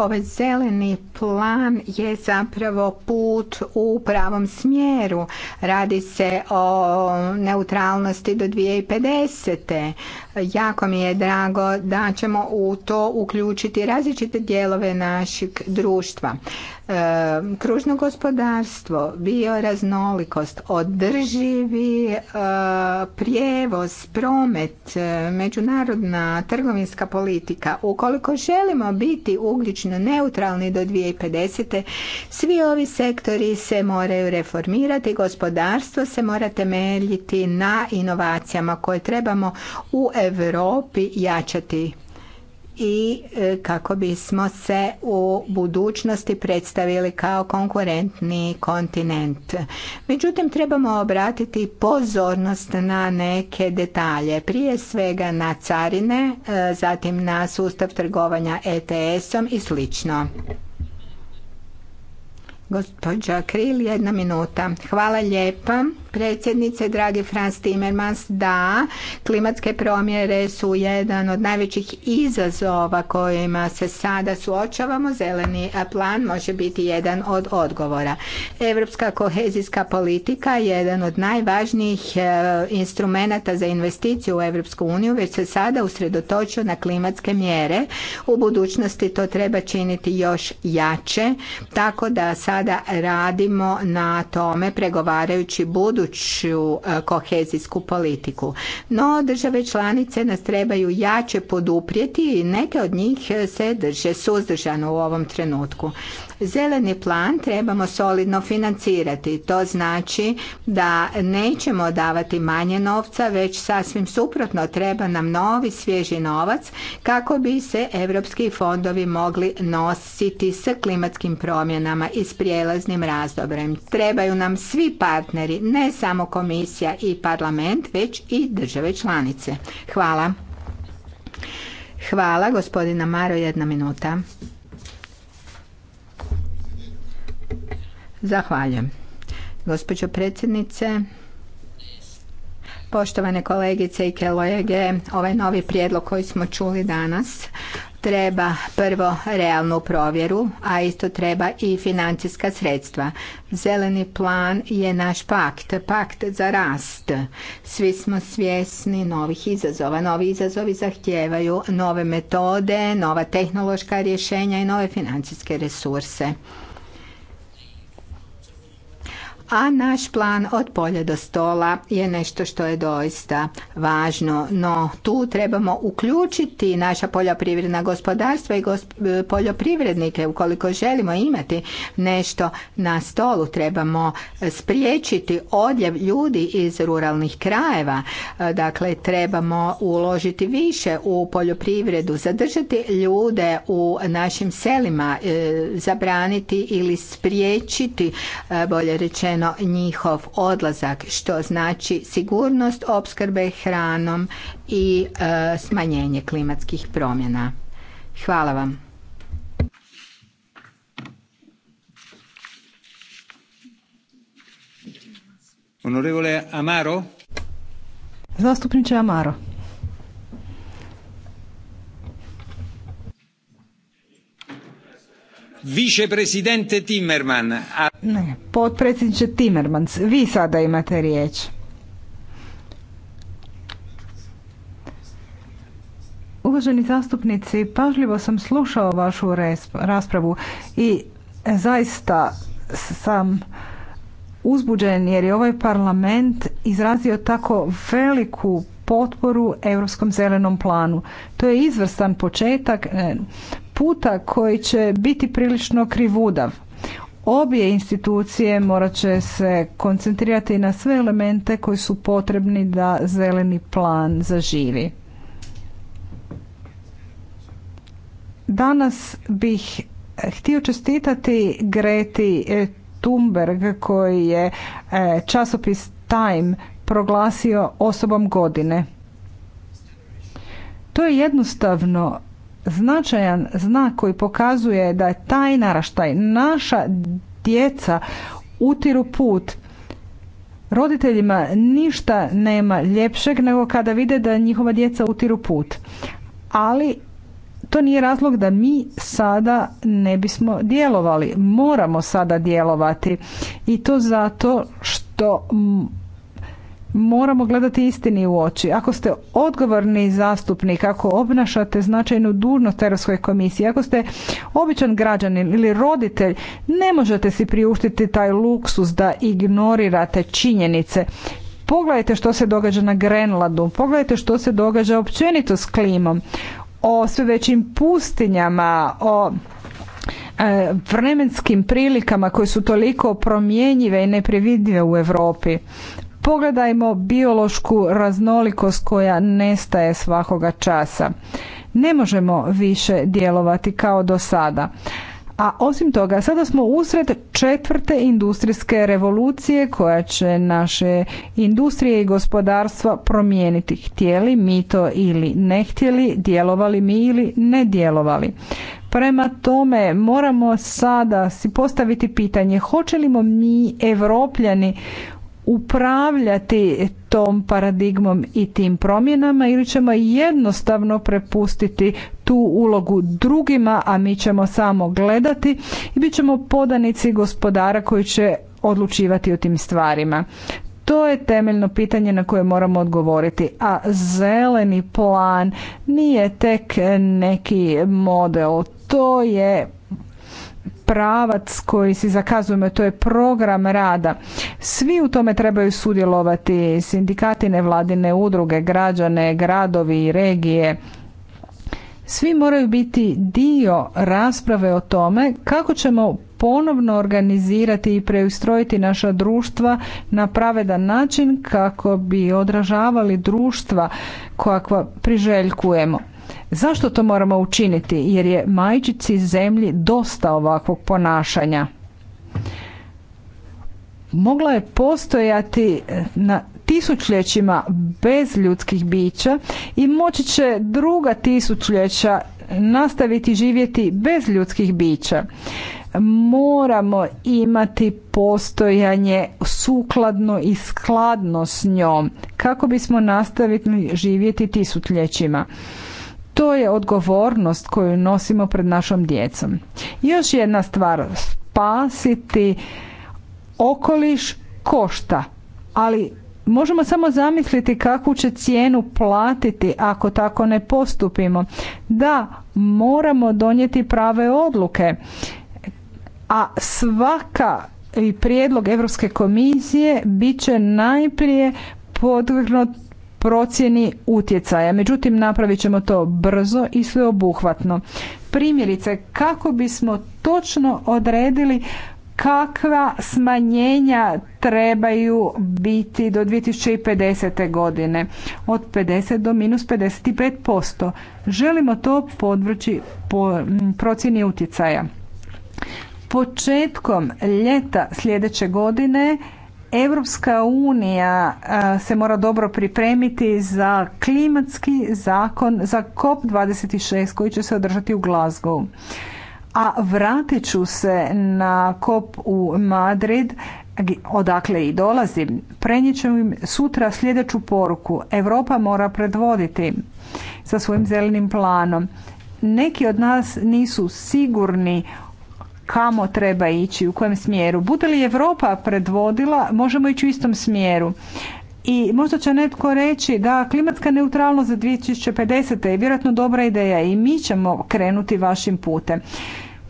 Ovaj zeleni plan je zapravo put u pravom smjeru. Radi se o neutralnosti do 2050. Jako mi je drago da ćemo u to uključiti različite dijelove našeg društva. E, kružno gospodarstvo, bioraznolikost, održivi e, prijevoz, promet, e, međunarodna trgovinska politika. Ukoliko želimo biti ugljično neutralni do 2050. svi ovi sektori se moraju reformirati, gospodarstvo se mora temeljiti na inovacijama koje trebamo u Evropi. Europi jačati i e, kako bismo se u budućnosti predstavili kao konkurentni kontinent. Međutim, trebamo obratiti pozornost na neke detalje. Prije svega na carine, e, zatim na sustav trgovanja ETS-om i slično. Gospođa Kril, jedna minuta. Hvala lijepa predsjednice, dragi Franz Timmermans, da, klimatske promjere su jedan od najvećih izazova kojima se sada suočavamo. Zeleni plan može biti jedan od odgovora. Europska kohezijska politika je jedan od najvažnijih e, instrumenata za investiciju u Europsku uniju, već se sada usredotočio na klimatske mjere. U budućnosti to treba činiti još jače, tako da sada radimo na tome pregovarajući budu buduću e, kohezijsku politiku. No, države članice nas trebaju jače poduprijeti i neke od njih se drže suzdržano u ovom trenutku. Zeleni plan trebamo solidno financirati. To znači da nećemo davati manje novca, već sasvim suprotno treba nam novi svježi novac kako bi se europski fondovi mogli nositi s klimatskim promjenama i s prijelaznim razdobrem. Trebaju nam svi partneri, ne samo komisija i parlament, već i države članice. Hvala. Hvala, gospodina Maro, jedna minuta. Zahvaljujem. Gospođo predsjednice, poštovane kolegice i kolege, ovaj novi prijedlog koji smo čuli danas treba prvo realnu provjeru, a isto treba i financijska sredstva. Zeleni plan je naš pakt, pakt za rast. Svi smo svjesni novih izazova. Novi izazovi zahtijevaju nove metode, nova tehnološka rješenja i nove financijske resurse a naš plan od polja do stola je nešto što je doista važno, no tu trebamo uključiti naša poljoprivredna gospodarstva i poljoprivrednike ukoliko želimo imati nešto na stolu trebamo spriječiti odljev ljudi iz ruralnih krajeva dakle trebamo uložiti više u poljoprivredu zadržati ljude u našim selima e, zabraniti ili spriječiti e, bolje rečeno njihov odlazak što znači sigurnost opskrbe hranom i e, smanjenje klimatskih promjena. Hvala vam. Onorevole Amaro. Zastupniče Amaro. Vicepresidente Ne, potpredsjedniče Timmermans, vi sada imate riječ. Uvaženi zastupnici, pažljivo sam slušao vašu raspravu i e, zaista sam uzbuđen jer je ovaj parlament izrazio tako veliku potporu Europskom zelenom planu. To je izvrstan početak e, puta koji će biti prilično krivudav. Obje institucije morat će se koncentrirati na sve elemente koji su potrebni da zeleni plan zaživi. Danas bih eh, htio čestitati Greti eh, Thunberg koji je eh, časopis Time proglasio osobom godine. To je jednostavno značajan znak koji pokazuje da je taj naraštaj naša djeca utiru put roditeljima ništa nema ljepšeg nego kada vide da njihova djeca utiru put ali to nije razlog da mi sada ne bismo djelovali moramo sada djelovati i to zato što moramo gledati istini u oči. Ako ste odgovorni zastupnik, ako obnašate značajnu dužnost Europskoj komisiji, ako ste običan građanin ili roditelj, ne možete si priuštiti taj luksus da ignorirate činjenice. Pogledajte što se događa na Grenladu, pogledajte što se događa općenito s klimom, o sve većim pustinjama, o e, vremenskim prilikama koje su toliko promjenjive i neprevidljive u Europi. Pogledajmo biološku raznolikost koja nestaje svakoga časa. Ne možemo više djelovati kao do sada. A osim toga, sada smo usred četvrte industrijske revolucije koja će naše industrije i gospodarstva promijeniti. Htjeli mi to ili ne htjeli, djelovali mi ili ne djelovali. Prema tome moramo sada si postaviti pitanje hoćemo li mi evropljani upravljati tom paradigmom i tim promjenama ili ćemo jednostavno prepustiti tu ulogu drugima, a mi ćemo samo gledati i bit ćemo podanici gospodara koji će odlučivati o tim stvarima. To je temeljno pitanje na koje moramo odgovoriti, a zeleni plan nije tek neki model, to je pravac koji si zakazujemo, to je program rada. Svi u tome trebaju sudjelovati, sindikati, nevladine udruge, građane, gradovi i regije. Svi moraju biti dio rasprave o tome kako ćemo ponovno organizirati i preustrojiti naša društva na pravedan način kako bi odražavali društva kakva priželjkujemo. Zašto to moramo učiniti? Jer je majčici zemlji dosta ovakvog ponašanja. Mogla je postojati e, na tisućljećima bez ljudskih bića i moći će druga tisućljeća nastaviti živjeti bez ljudskih bića. Moramo imati postojanje sukladno i skladno s njom kako bismo nastavili živjeti tisućljećima. To je odgovornost koju nosimo pred našom djecom. Još jedna stvar, spasiti okoliš košta, ali možemo samo zamisliti kakvu će cijenu platiti ako tako ne postupimo. Da, moramo donijeti prave odluke. A svaka i prijedlog Europske komisije bit će najprije podvrgnut procjeni utjecaja. Međutim, napravit ćemo to brzo i sveobuhvatno. Primjerice, kako bismo točno odredili kakva smanjenja trebaju biti do 2050. godine od 50 do minus 55%. Želimo to podvrći po procjeni utjecaja. Početkom ljeta sljedeće godine Europska unija eh, se mora dobro pripremiti za klimatski zakon za COP26 koji će se održati u Glasgowu. A vratit ću se na COP u Madrid odakle i dolazim, prenijet ću im sutra sljedeću poruku. Europa mora predvoditi sa svojim zelenim planom. Neki od nas nisu sigurni kamo treba ići, u kojem smjeru. Bude li Europa predvodila, možemo ići u istom smjeru. I možda će netko reći da klimatska neutralnost za 2050. je vjerojatno dobra ideja i mi ćemo krenuti vašim putem.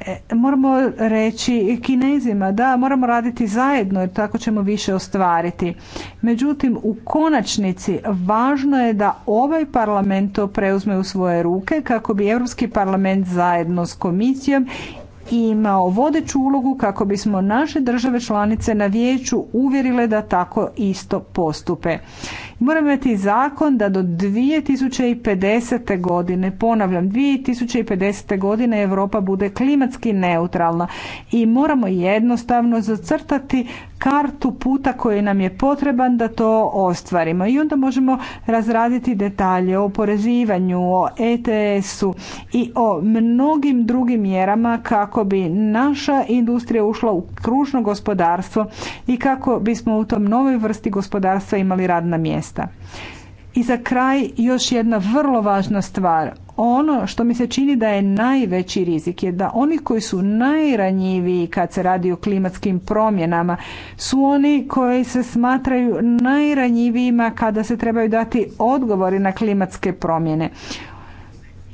E, moramo reći kinezima da moramo raditi zajedno jer tako ćemo više ostvariti. Međutim, u konačnici važno je da ovaj parlament to preuzme u svoje ruke kako bi Europski parlament zajedno s komisijom imao vodeću ulogu kako bismo naše države članice na vijeću uvjerile da tako isto postupe. Moramo imati zakon da do 2050. godine, ponavljam, 2050. godine Europa bude klimatski neutralna i moramo jednostavno zacrtati kartu puta koji nam je potreban da to ostvarimo i onda možemo razraditi detalje o oporezivanju, o ETS-u i o mnogim drugim mjerama kako bi naša industrija ušla u kružno gospodarstvo i kako bismo u tom novoj vrsti gospodarstva imali radna mjesta. I za kraj još jedna vrlo važna stvar. Ono što mi se čini da je najveći rizik je da oni koji su najranjiviji kad se radi o klimatskim promjenama su oni koji se smatraju najranjivijima kada se trebaju dati odgovori na klimatske promjene.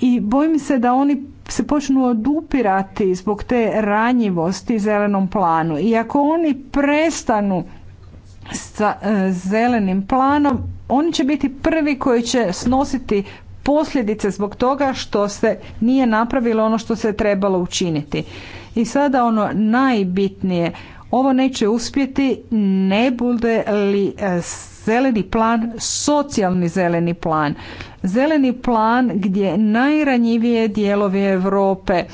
I bojim se da oni se počnu odupirati zbog te ranjivosti zelenom planu. I ako oni prestanu sa e, zelenim planom, oni će biti prvi koji će snositi posljedice zbog toga što se nije napravilo ono što se trebalo učiniti. I sada ono najbitnije, ovo neće uspjeti ne bude li e, zeleni plan socijalni zeleni plan. Zeleni plan gdje najranjivije dijelovi Europe,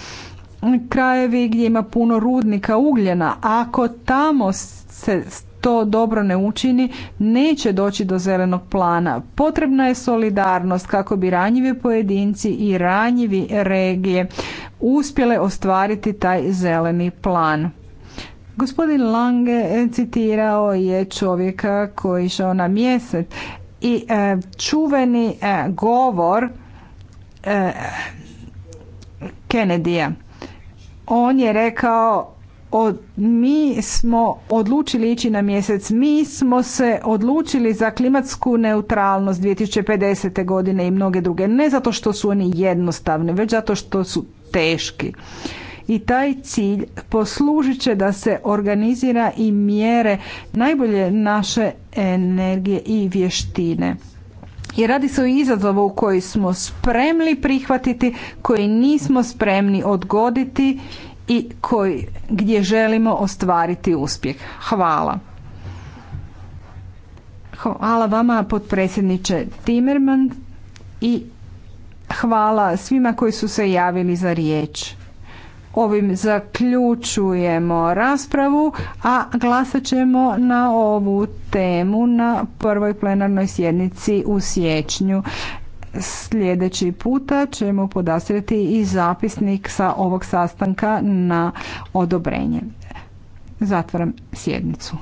krajevi gdje ima puno rudnika ugljena, ako tamo se to dobro ne učini, neće doći do zelenog plana. Potrebna je solidarnost kako bi ranjivi pojedinci i ranjivi regije uspjele ostvariti taj zeleni plan. Gospodin Lange citirao je čovjeka koji išao na mjesec i e, čuveni e, govor e, On je rekao od, mi smo odlučili ići na mjesec. Mi smo se odlučili za klimatsku neutralnost 2050. godine i mnoge druge. Ne zato što su oni jednostavni, već zato što su teški. I taj cilj poslužit će da se organizira i mjere najbolje naše energije i vještine. I radi se o izazovu koji smo spremni prihvatiti, koji nismo spremni odgoditi i koji, gdje želimo ostvariti uspjeh. Hvala. Hvala vama potpredsjedniče Timerman i hvala svima koji su se javili za riječ. Ovim zaključujemo raspravu, a glasat ćemo na ovu temu na prvoj plenarnoj sjednici u siječnju. Sljedeći puta ćemo podastrijeti i zapisnik sa ovog sastanka na odobrenje. Zatvaram sjednicu.